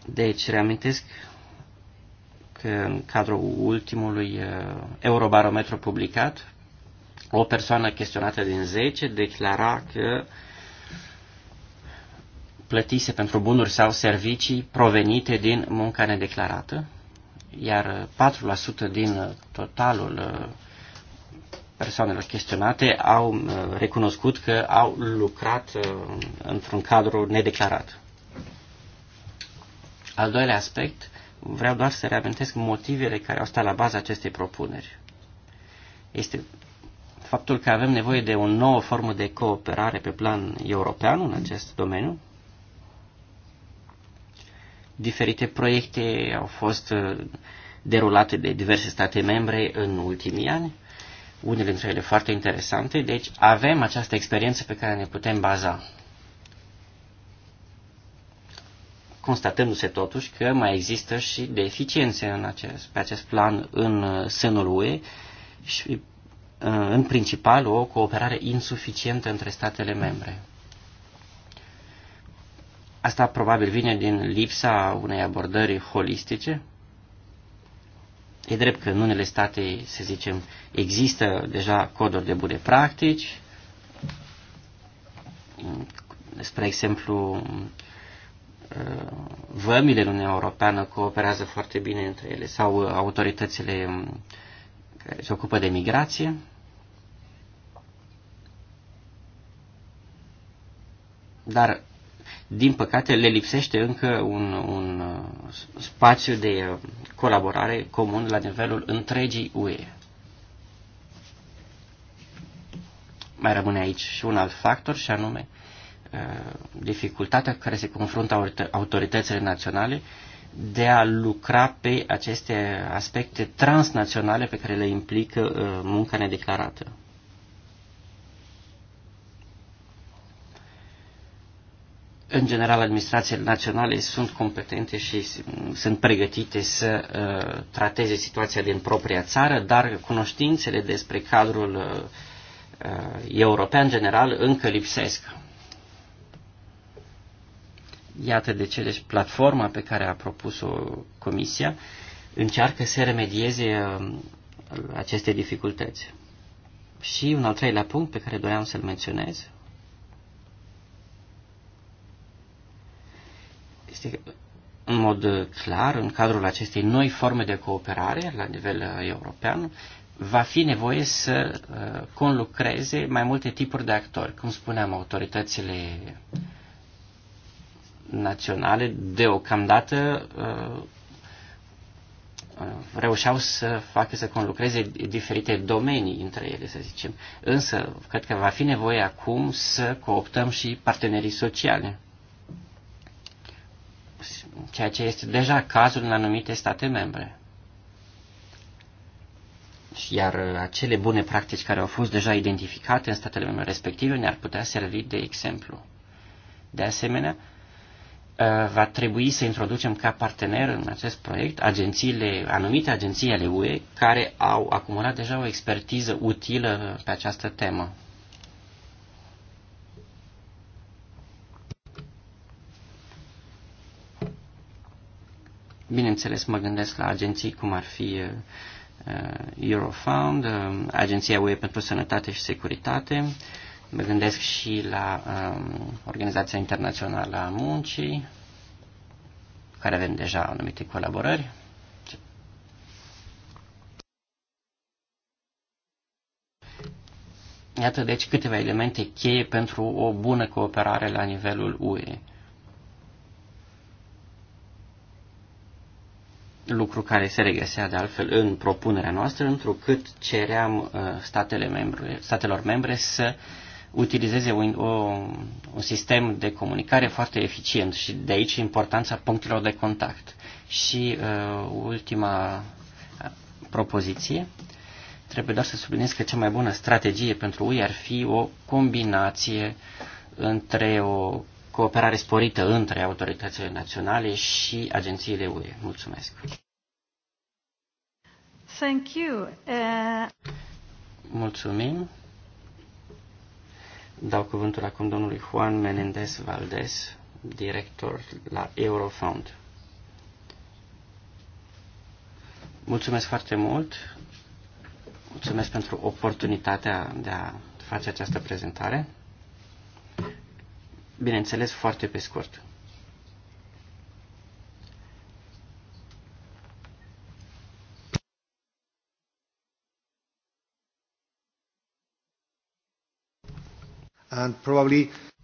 Deci, reamintesc că în cadrul ultimului uh, eurobarometru publicat, o persoană chestionată din 10 declara că plătise pentru bunuri sau servicii provenite din munca nedeclarată, iar 4% din totalul uh, persoanelor chestionate au uh, recunoscut că au lucrat uh, într-un cadru nedeclarat. Al doilea aspect, vreau doar să reamintesc motivele care au stat la baza acestei propuneri. Este faptul că avem nevoie de o nouă formă de cooperare pe plan european în acest domeniu. Diferite proiecte au fost uh, derulate de diverse state membre în ultimii ani unele dintre ele foarte interesante, deci avem această experiență pe care ne putem baza. Constatându-se totuși că mai există și deficiențe în acest, pe acest plan în uh, sânul UE și uh, în principal o cooperare insuficientă între statele membre. Asta probabil vine din lipsa unei abordări holistice E drept că în unele state, să zicem, există deja coduri de bune practici. Spre exemplu, vămile în Uniunea Europeană cooperează foarte bine între ele sau autoritățile care se ocupă de migrație. Dar din păcate, le lipsește încă un, un uh, spațiu de colaborare comun la nivelul întregii UE. Mai rămâne aici și un alt factor, și anume uh, dificultatea cu care se confruntă autoritățile naționale de a lucra pe aceste aspecte transnaționale pe care le implică uh, munca nedeclarată. în general, administrațiile naționale sunt competente și sunt pregătite să uh, trateze situația din propria țară, dar cunoștințele despre cadrul uh, uh, european general încă lipsesc. Iată de ce deci platforma pe care a propus-o Comisia încearcă să remedieze uh, aceste dificultăți. Și un al treilea punct pe care doream să-l menționez este în mod uh, clar, în cadrul acestei noi forme de cooperare la nivel uh, european, va fi nevoie să uh, conlucreze mai multe tipuri de actori, cum spuneam, autoritățile naționale deocamdată reușeau să facă să conlucreze diferite domenii între ele, să zicem. Însă, cred că va fi nevoie acum să cooptăm și partenerii sociale ceea ce este deja cazul în anumite state membre. Iar acele bune practici care au fost deja identificate în statele membre respective ne-ar putea servi de exemplu. De asemenea, uh, va trebui să introducem ca partener în acest proiect agențiile, anumite agenții ale UE care au acumulat deja o expertiză utilă pe această temă. Bineînțeles, mă gândesc la agenții cum ar fi uh, uh, Eurofound, uh, Agenția UE pentru Sănătate și Securitate, mă gândesc și la um, Organizația Internațională a Muncii, care avem deja anumite colaborări. Iată, deci, câteva elemente cheie pentru o bună cooperare la nivelul UE. lucru care se regăsea de altfel în propunerea noastră, întrucât ceream uh, statele membre, statelor membre să utilizeze un, o, un sistem de comunicare foarte eficient și de aici importanța punctelor de contact. Și uh, ultima uh, propoziție, trebuie doar să subliniez că cea mai bună strategie pentru UI ar fi o combinație între o cooperare sporită între autoritățile naționale și agențiile UE. Mulțumesc! Thank you. Uh... Mulțumim. Dau cuvântul acum domnului Juan Menendez Valdez, director la Eurofound. Mulțumesc foarte mult. Mulțumesc pentru oportunitatea de a face această prezentare. Bineînțeles, foarte pe scurt.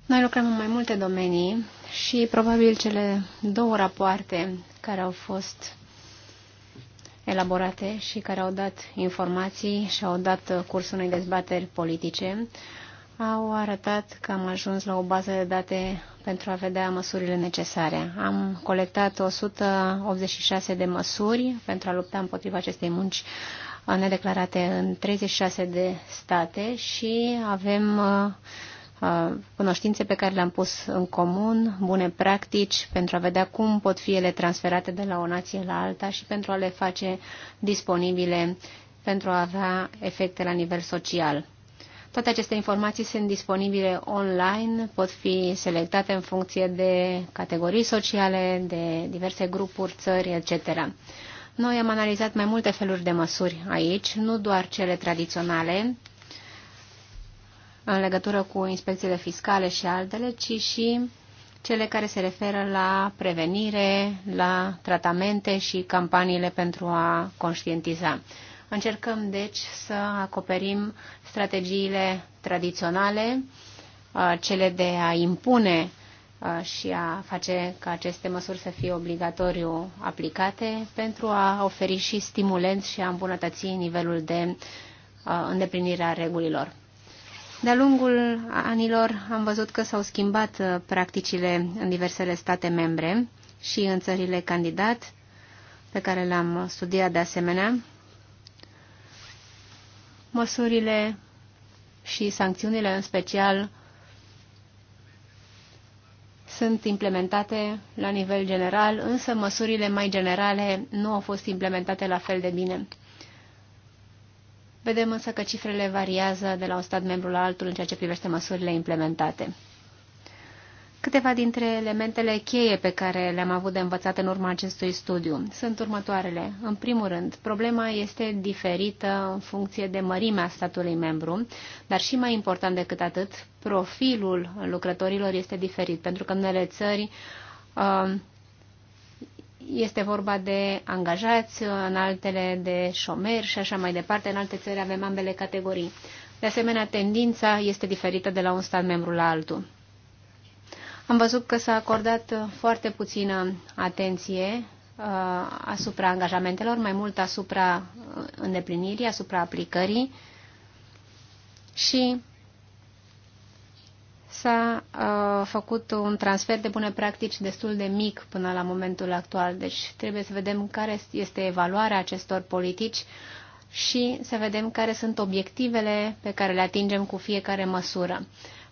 Noi lucrăm în mai multe domenii și probabil cele două rapoarte care au fost elaborate și care au dat informații și au dat cursul unei dezbateri politice au arătat că am ajuns la o bază de date pentru a vedea măsurile necesare. Am colectat 186 de măsuri pentru a lupta împotriva acestei munci uh, nedeclarate în 36 de state și avem uh, uh, cunoștințe pe care le-am pus în comun, bune practici pentru a vedea cum pot fi ele transferate de la o nație la alta și pentru a le face disponibile pentru a avea efecte la nivel social. Toate aceste informații sunt disponibile online, pot fi selectate în funcție de categorii sociale, de diverse grupuri, țări, etc. Noi am analizat mai multe feluri de măsuri aici, nu doar cele tradiționale, în legătură cu inspecțiile fiscale și altele, ci și cele care se referă la prevenire, la tratamente și campaniile pentru a conștientiza. Încercăm, deci, să acoperim strategiile tradiționale, uh, cele de a impune uh, și a face ca aceste măsuri să fie obligatoriu aplicate pentru a oferi și stimulenți și a îmbunătăți nivelul de uh, îndeplinire a regulilor. De-a lungul anilor am văzut că s-au schimbat practicile în diversele state membre și în țările candidat, pe care le-am studiat de asemenea, măsurile și sancțiunile în special sunt implementate la nivel general, însă măsurile mai generale nu au fost implementate la fel de bine. Vedem însă că cifrele variază de la un stat membru la altul în ceea ce privește măsurile implementate. Câteva dintre elementele cheie pe care le-am avut de învățat în urma acestui studiu sunt următoarele. În primul rând, problema este diferită în funcție de mărimea statului membru, dar și mai important decât atât, profilul lucrătorilor este diferit, pentru că în unele țări uh, este vorba de angajați, în altele de șomeri și așa mai departe. În alte țări avem ambele categorii. De asemenea, tendința este diferită de la un stat membru la altul. Am văzut că s-a acordat uh, foarte puțină atenție uh, asupra angajamentelor, mai mult asupra uh, îndeplinirii, asupra aplicării și s-a făcut un transfer de bune practici destul de mic până la momentul actual. Deci trebuie să vedem care este evaluarea acestor politici și să vedem care sunt obiectivele pe care le atingem cu fiecare măsură.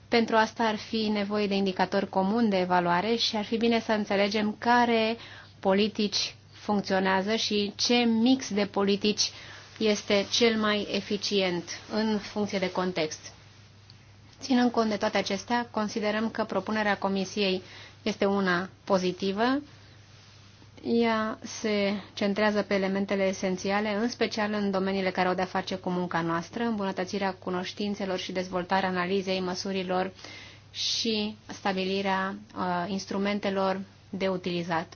Pentru asta ar fi nevoie de indicatori comun de evaluare și ar fi bine să înțelegem care politici funcționează și ce mix de politici este cel mai eficient în funcție de context. Ținând cont de toate acestea, considerăm că propunerea Comisiei este una pozitivă ea se centrează pe elementele esențiale, în special în domeniile care au de-a face cu munca noastră, îmbunătățirea cunoștințelor și dezvoltarea analizei măsurilor și stabilirea uh, instrumentelor de utilizat.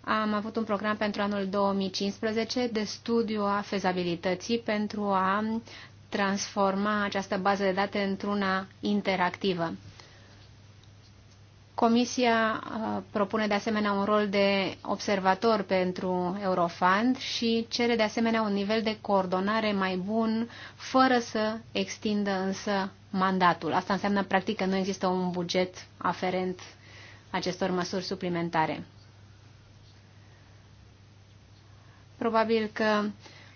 Am avut un program pentru anul 2015 de studiu a fezabilității pentru a transforma această bază de date într-una interactivă. Comisia uh, propune de asemenea un rol de observator pentru Eurofund și cere de asemenea un nivel de coordonare mai bun, fără să extindă însă mandatul. Asta înseamnă practic că nu există un buget aferent acestor măsuri suplimentare. Probabil că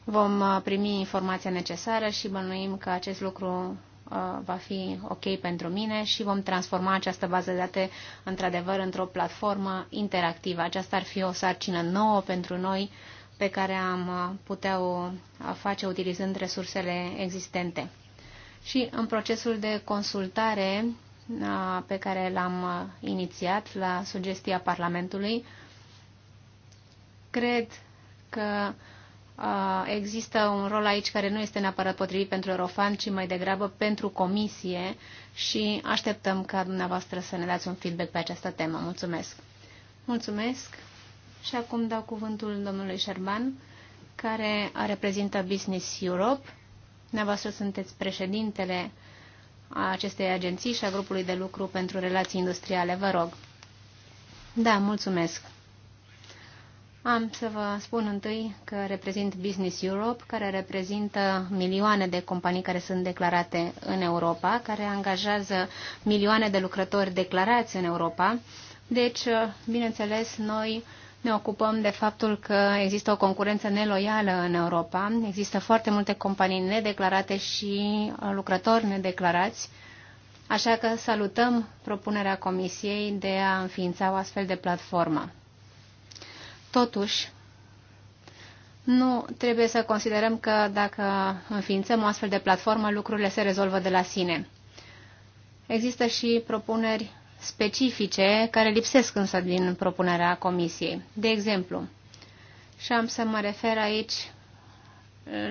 vom uh, primi informația necesară și bănuim că acest lucru Uh, va fi ok pentru mine și vom transforma această bază de date într-adevăr într-o platformă interactivă. Aceasta ar fi o sarcină nouă pentru noi pe care am uh, putea o uh, face utilizând resursele existente. Și în procesul de consultare pe care l-am inițiat la sugestia Parlamentului, cred că există un rol aici care nu este neapărat potrivit pentru Eurofan, ci mai degrabă pentru Comisie și așteptăm ca dumneavoastră să ne dați un feedback pe această temă. Mulțumesc! Mulțumesc! Și acum dau cuvântul domnului Șerban, care reprezintă Business Europe. Dumneavoastră sunteți președintele a acestei agenții și a grupului de lucru pentru relații industriale. Vă rog! Da, mulțumesc! Am să vă spun întâi că reprezint Business Europe, care reprezintă milioane de companii care sunt declarate în Europa, care angajează milioane de lucrători declarați în Europa. Deci, bineînțeles, noi ne ocupăm de faptul că există o concurență neloială în Europa. Există foarte multe companii nedeclarate și lucrători nedeclarați. Așa că salutăm propunerea Comisiei de a înființa o astfel de platformă. Totuși, nu trebuie să considerăm că dacă înființăm o astfel de platformă, lucrurile se rezolvă de la sine. Există și propuneri specifice care lipsesc însă din propunerea Comisiei. De exemplu, și am să mă refer aici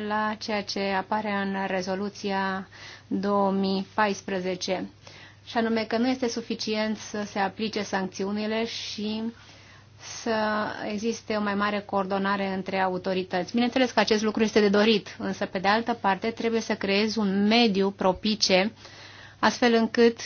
la ceea ce apare în rezoluția 2014, și anume că nu este suficient să se aplice sancțiunile și uh, să existe o mai mare coordonare între autorități. Bineînțeles că acest lucru este de dorit, însă pe de altă parte trebuie să creezi un mediu propice astfel încât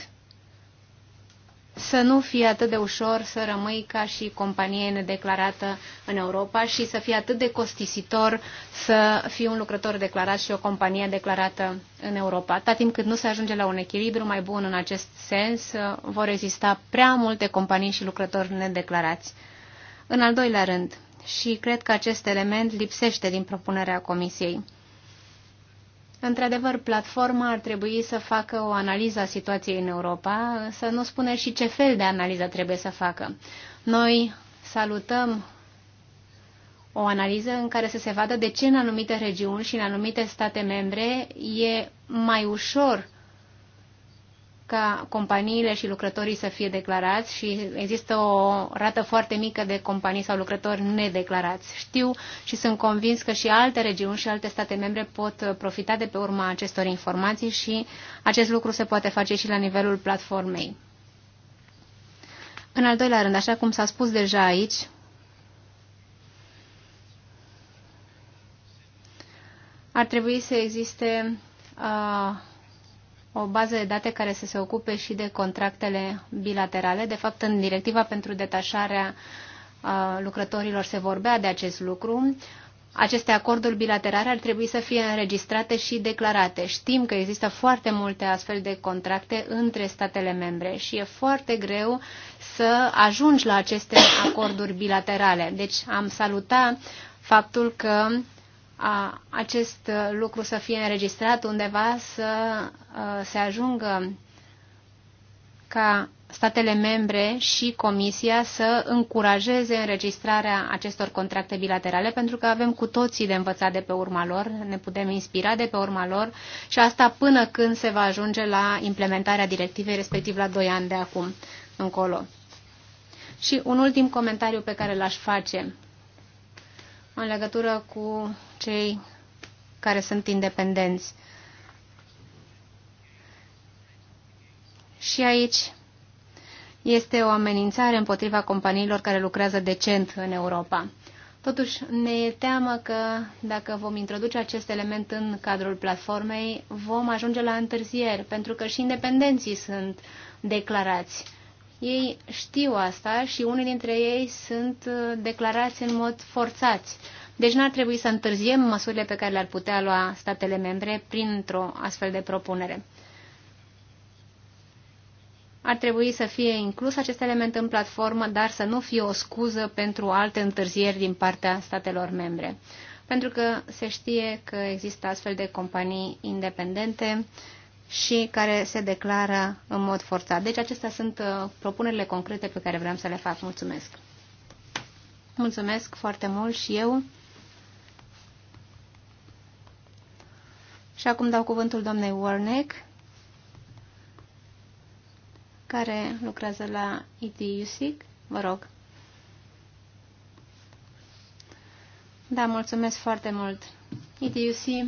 să nu fie atât de ușor să rămâi ca și companie nedeclarată în Europa și să fie atât de costisitor să fii un lucrător declarat și o companie declarată în Europa. Atât timp cât nu se ajunge la un echilibru mai bun în acest sens, vor exista prea multe companii și lucrători nedeclarați. În al doilea rând, și cred că acest element lipsește din propunerea Comisiei. Într-adevăr, platforma ar trebui să facă o analiză a situației în Europa, să nu spune și ce fel de analiză trebuie să facă. Noi salutăm o analiză în care să se vadă de ce în anumite regiuni și în anumite state membre e mai ușor ca companiile și lucrătorii să fie declarați și există o rată foarte mică de companii sau lucrători nedeclarați. Știu și sunt convins că și alte regiuni și alte state membre pot profita de pe urma acestor informații și acest lucru se poate face și la nivelul platformei. În al doilea rând, așa cum s-a spus deja aici, ar trebui să existe uh, o bază de date care să se ocupe și de contractele bilaterale. De fapt, în directiva pentru detașarea uh, lucrătorilor se vorbea de acest lucru. Aceste acorduri bilaterale ar trebui să fie înregistrate și declarate. Știm că există foarte multe astfel de contracte între statele membre și e foarte greu să ajungi la aceste acorduri bilaterale. Deci am salutat faptul că a, acest lucru să fie înregistrat undeva, să a, se ajungă ca statele membre și Comisia să încurajeze înregistrarea acestor contracte bilaterale, pentru că avem cu toții de învățat de pe urma lor, ne putem inspira de pe urma lor și asta până când se va ajunge la implementarea directivei, respectiv la 2 ani de acum încolo. Și un ultim comentariu pe care l-aș face în legătură cu cei care sunt independenți. Și aici este o amenințare împotriva companiilor care lucrează decent în Europa. Totuși, ne e teamă că dacă vom introduce acest element în cadrul platformei, vom ajunge la întârzieri, pentru că și independenții sunt declarați ei știu asta și unii dintre ei sunt uh, declarați în mod forțați. Deci n-ar trebui să întârziem măsurile pe care le-ar putea lua statele membre printr-o astfel de propunere. Ar trebui să fie inclus acest element în platformă, dar să nu fie o scuză pentru alte întârzieri din partea statelor membre. Pentru că se știe că există astfel de companii independente și care se declară în mod forțat. Deci acestea sunt uh, propunerile concrete pe care vreau să le fac. Mulțumesc! Mulțumesc foarte mult și eu. Și acum dau cuvântul doamnei Warnick, care lucrează la ITUSIC. Vă rog. Da, mulțumesc foarte mult. ITUC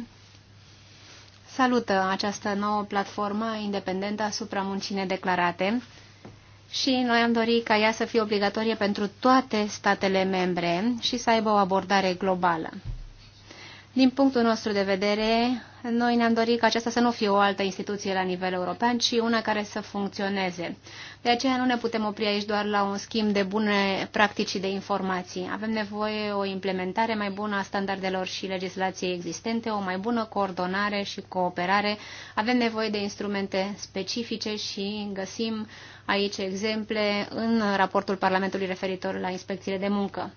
salută această nouă platformă independentă asupra muncii nedeclarate și noi am dorit ca ea să fie obligatorie pentru toate statele membre și să aibă o abordare globală. Din punctul nostru de vedere, noi ne-am dorit ca aceasta să nu fie o altă instituție la nivel european, ci una care să funcționeze. De aceea nu ne putem opri aici doar la un schimb de bune practici de informații. Avem nevoie o implementare mai bună a standardelor și legislației existente, o mai bună coordonare și cooperare. Avem nevoie de instrumente specifice și găsim aici exemple în raportul Parlamentului referitor la inspecțiile de muncă.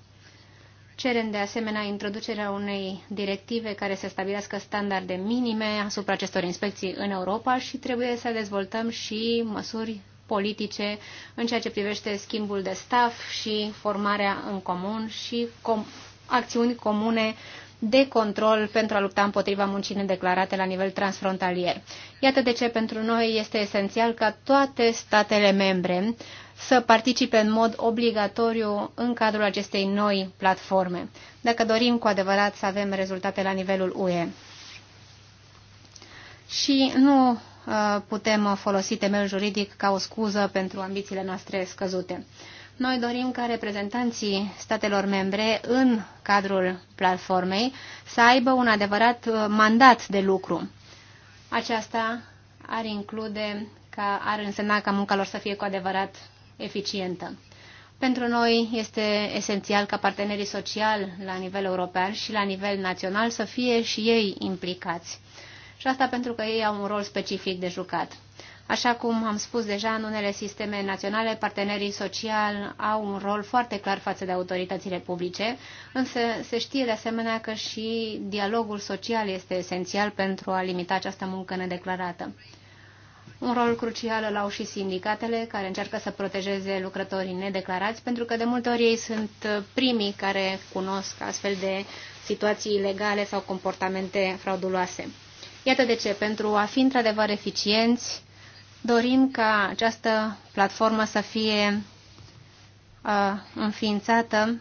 Cerem de asemenea introducerea unei directive care să stabilească standarde minime asupra acestor inspecții în Europa și trebuie să dezvoltăm și măsuri politice în ceea ce privește schimbul de staff și formarea în comun și com acțiuni comune de control pentru a lupta împotriva muncii nedeclarate la nivel transfrontalier. Iată de ce pentru noi este esențial ca toate statele membre să participe în mod obligatoriu în cadrul acestei noi platforme, dacă dorim cu adevărat să avem rezultate la nivelul UE. Și nu uh, putem folosi temel juridic ca o scuză pentru ambițiile noastre scăzute. Noi dorim ca reprezentanții statelor membre în cadrul platformei să aibă un adevărat uh, mandat de lucru. Aceasta ar include ca ar însemna ca munca lor să fie cu adevărat eficientă. Pentru noi este esențial ca partenerii sociali la nivel european și la nivel național să fie și ei implicați. Și asta pentru că ei au un rol specific de jucat. Așa cum am spus deja, în unele sisteme naționale, partenerii sociali au un rol foarte clar față de autoritățile publice, însă se știe de asemenea că și dialogul social este esențial pentru a limita această muncă nedeclarată. Un rol crucial îl au și sindicatele care încearcă să protejeze lucrătorii nedeclarați, pentru că de multe ori ei sunt primii care cunosc astfel de situații ilegale sau comportamente frauduloase. Iată de ce, pentru a fi într-adevăr eficienți, dorim ca această platformă să fie uh, înființată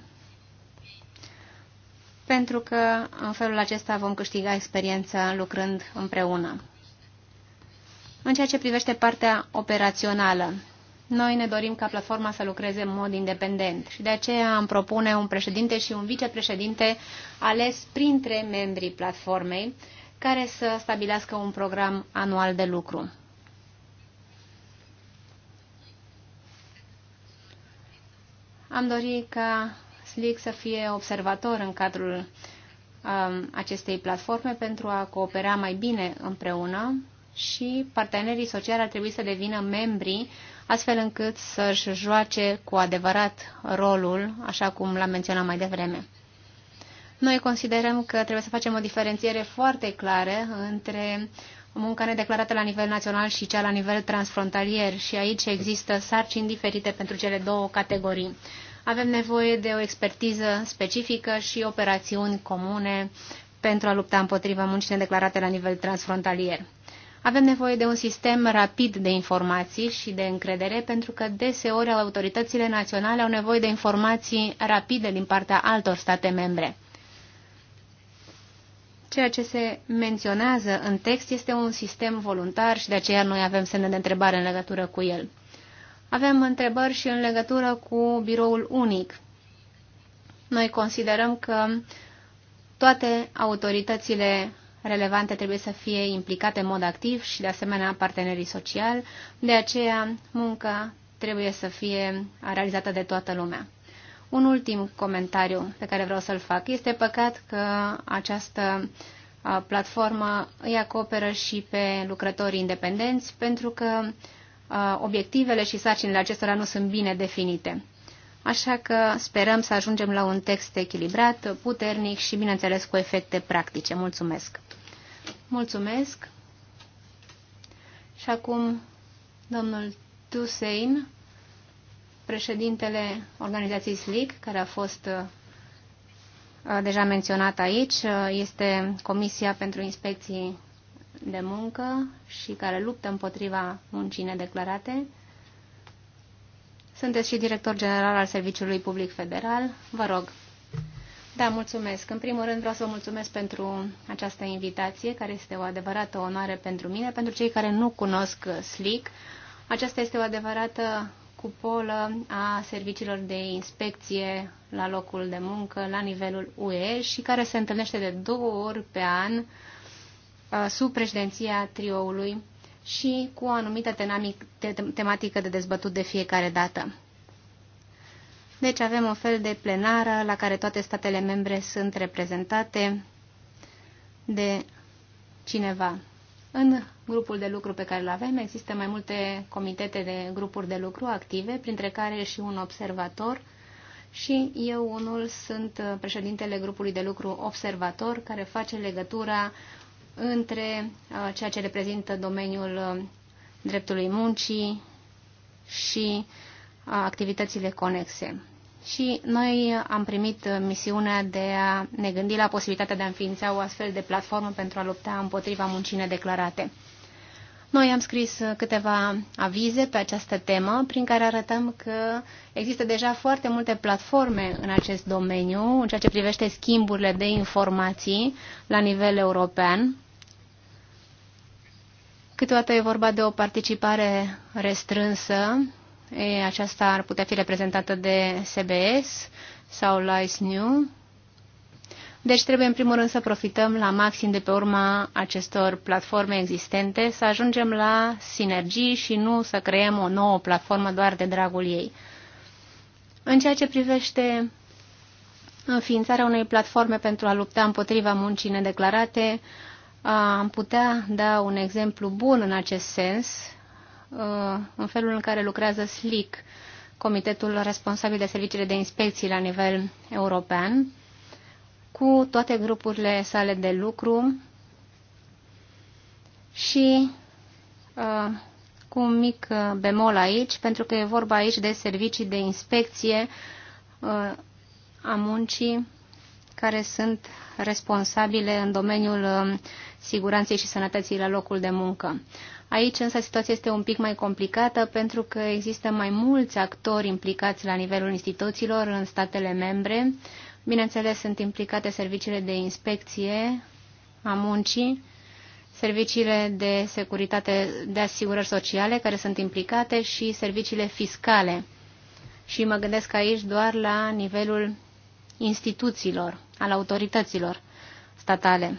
pentru că în felul acesta vom câștiga experiență lucrând împreună. În ceea ce privește partea operațională, noi ne dorim ca platforma să lucreze în mod independent și de aceea am propune un președinte și un vicepreședinte ales printre membrii platformei care să stabilească un program anual de lucru. Am dorit ca SLIC să fie observator în cadrul um, acestei platforme pentru a coopera mai bine împreună și partenerii sociali ar trebui să devină membri, astfel încât să-și joace cu adevărat rolul, așa cum l-am menționat mai devreme. Noi considerăm că trebuie să facem o diferențiere foarte clară între munca nedeclarată la nivel național și cea la nivel transfrontalier și aici există sarcini diferite pentru cele două categorii. Avem nevoie de o expertiză specifică și operațiuni comune pentru a lupta împotriva muncii nedeclarate la nivel transfrontalier. Avem nevoie de un sistem rapid de informații și de încredere, pentru că deseori autoritățile naționale au nevoie de informații rapide din partea altor state membre. Ceea ce se menționează în text este un sistem voluntar și de aceea noi avem semne de întrebare în legătură cu el. Avem întrebări și în legătură cu biroul unic. Noi considerăm că toate autoritățile relevante trebuie să fie implicate în mod activ și, de asemenea, partenerii sociali. De aceea, munca trebuie să fie realizată de toată lumea. Un ultim comentariu pe care vreau să-l fac. Este păcat că această platformă îi acoperă și pe lucrătorii independenți, pentru că obiectivele și sarcinile acestora nu sunt bine definite. Așa că sperăm să ajungem la un text echilibrat, puternic și, bineînțeles, cu efecte practice. Mulțumesc! Mulțumesc. Și acum domnul Tusein, președintele organizației SLIC, care a fost deja menționat aici, este Comisia pentru Inspecții de Muncă și care luptă împotriva muncii nedeclarate. Sunteți și director general al Serviciului Public Federal. Vă rog. Da, mulțumesc. În primul rând vreau să vă mulțumesc pentru această invitație, care este o adevărată onoare pentru mine. Pentru cei care nu cunosc SLIC, aceasta este o adevărată cupolă a serviciilor de inspecție la locul de muncă, la nivelul UE și care se întâlnește de două ori pe an uh, sub președinția trioului și cu o anumită tematică de dezbătut de fiecare dată. Deci avem un fel de plenară la care toate statele membre sunt reprezentate de cineva. În grupul de lucru pe care îl avem există mai multe comitete de grupuri de lucru active, printre care și un observator și eu unul sunt președintele grupului de lucru observator care face legătura între uh, ceea ce reprezintă domeniul uh, dreptului muncii și uh, activitățile conexe și noi am primit misiunea de a ne gândi la posibilitatea de a înființa o astfel de platformă pentru a lupta împotriva muncii nedeclarate. Noi am scris câteva avize pe această temă, prin care arătăm că există deja foarte multe platforme în acest domeniu, în ceea ce privește schimburile de informații la nivel european. Câteodată e vorba de o participare restrânsă E, aceasta ar putea fi reprezentată de CBS sau Lice New. Deci trebuie în primul rând să profităm la maxim de pe urma acestor platforme existente, să ajungem la sinergii și nu să creăm o nouă platformă doar de dragul ei. În ceea ce privește înființarea unei platforme pentru a lupta împotriva muncii nedeclarate, am putea da un exemplu bun în acest sens Uh, în felul în care lucrează SLIC, Comitetul Responsabil de Serviciile de Inspecții la nivel european, cu toate grupurile sale de lucru și uh, cu un mic uh, bemol aici, pentru că e vorba aici de servicii de inspecție a muncii care sunt responsabile în domeniul um, siguranței și sănătății la locul de muncă. Aici însă situația este un pic mai complicată pentru că există mai mulți actori implicați la nivelul instituțiilor în statele membre. Bineînțeles, sunt implicate serviciile de inspecție a muncii, serviciile de securitate de asigurări sociale care sunt implicate și serviciile fiscale. Și mă gândesc aici doar la nivelul instituțiilor, al autorităților statale.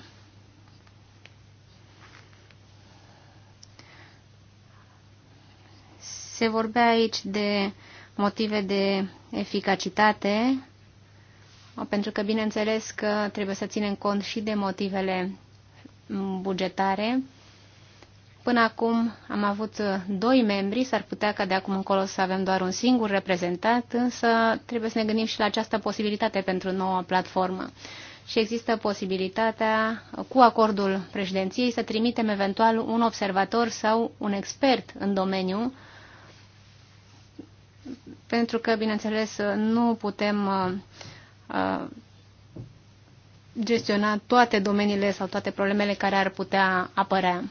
Se vorbea aici de motive de eficacitate, pentru că bineînțeles că trebuie să ținem cont și de motivele bugetare Până acum am avut uh, doi membri, s-ar putea ca de acum încolo să avem doar un singur reprezentat, însă trebuie să ne gândim și la această posibilitate pentru noua platformă. Și există posibilitatea, uh, cu acordul președinției, să trimitem eventual un observator sau un expert în domeniu, pentru că, bineînțeles, uh, nu putem gestiona toate domeniile sau toate problemele care ar putea apărea.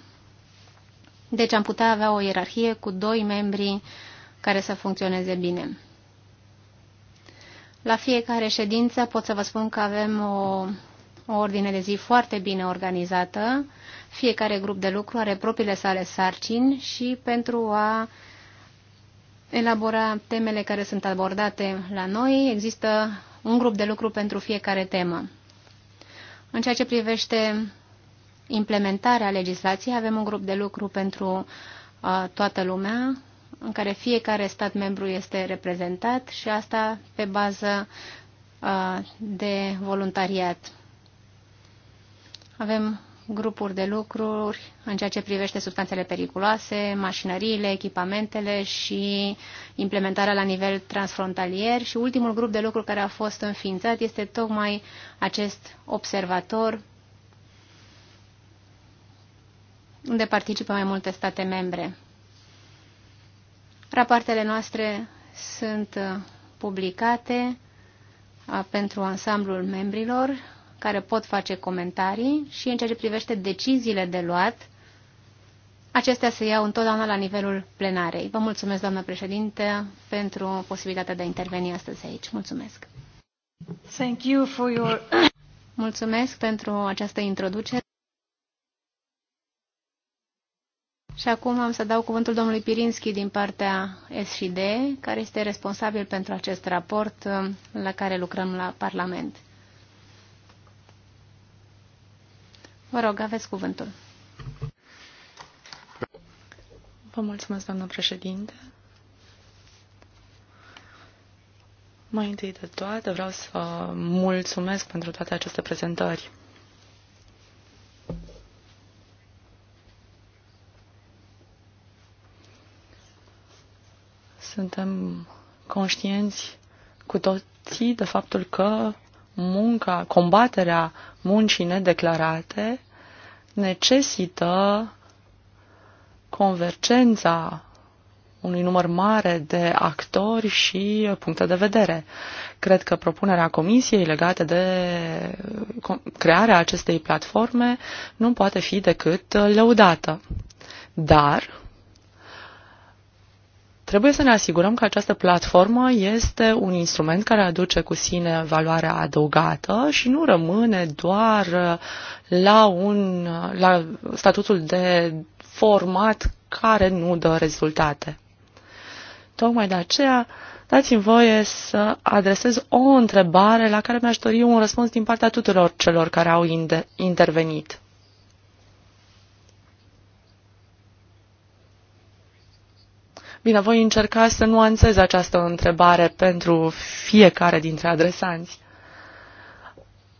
Deci am putea avea o ierarhie cu doi membri care să funcționeze bine. La fiecare ședință pot să vă spun că avem o, o ordine de zi foarte bine organizată. Fiecare grup de lucru are propriile sale sarcini și pentru a elabora temele care sunt abordate la noi, există un grup de lucru pentru fiecare temă. În ceea ce privește implementarea legislației avem un grup de lucru pentru uh, toată lumea, în care fiecare stat membru este reprezentat și asta pe bază uh, de voluntariat. Avem grupuri de lucruri în ceea ce privește substanțele periculoase, mașinăriile, echipamentele și implementarea la nivel transfrontalier. Și ultimul grup de lucru care a fost înființat este tocmai acest observator unde participă mai multe state membre. Rapoartele noastre sunt uh, publicate uh, pentru ansamblul membrilor care pot face comentarii și în ceea ce privește deciziile de luat, acestea se iau întotdeauna la nivelul plenarei. Vă mulțumesc, doamnă președinte, pentru posibilitatea de a interveni astăzi aici. Mulțumesc! Thank you for your... Mulțumesc pentru această introducere. Și acum am să dau cuvântul domnului Pirinski din partea SD, care este responsabil pentru acest raport um, la care lucrăm la Parlament. Vă rog, aveți cuvântul. Vă mulțumesc, doamnă președinte. Mai întâi de toate vreau să mulțumesc pentru toate aceste prezentări. Suntem conștienți cu toții de faptul că munca, combaterea muncii nedeclarate necesită convergența unui număr mare de actori și puncte de vedere. Cred că propunerea comisiei legată de crearea acestei platforme nu poate fi decât lăudată. Dar Trebuie să ne asigurăm că această platformă este un instrument care aduce cu sine valoarea adăugată și nu rămâne doar uh, la, un, uh, la statutul de format care nu dă rezultate. Tocmai de aceea, dați-mi voie să adresez o întrebare la care mi-aș dori un răspuns din partea tuturor celor care au intervenit. Bine, voi încerca să nuanțez această întrebare pentru fiecare dintre adresanți.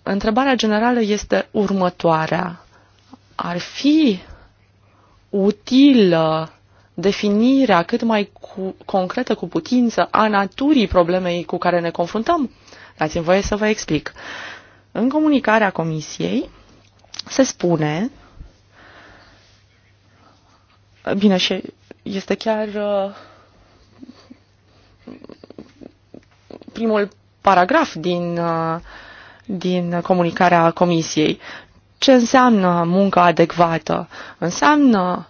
Întrebarea generală este următoarea. Ar fi utilă definirea cât mai cu, concretă cu putință a naturii problemei cu care ne confruntăm? Dați-mi voie să vă explic. În comunicarea Comisiei se spune, bine, și este chiar uh, primul paragraf din, uh, din comunicarea Comisiei. Ce înseamnă munca adecvată? Înseamnă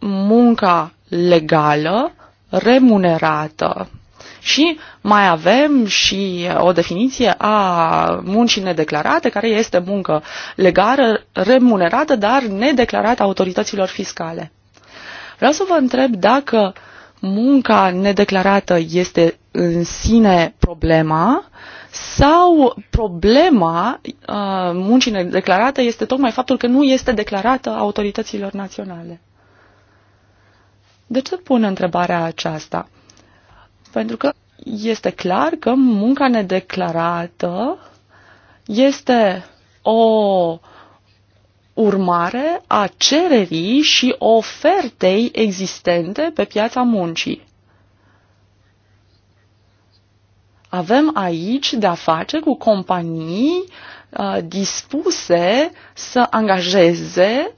munca legală, remunerată. Și mai avem și o definiție a muncii nedeclarate, care este muncă legală, remunerată, dar nedeclarată autorităților fiscale. Vreau să vă întreb dacă munca nedeclarată este în sine problema sau problema uh, muncii nedeclarate este tocmai faptul că nu este declarată autorităților naționale. De ce pun întrebarea aceasta? Pentru că este clar că munca nedeclarată este o uh, urmare a cererii și ofertei existente pe piața muncii. Avem aici de-a face cu companii uh, dispuse să angajeze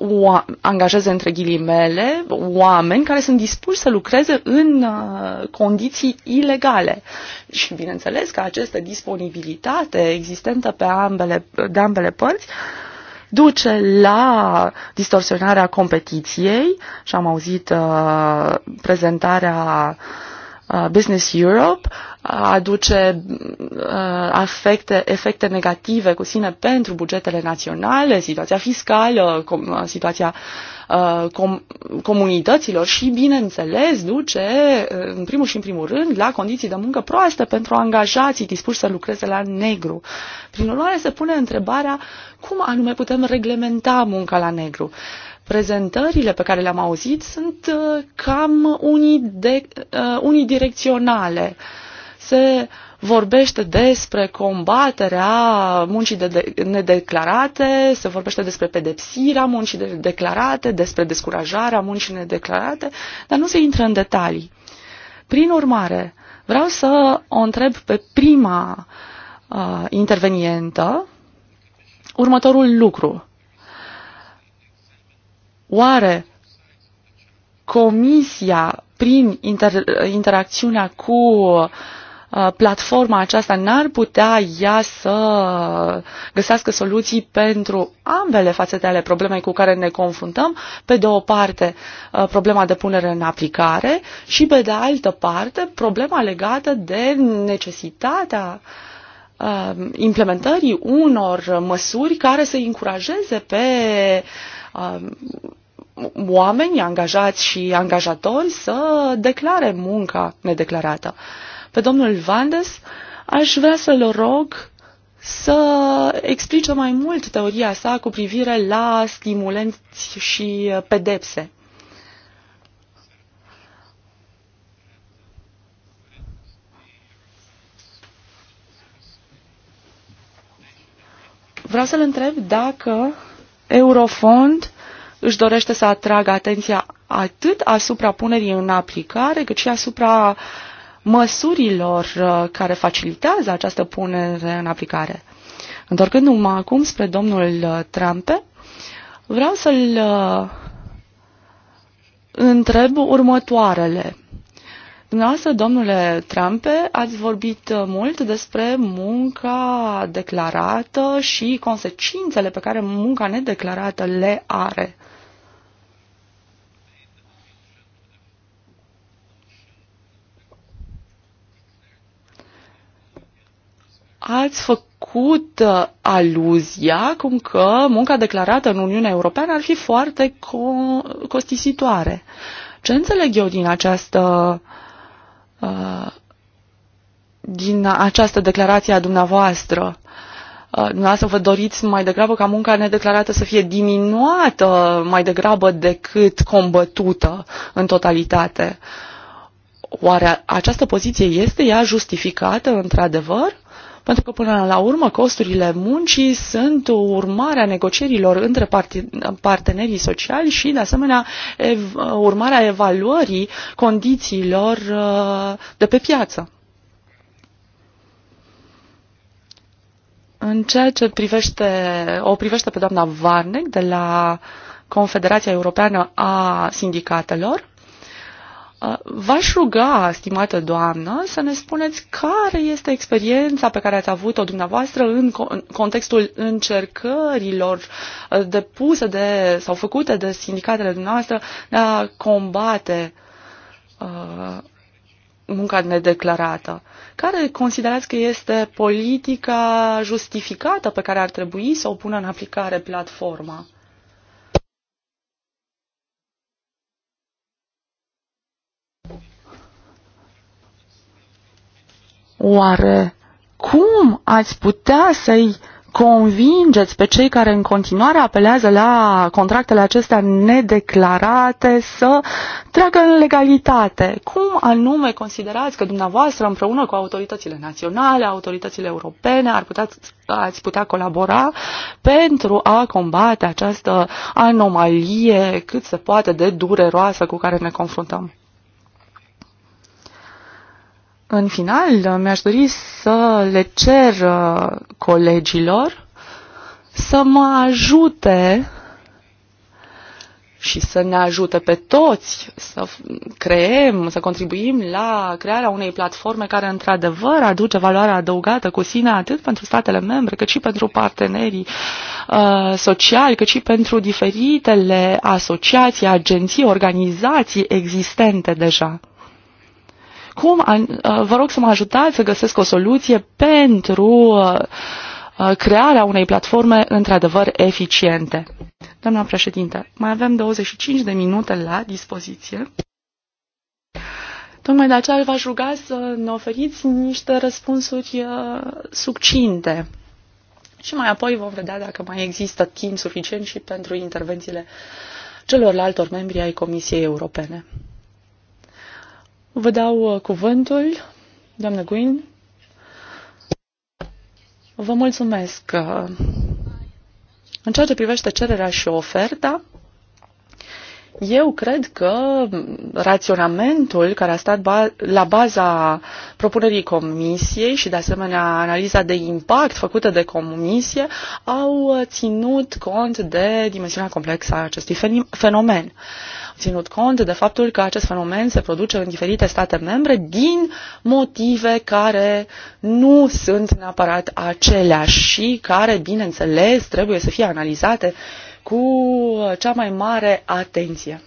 uh, o, angajeze între ghilimele oameni care sunt dispuși să lucreze în uh, condiții ilegale. Și bineînțeles că această disponibilitate existentă pe ambele, de ambele părți uh, duce la distorsionarea competiției și am auzit uh, prezentarea uh, Business Europe aduce uh, afecte, efecte negative cu sine pentru bugetele naționale, situația fiscală, com, uh, situația uh, Uh, com comunităților și, bineînțeles, duce, uh, în primul și în primul rând, la condiții de muncă proaste pentru angajații dispuși să lucreze la negru. Prin urmare, se pune întrebarea cum anume putem reglementa munca la negru prezentările pe care le-am auzit sunt uh, cam unidirecționale. Se vorbește despre combaterea muncii de de- nedeclarate, se vorbește despre pedepsirea muncii de declarate, despre descurajarea muncii nedeclarate, dar nu se intră în detalii. Prin urmare, vreau să o întreb pe prima uh, intervenientă următorul lucru. Oare Comisia, prin inter- interacțiunea cu uh, Uh, platforma aceasta n-ar putea ea să găsească soluții pentru ambele fațete ale problemei cu care ne confruntăm, pe de o parte uh, problema de punere în aplicare și pe de altă parte problema legată de necesitatea uh, implementării unor măsuri care să încurajeze pe oameni angajați și angajatori să declare munca nedeclarată pe domnul Vandes, aș vrea să-l rog să explice mai mult teoria sa cu privire la stimulenți și uh, pedepse. Vreau să-l întreb dacă Eurofond își dorește să atragă atenția atât asupra punerii în aplicare, cât și asupra uh, măsurilor uh, care facilitează această punere în aplicare. Întorcându-mă acum spre domnul uh, Trump, vreau să-l uh, întreb următoarele. Dumneavoastră, domnule Trump, ați vorbit mult despre munca declarată și consecințele pe care munca nedeclarată le are. ați făcut uh, aluzia cum că munca declarată în Uniunea Europeană ar fi foarte co- costisitoare. Ce înțeleg eu din această uh, din această declarație a dumneavoastră? Uh, dumneavoastră vă doriți mai degrabă ca munca nedeclarată să fie diminuată mai degrabă decât combătută în totalitate. Oare această poziție este ea justificată într-adevăr? pentru că până la urmă costurile muncii sunt urmarea negocierilor între partenerii sociali și, de asemenea, ev- urmarea evaluării condițiilor uh, de pe piață. În ceea ce privește, o privește pe doamna Varnec de la Confederația Europeană a Sindicatelor, Uh, v-aș ruga, stimată doamnă, să ne spuneți care este experiența pe care ați avut-o dumneavoastră în contextul încercărilor uh, depuse de, sau făcute de sindicatele dumneavoastră de a combate uh, munca nedeclarată. Care considerați că este politica justificată pe care ar trebui să o pună în aplicare platforma? Oare cum ați putea să-i convingeți pe cei care în continuare apelează la contractele acestea nedeclarate să treacă în legalitate. Cum anume considerați că dumneavoastră împreună cu autoritățile naționale, autoritățile europene ar putea, ați putea colabora pentru a combate această anomalie cât se poate de dureroasă cu care ne confruntăm? În final, mi-aș dori să le cer uh, colegilor să mă ajute și să ne ajute pe toți să creem, să contribuim la crearea unei platforme care într-adevăr aduce valoare adăugată cu sine atât pentru statele membre, cât și pentru partenerii uh, sociali, cât și pentru diferitele asociații, agenții, organizații existente deja. Cum, uh, vă rog să mă ajutați să găsesc o soluție pentru uh, uh, crearea unei platforme într-adevăr eficiente. Doamna președinte, mai avem 25 de minute la dispoziție. Tocmai de aceea v-aș ruga să ne oferiți niște răspunsuri succinte. Și mai apoi vom vedea dacă mai există timp suficient și pentru intervențiile celorlaltor membri ai Comisiei Europene. Vă dau uh, cuvântul, doamnă Guin. Vă mulțumesc. Uh, în ceea ce privește cererea și oferta, eu cred că raționamentul care a stat ba la baza propunerii comisiei și, de asemenea, analiza de impact făcută de comisie au uh, ținut cont de dimensiunea complexă a acestui fenomen. Au ținut cont de faptul că acest fenomen se produce în diferite state membre din motive care nu sunt neapărat aceleași și care, bineînțeles, trebuie să fie analizate cu uh, cea mai mare atenție.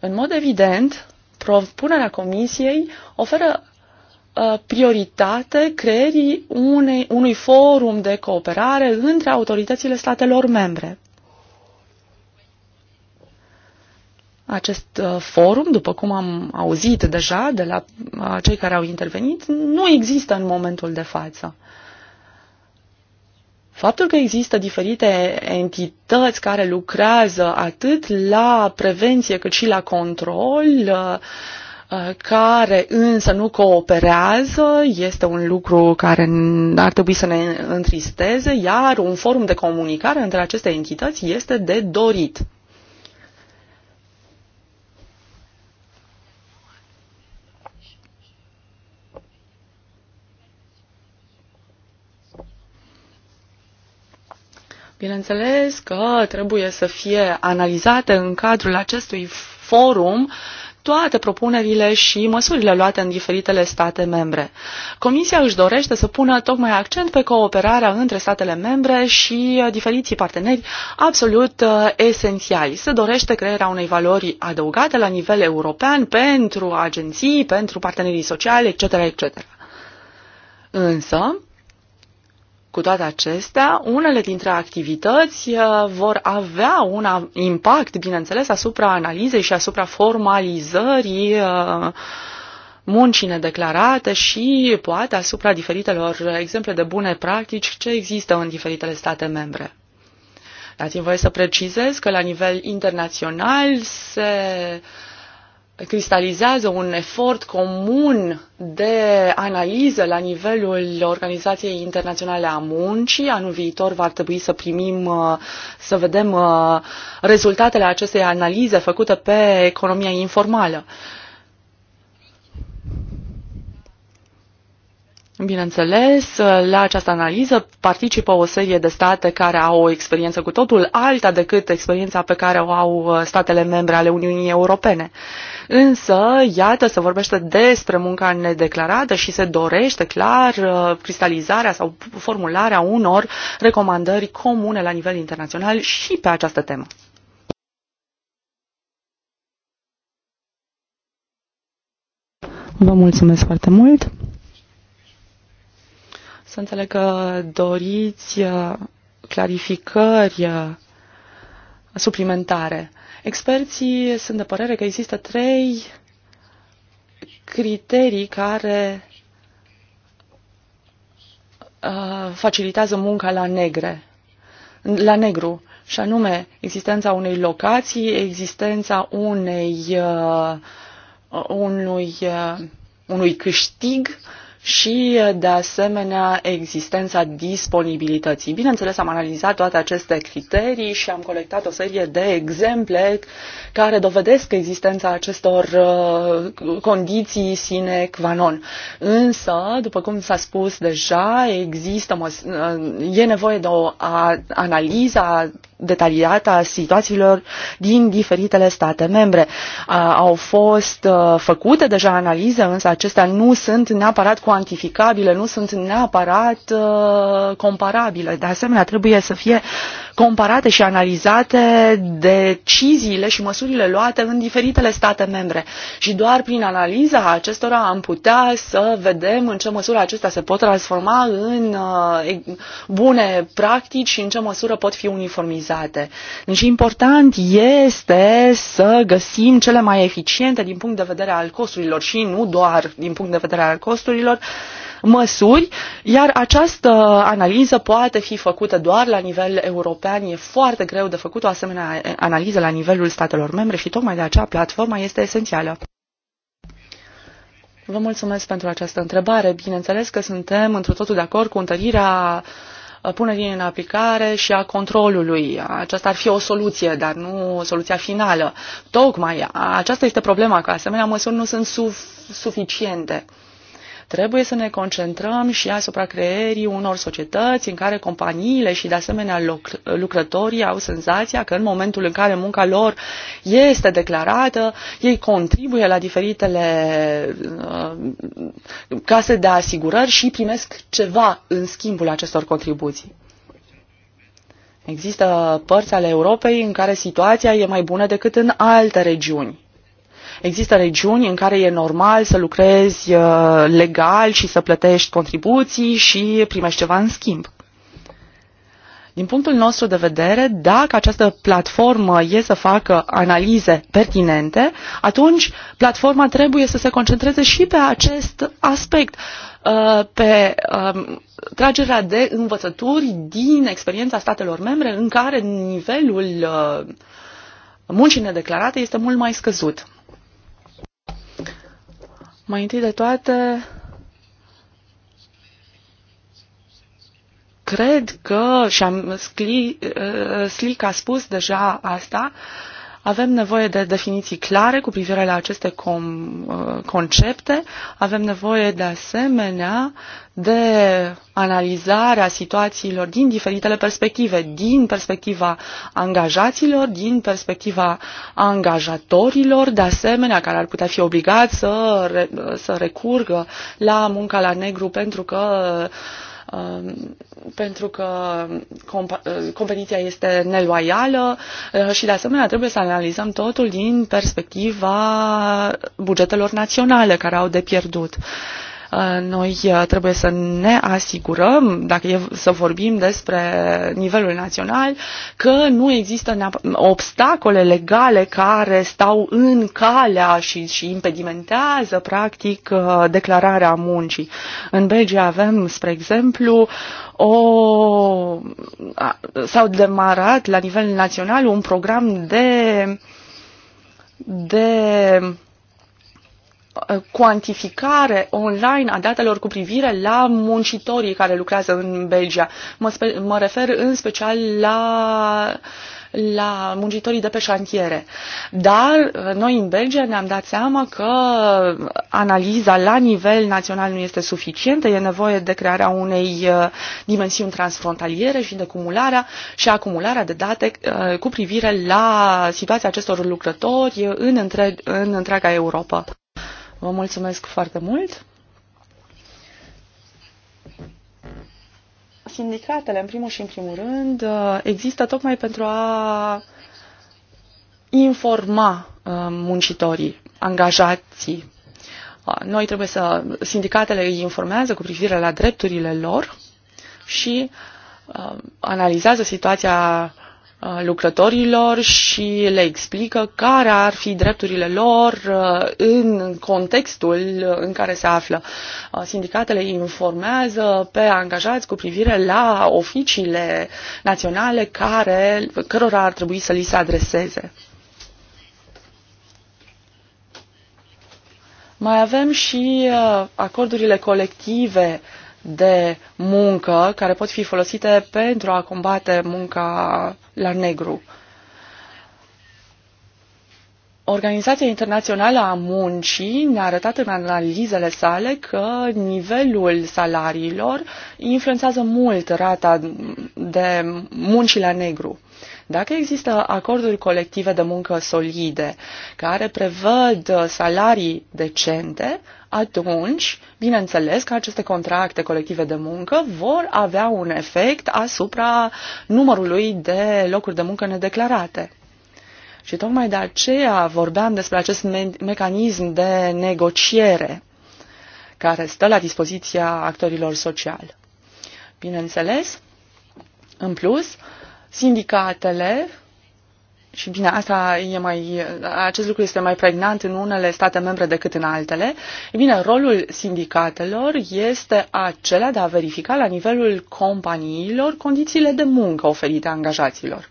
În mod evident, propunerea Comisiei oferă uh, prioritate creierii unei, unui forum de cooperare între autoritățile statelor membre. Acest uh, forum, după cum am auzit deja de la cei care au intervenit, nu există în momentul de față. Faptul că există diferite entități care lucrează atât la prevenție cât și la control, uh, uh, care însă nu cooperează, este un lucru care ar trebui să ne întristeze, iar un forum de comunicare între aceste entități este de dorit. Bineînțeles că trebuie să fie analizate în cadrul acestui forum toate propunerile și măsurile luate în diferitele state membre. Comisia își dorește să pună tocmai accent pe cooperarea între statele membre și uh, diferiții parteneri absolut uh, esențiali. Se dorește crearea unei valori adăugate la nivel european pentru agenții, pentru partenerii sociali, etc. etc. Însă, cu toate acestea, unele dintre activități uh, vor avea un impact, bineînțeles, asupra analizei și asupra formalizării uh, muncii nedeclarate și poate asupra diferitelor exemple de bune practici ce există în diferitele state membre. Dați-mi voie să precizez că la nivel internațional se uh, cristalizează un efort comun de analiză la nivelul Organizației Internaționale a Muncii. Anul viitor va trebui să primim, uh, să vedem uh, rezultatele acestei analize făcute pe economia informală. Bineînțeles, la această analiză participă o serie de state care au o experiență cu totul alta decât experiența pe care o au uh, statele membre ale Uniunii Europene. Însă, iată, se vorbește despre munca nedeclarată și se dorește clar uh, cristalizarea sau formularea unor recomandări comune la nivel internațional și pe această temă. Vă mulțumesc foarte mult! să înțeleg că doriți uh, clarificări uh, suplimentare. Experții sunt de părere că există trei criterii care uh, facilitează munca la negre, la negru, și anume existența unei locații, existența unei, unui, unui câștig și, uh, de asemenea, existența disponibilității. Bineînțeles, am analizat toate aceste criterii și am colectat o serie de exemple care dovedesc existența acestor uh, condiții sine qua non. Însă, după cum s-a spus deja, există, uh, e nevoie de o analiză a detaliată a situațiilor din diferitele state membre. Au fost făcute deja analize, însă acestea nu sunt neapărat cuantificabile, nu sunt neapărat comparabile. De asemenea, trebuie să fie comparate și analizate deciziile și măsurile luate în diferitele state membre. Și doar prin analiza acestora am putea să vedem în ce măsură acestea se pot transforma în uh, bune practici și în ce măsură pot fi uniformizate. Deci important este să găsim cele mai eficiente din punct de vedere al costurilor și nu doar din punct de vedere al costurilor, măsuri, iar această analiză poate fi făcută doar la nivel european. E foarte greu de făcut o asemenea analiză la nivelul statelor membre și tocmai de aceea platforma este esențială. Vă mulțumesc pentru această întrebare. Bineînțeles că suntem într totul de acord cu întărirea uh, punerii în aplicare și a controlului. Aceasta ar fi o soluție, dar nu soluția finală. Tocmai aceasta este problema, că asemenea măsuri nu sunt suf- suficiente. Trebuie să ne concentrăm și asupra creierii unor societăți în care companiile și de asemenea lucrătorii au senzația că în momentul în care munca lor este declarată, ei contribuie la diferitele uh, case de asigurări și primesc ceva în schimbul acestor contribuții. Există părți ale Europei în care situația e mai bună decât în alte regiuni. Există regiuni în care e normal să lucrezi uh, legal și să plătești contribuții și primești ceva în schimb. Din punctul nostru de vedere, dacă această platformă e să facă analize pertinente, atunci platforma trebuie să se concentreze și pe acest aspect, uh, pe um, tragerea de învățături din experiența statelor membre în care nivelul uh, muncii nedeclarate este mult mai scăzut. Mai întâi de toate, cred că, și am, Sli, uh, Slic a spus deja asta, uh, avem nevoie de definiții clare cu privire la aceste com- uh, concepte. Avem nevoie de asemenea de analizarea situațiilor din diferitele perspective, din perspectiva angajaților, din perspectiva angajatorilor, de asemenea, care ar putea fi obligați să, să recurgă la munca la negru pentru că uh, Um, pentru că uh, competiția este neloială uh, și de asemenea trebuie să analizăm totul din perspectiva bugetelor naționale care au de pierdut. Uh, Uh, noi uh, trebuie să ne asigurăm, dacă e să vorbim despre nivelul național, că nu există obstacole legale care stau în calea și, și impedimentează, practic, uh, declararea muncii. În Belgia avem, spre exemplu, o, s-au demarat la nivel național un program de de cuantificare online a datelor cu privire la muncitorii care lucrează în Belgia. Mă, spe- mă refer în special la la muncitorii de pe șantiere. Dar uh, noi în Belgia ne-am dat seama că analiza la nivel național nu este suficientă, e nevoie de crearea unei uh, dimensiuni transfrontaliere și de cumularea și acumularea de date uh, cu privire la situația acestor lucrători în, întreg, în întreaga Europa. Vă mulțumesc foarte mult. Sindicatele, în primul și în primul rând, uh, există tocmai pentru a informa uh, muncitorii, angajații. Uh, noi trebuie să, sindicatele îi informează cu privire la drepturile lor și analizează situația lucrătorilor și le explică care ar fi drepturile lor uh, în contextul în care se află. Uh, sindicatele informează pe angajați cu privire la oficiile naționale care, cărora ar trebui să li se adreseze. Mai avem și uh, acordurile colective uh, de muncă care pot fi folosite pentru a combate munca la negru. Organizația Internațională a Muncii ne-a arătat în analizele sale că nivelul salariilor influențează mult rata de muncii la negru. Dacă există acorduri colective de muncă solide care prevăd salarii decente, atunci, bineînțeles că aceste contracte colective de muncă vor avea un efect asupra numărului de locuri de muncă nedeclarate. Și tocmai de aceea vorbeam despre acest me- mecanism de negociere care stă la dispoziția actorilor sociali. Bineînțeles, în plus, sindicatele și bine, asta e mai, acest lucru este mai pregnant în unele state membre decât în altele, e bine, rolul sindicatelor este acela de a verifica la nivelul companiilor condițiile de muncă oferite angajaților.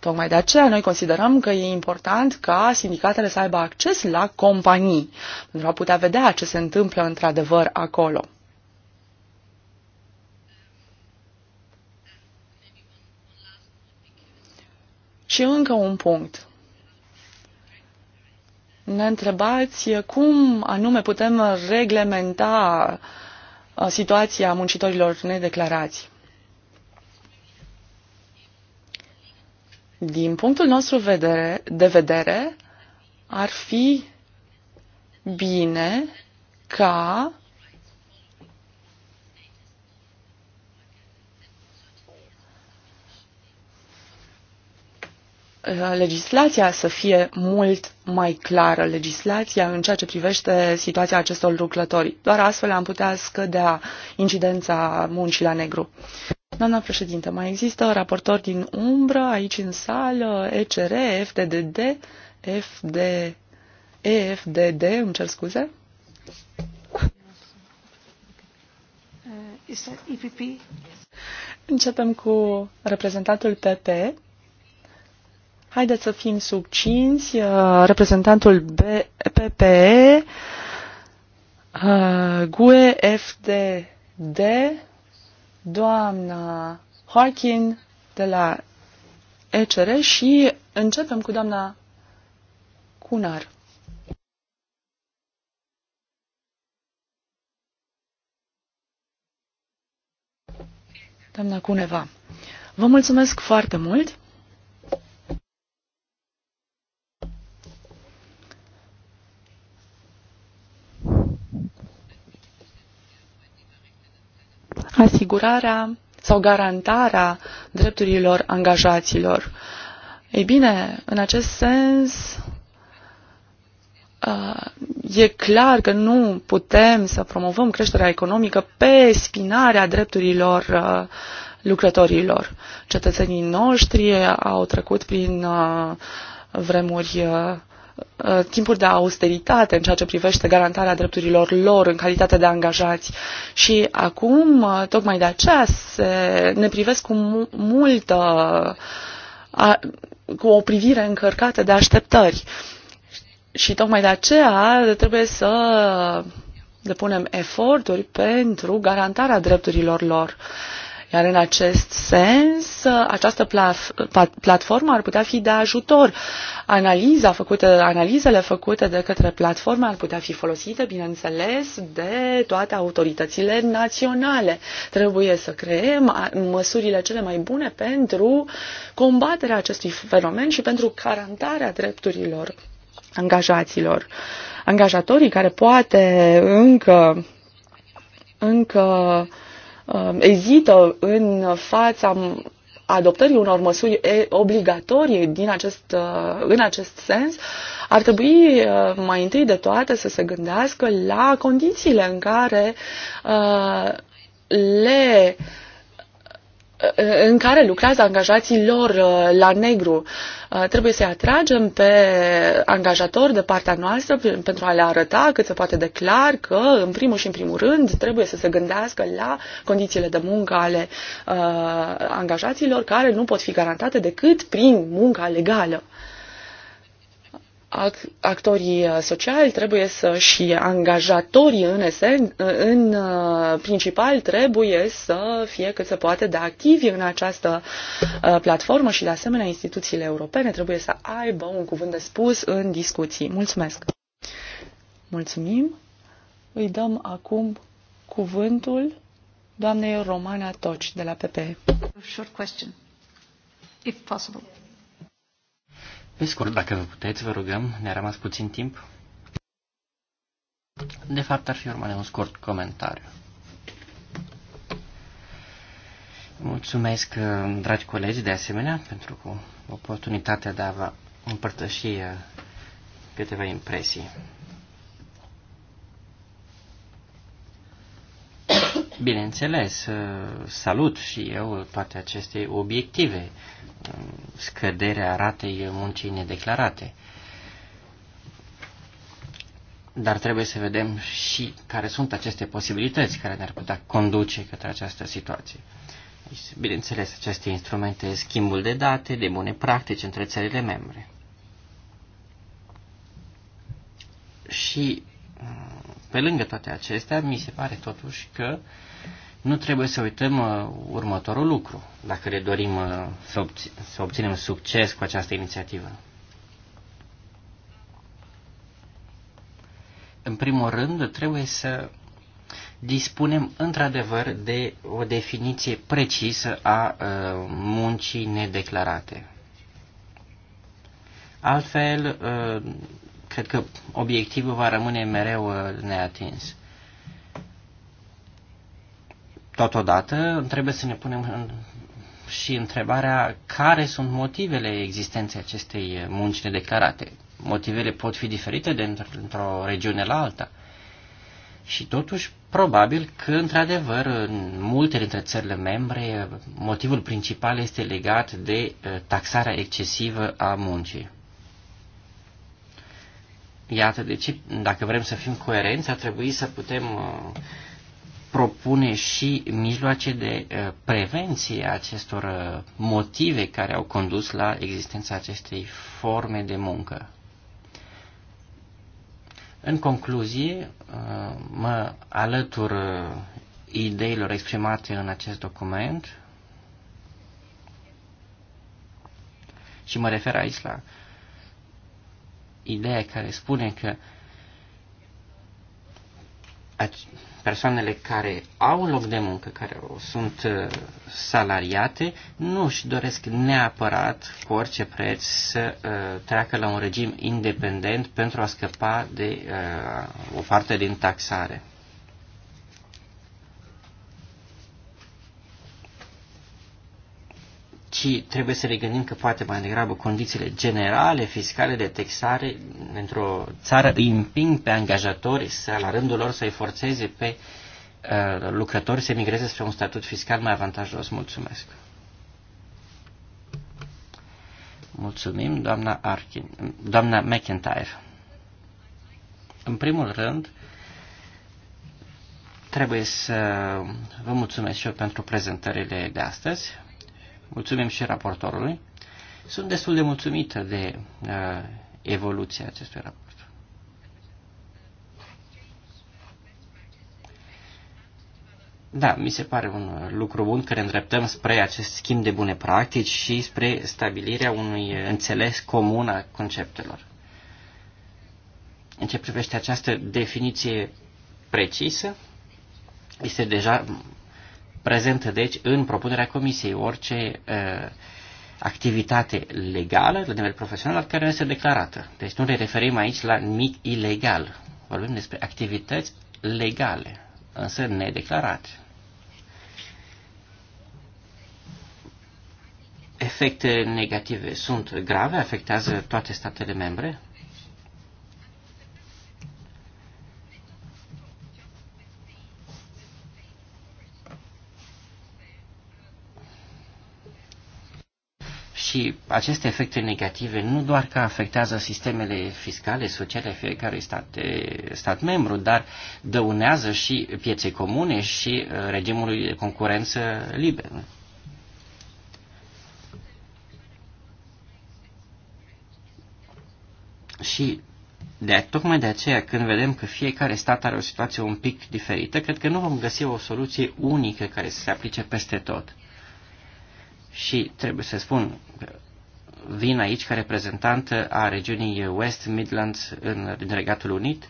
Tocmai de aceea noi considerăm că e important ca sindicatele să aibă acces la companii pentru a putea vedea ce se întâmplă într-adevăr acolo. Și încă un punct. Ne întrebați cum anume putem reglementa uh, situația muncitorilor nedeclarați. Din punctul nostru vedere, de vedere, ar fi bine ca Uh, legislația să fie mult mai clară, legislația în ceea ce privește situația acestor lucrători. Doar astfel am putea scădea incidența muncii la negru. Doamna președinte, mai există raportori din umbră aici în sală, ECR, FDDD, FD, EFDD, îmi cer scuze? Uh, Începem cu reprezentantul PP. Haideți să fim subcinți. Uh, reprezentantul PPE, uh, GUE, FDD, doamna Harkin de la ECR și începem cu doamna Cunar. Doamna Cuneva, vă mulțumesc foarte mult. asigurarea sau garantarea drepturilor angajaților. Ei bine, în acest sens, e clar că nu putem să promovăm creșterea economică pe spinarea drepturilor lucrătorilor. Cetățenii noștri au trecut prin vremuri Uh, timpuri de austeritate în ceea ce privește garantarea drepturilor lor în calitate de angajați. Și acum, uh, tocmai de aceea, se, ne privesc cu multă, a, cu o privire încărcată de așteptări. Și tocmai de aceea trebuie să depunem eforturi pentru garantarea drepturilor lor. Uh, iar în acest sens, această platformă ar putea fi de ajutor. Analiza făcută, analizele făcute de către platformă ar putea fi folosite, bineînțeles, de toate autoritățile naționale. Trebuie să creăm măsurile cele mai bune pentru combaterea acestui fenomen și pentru garantarea drepturilor angajaților. Angajatorii care poate încă încă Um, ezită în fața adoptării unor măsuri obligatorii din acest, uh, în acest sens, ar trebui uh, mai întâi de toate să se gândească la condițiile în care uh, le uh, în care lucrează angajații lor uh, la negru. Uh, trebuie să-i atragem pe angajatori de partea noastră pentru a le arăta cât se poate de clar că, în primul și în primul rând, trebuie să se gândească la condițiile de muncă ale uh, angajaților care nu pot fi garantate decât prin munca legală actorii uh, sociali trebuie să și angajatorii în, esen, în uh, principal trebuie să fie cât se poate de activi în această uh, platformă și de asemenea instituțiile europene trebuie să aibă un cuvânt de spus în discuții. Mulțumesc! Mulțumim! Îi dăm acum cuvântul doamnei Romana Toci de la PP. Short question, if possible. Pe scurt, dacă vă puteți, vă rugăm, ne-a rămas puțin timp. De fapt, ar fi urmare un scurt comentariu. Mulțumesc, dragi colegi, de asemenea, pentru oportunitatea de a vă împărtăși uh, câteva impresii. Bineînțeles, uh, salut și eu toate aceste obiective scăderea ratei muncii nedeclarate. Dar trebuie să vedem și care sunt aceste posibilități care ne-ar putea conduce către această situație. Deci, bineînțeles, aceste instrumente, schimbul de date, de bune practici între țările membre. Și pe lângă toate acestea, mi se pare totuși că uh, nu trebuie să uităm uh, următorul lucru, dacă ne dorim uh, să, obț- să obținem succes cu această inițiativă. În primul rând, trebuie să dispunem într-adevăr de o definiție precisă a uh, muncii nedeclarate. Altfel, uh, cred că obiectivul va rămâne mereu uh, neatins. Totodată trebuie să ne punem și întrebarea care sunt motivele existenței acestei munci nedeclarate. Motivele pot fi diferite de într o regiune la alta. Și totuși, probabil că, într-adevăr, în multe dintre țările membre, motivul principal este legat de uh, taxarea excesivă a muncii. Iată deci, dacă vrem să fim coerenți, ar trebui să putem uh, propune și mijloace de uh, prevenție a acestor uh, motive care au condus la existența acestei forme de muncă. În concluzie, uh, mă alătur ideilor exprimate în acest document și mă refer aici la ideea care spune că persoanele care au un loc de muncă, care sunt uh, salariate, nu își doresc neapărat cu orice preț să uh, treacă la un regim independent pentru a scăpa de uh, o parte din taxare. ci trebuie să regândim că poate mai degrabă condițiile generale fiscale de taxare într-o țară îi împing pe angajatori să, la rândul lor, să-i forțeze pe uh, lucrători să migreze spre un statut fiscal mai avantajos. Mulțumesc! Mulțumim, doamna, Arkin, doamna McIntyre. În primul rând, trebuie să vă mulțumesc și eu pentru prezentările de astăzi mulțumim și raportorului. Sunt destul de mulțumită de uh, evoluția acestui raport. Da, mi se pare un lucru bun că ne îndreptăm spre acest schimb de bune practici și spre stabilirea unui înțeles comun a conceptelor. În ce privește această definiție precisă, este deja prezentă, deci, în propunerea comisiei orice uh, activitate legală, la nivel profesional, care nu este declarată. Deci nu ne referim aici la nimic ilegal. Vorbim despre activități legale, însă nedeclarate. Efecte negative sunt grave, afectează toate statele membre, Și aceste efecte negative nu doar că afectează sistemele fiscale, sociale fiecare stat, eh, stat membru, dar dăunează și pieței comune și eh, regimului de concurență liber. Și de, tocmai de aceea, când vedem că fiecare stat are o situație un pic diferită, cred că nu vom găsi o soluție unică care să se aplice peste tot și trebuie să spun că vin aici ca reprezentant a regiunii West Midlands în Regatul Unit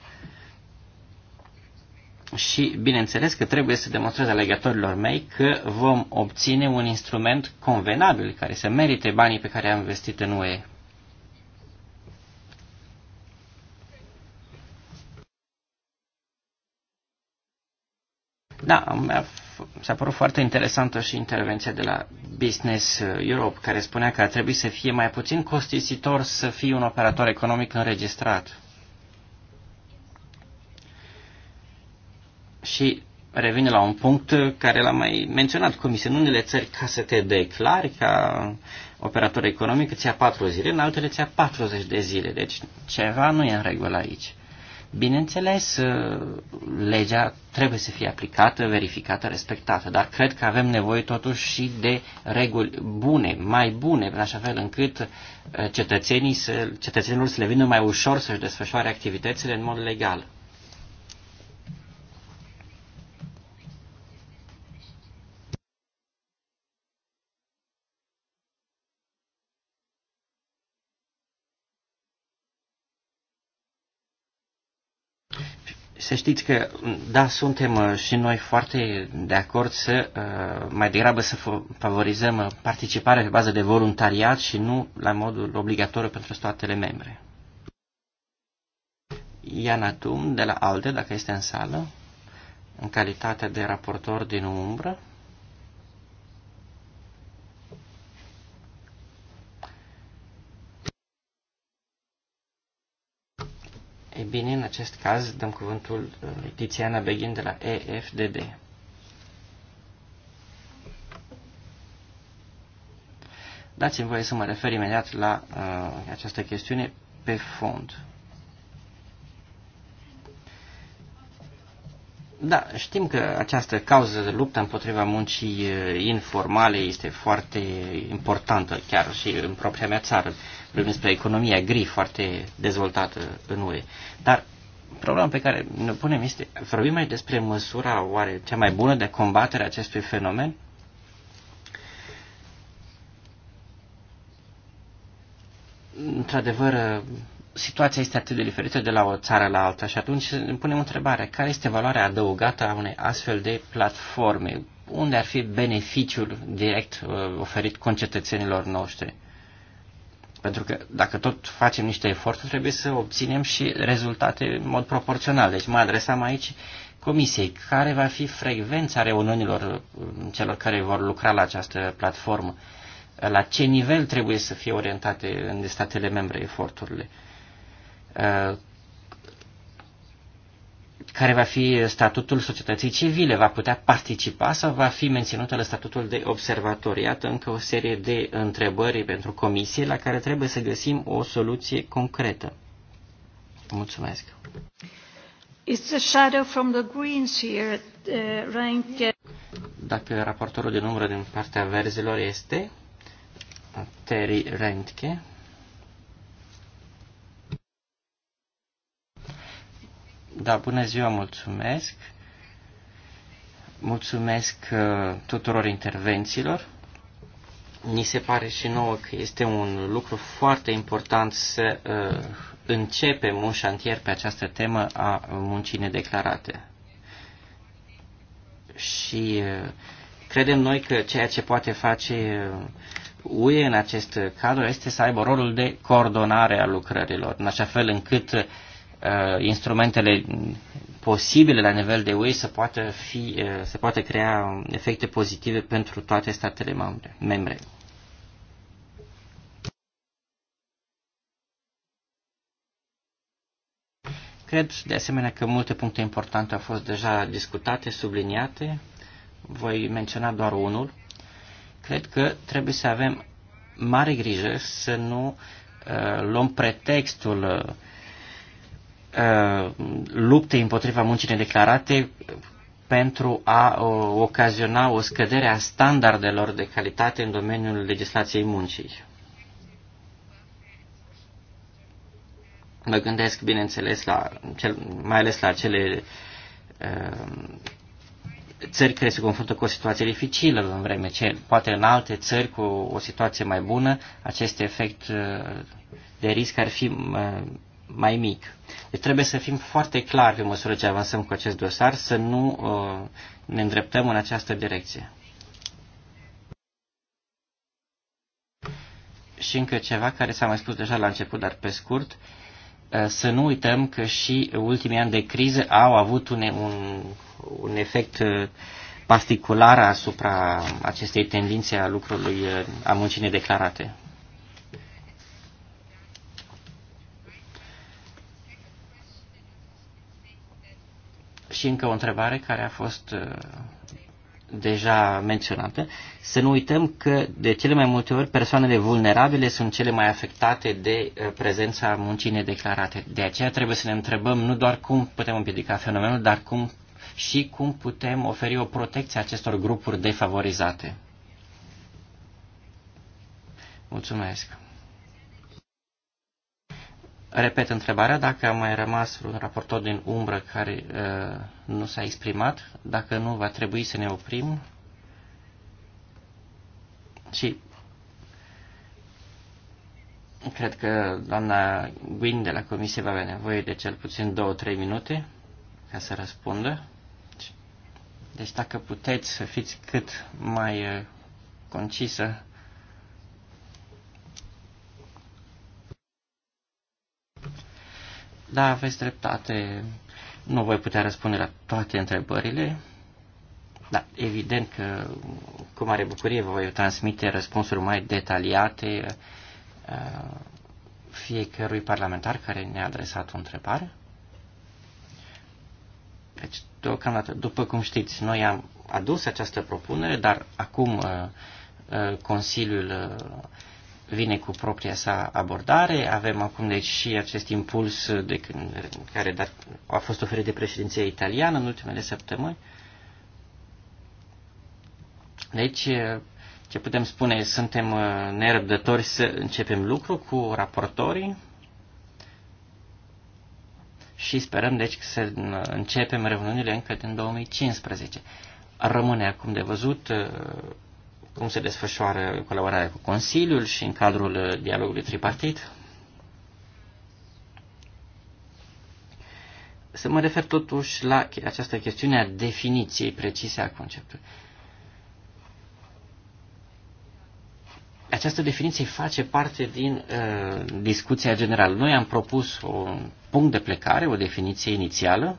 și bineînțeles că trebuie să demonstrez alegătorilor mei că vom obține un instrument convenabil care să merite banii pe care am investit în UE. Da, am s-a părut foarte interesantă și intervenția de la Business Europe, care spunea că ar trebui să fie mai puțin costisitor să fii un operator economic înregistrat. Și revine la un punct care l-am mai menționat. Comisia, în unele țări, ca să te declari ca operator economic, îți ia 4 zile, în altele îți ia 40 de zile. Deci ceva nu e în regulă aici. Bineînțeles, ă, legea trebuie să fie aplicată, verificată, respectată, dar cred că avem nevoie totuși și de reguli bune, mai bune, în așa fel încât ă, cetățenii să, cetățenilor să le vină mai ușor să-și desfășoare activitățile în mod legal. Să știți că, da, suntem uh, și noi foarte de acord să, uh, mai degrabă să favorizăm uh, participarea pe bază de voluntariat și nu la modul obligatoriu pentru statele membre. Iana Atum, de la ALDE, dacă este în sală, în calitate de raportor din umbră, E bine, în acest caz dăm cuvântul uh, lui Tiziana Beghin de la EFDD. Dați-mi voie să mă refer imediat la uh, această chestiune pe fond. Da, știm că această cauză de luptă împotriva muncii uh, informale este foarte importantă, chiar și în propria mea țară. Uh, vorbim despre economia gri foarte dezvoltată în UE. Dar problema pe care ne punem este, vorbim mai despre măsura oare cea mai bună de combatere a acestui fenomen? Într-adevăr, situația este atât de diferită de la o țară la alta și atunci ne punem întrebarea, care este valoarea adăugată a unei astfel de platforme? Unde ar fi beneficiul direct uh, oferit concetățenilor noștri? Pentru că dacă tot facem niște eforturi, trebuie să obținem și rezultate în mod proporțional. Deci mă adresam aici Comisiei. Care va fi frecvența reuniunilor uh, celor care vor lucra la această platformă? Uh, la ce nivel trebuie să fie orientate în statele membre eforturile? Uh, care va fi statutul societății civile? Va putea participa sau va fi menținută la statutul de observator? Iată încă o serie de întrebări pentru comisie la care trebuie să găsim o soluție concretă. Mulțumesc. It's a shadow from the Greens here, uh, rank... Dacă raportorul de număr din partea verzilor este Terry Rentke. Da, bună ziua, mulțumesc. Mulțumesc uh, tuturor intervențiilor. Ni se pare și nouă că este un lucru foarte important să uh, începem un șantier pe această temă a muncii nedeclarate. Și uh, credem noi că ceea ce poate face uh, UE în acest cadru este să aibă rolul de coordonare a lucrărilor, în așa fel încât uh, uh, instrumentele posibile la nivel de UE să poată fi, uh, se poate crea efecte pozitive pentru toate statele membre. Cred, de asemenea, că multe puncte importante au fost deja discutate, subliniate. Voi menționa doar unul. Cred că trebuie să avem mare grijă să nu uh, luăm pretextul uh, Uh, lupte împotriva muncii nedeclarate pentru a uh, ocaziona o scădere a standardelor de calitate în domeniul legislației muncii. Mă gândesc, bineînțeles, la cel, mai ales la cele uh, țări care se confruntă cu o situație dificilă în vreme ce poate în alte țări cu o situație mai bună, acest efect de risc ar fi mai mic. Deci trebuie să fim foarte clari pe măsură ce avansăm cu acest dosar, să nu uh, ne îndreptăm în această direcție. Și încă ceva care s-a mai spus deja la început, dar pe scurt, uh, să nu uităm că și ultimii ani de criză au avut un, un, un efect uh, particular asupra acestei tendințe a lucrului, uh, a muncii nedeclarate. Și încă o întrebare care a fost uh, deja menționată. Să nu uităm că de cele mai multe ori persoanele vulnerabile sunt cele mai afectate de uh, prezența muncii nedeclarate. De aceea trebuie să ne întrebăm nu doar cum putem împiedica fenomenul, dar cum și cum putem oferi o protecție acestor grupuri defavorizate. Mulțumesc! Repet întrebarea, dacă a mai rămas un raportor din umbră care uh, nu s-a exprimat, dacă nu, va trebui să ne oprim. Și cred că doamna Gwyn de la Comisie va avea nevoie de cel puțin 2-3 minute ca să răspundă. Deci, deci dacă puteți să fiți cât mai uh, concisă Da, aveți dreptate. Nu voi putea răspunde la toate întrebările. Da, evident că cu mare bucurie vă voi transmite răspunsuri mai detaliate uh, fiecărui parlamentar care ne-a adresat o întrebare. Deci, deocamdată, după cum știți, noi am adus această propunere, dar acum uh, uh, Consiliul vine cu propria sa abordare. Avem acum deci și acest impuls de când, care dat, a fost oferit de președinția italiană în ultimele săptămâni. Deci, ce putem spune, suntem nerăbdători să începem lucru cu raportorii și sperăm deci să începem reuniunile încă din 2015. Rămâne acum de văzut cum se desfășoară colaborarea cu Consiliul și în cadrul uh, dialogului tripartit. Să mă refer totuși la această chestiune a definiției precise a conceptului. Această definiție face parte din uh, discuția generală. Noi am propus un punct de plecare, o definiție inițială,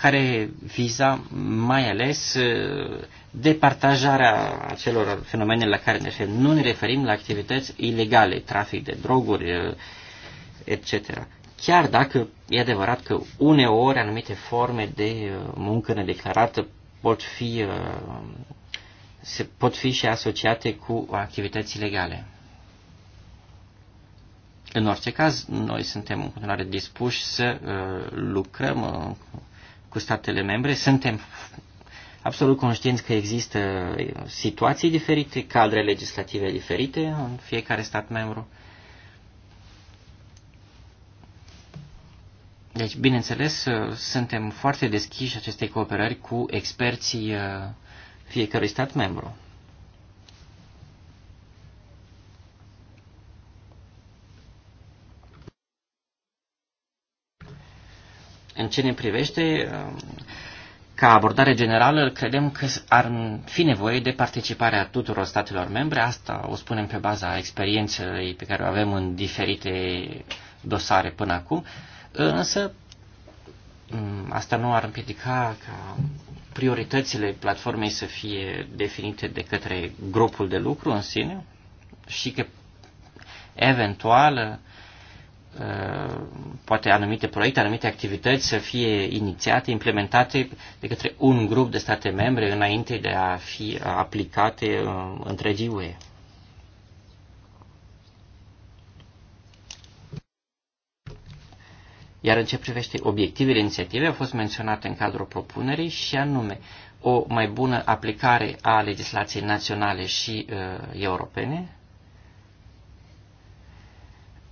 care viza mai ales uh, departajarea acelor fenomene la care ne nu ne referim la activități ilegale, trafic de droguri, uh, etc. Chiar dacă e adevărat că uneori anumite forme de uh, muncă nedeclarată pot fi, se pot fi și asociate cu activități ilegale. În orice caz, noi suntem în continuare dispuși să lucrăm cu statele membre. Suntem absolut conștienți că există situații diferite, cadre legislative diferite în fiecare stat membru. Deci, bineînțeles, suntem foarte deschiși acestei cooperări cu experții uh, fiecărui stat membru. În ce ne privește, um, ca abordare generală, credem că ar fi nevoie de participarea tuturor statelor membre. Asta o spunem pe baza experienței pe care o avem în diferite dosare până acum. Însă, um, asta nu ar împiedica ca prioritățile platformei să fie definite de către grupul de lucru în sine și că eventual Uh, poate anumite proiecte, anumite activități să fie inițiate, implementate de către un grup de state membre înainte de a fi aplicate uh, întregii UE. Iar în ce privește obiectivele inițiativei au fost menționate în cadrul propunerii și anume o mai bună aplicare a legislației naționale și uh, europene,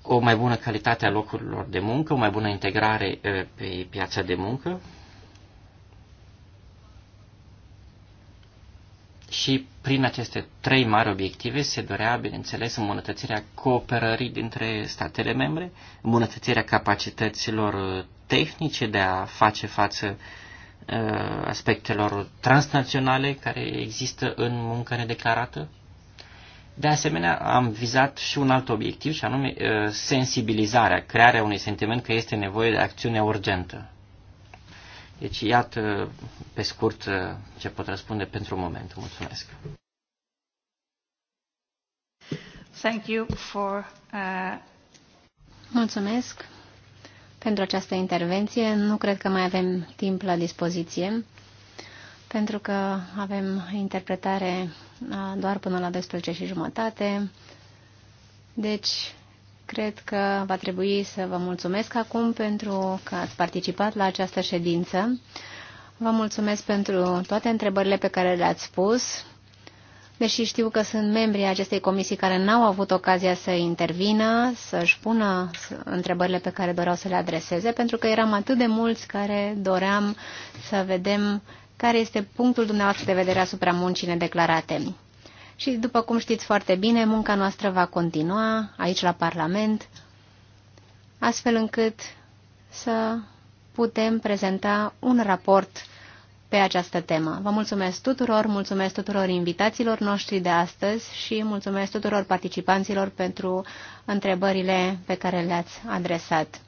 o mai bună calitate a locurilor de muncă, o mai bună integrare pe piața de muncă și prin aceste trei mari obiective se dorea, bineînțeles, îmbunătățirea cooperării dintre statele membre, îmbunătățirea capacităților tehnice de a face față aspectelor transnaționale care există în muncă nedeclarată, de asemenea, am vizat și un alt obiectiv, și anume uh, sensibilizarea, crearea unui sentiment că este nevoie de acțiune urgentă. Deci, iată, pe scurt, uh, ce pot răspunde pentru moment. Mulțumesc. Thank you for, uh... Mulțumesc pentru această intervenție. Nu cred că mai avem timp la dispoziție, pentru că avem interpretare doar până la 12 și jumătate. Deci, cred că va trebui să vă mulțumesc acum pentru că ați participat la această ședință. Vă mulțumesc pentru toate întrebările pe care le-ați pus. Deși știu că sunt membrii acestei comisii care n-au avut ocazia să intervină, să-și pună întrebările pe care doreau să le adreseze, pentru că eram atât de mulți care doream să vedem care este punctul dumneavoastră de vedere asupra muncii nedeclarate. Și, după cum știți foarte bine, munca noastră va continua aici la Parlament, astfel încât să putem prezenta un raport pe această temă. Vă mulțumesc tuturor, mulțumesc tuturor invitațiilor noștri de astăzi și mulțumesc tuturor participanților pentru întrebările pe care le-ați adresat.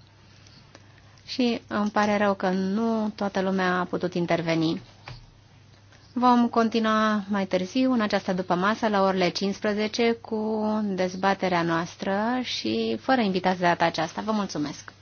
Și îmi pare rău că nu toată lumea a putut interveni. Vom continua mai târziu, în această masă, la orele 15, cu dezbaterea noastră și fără invitați de data aceasta. Vă mulțumesc!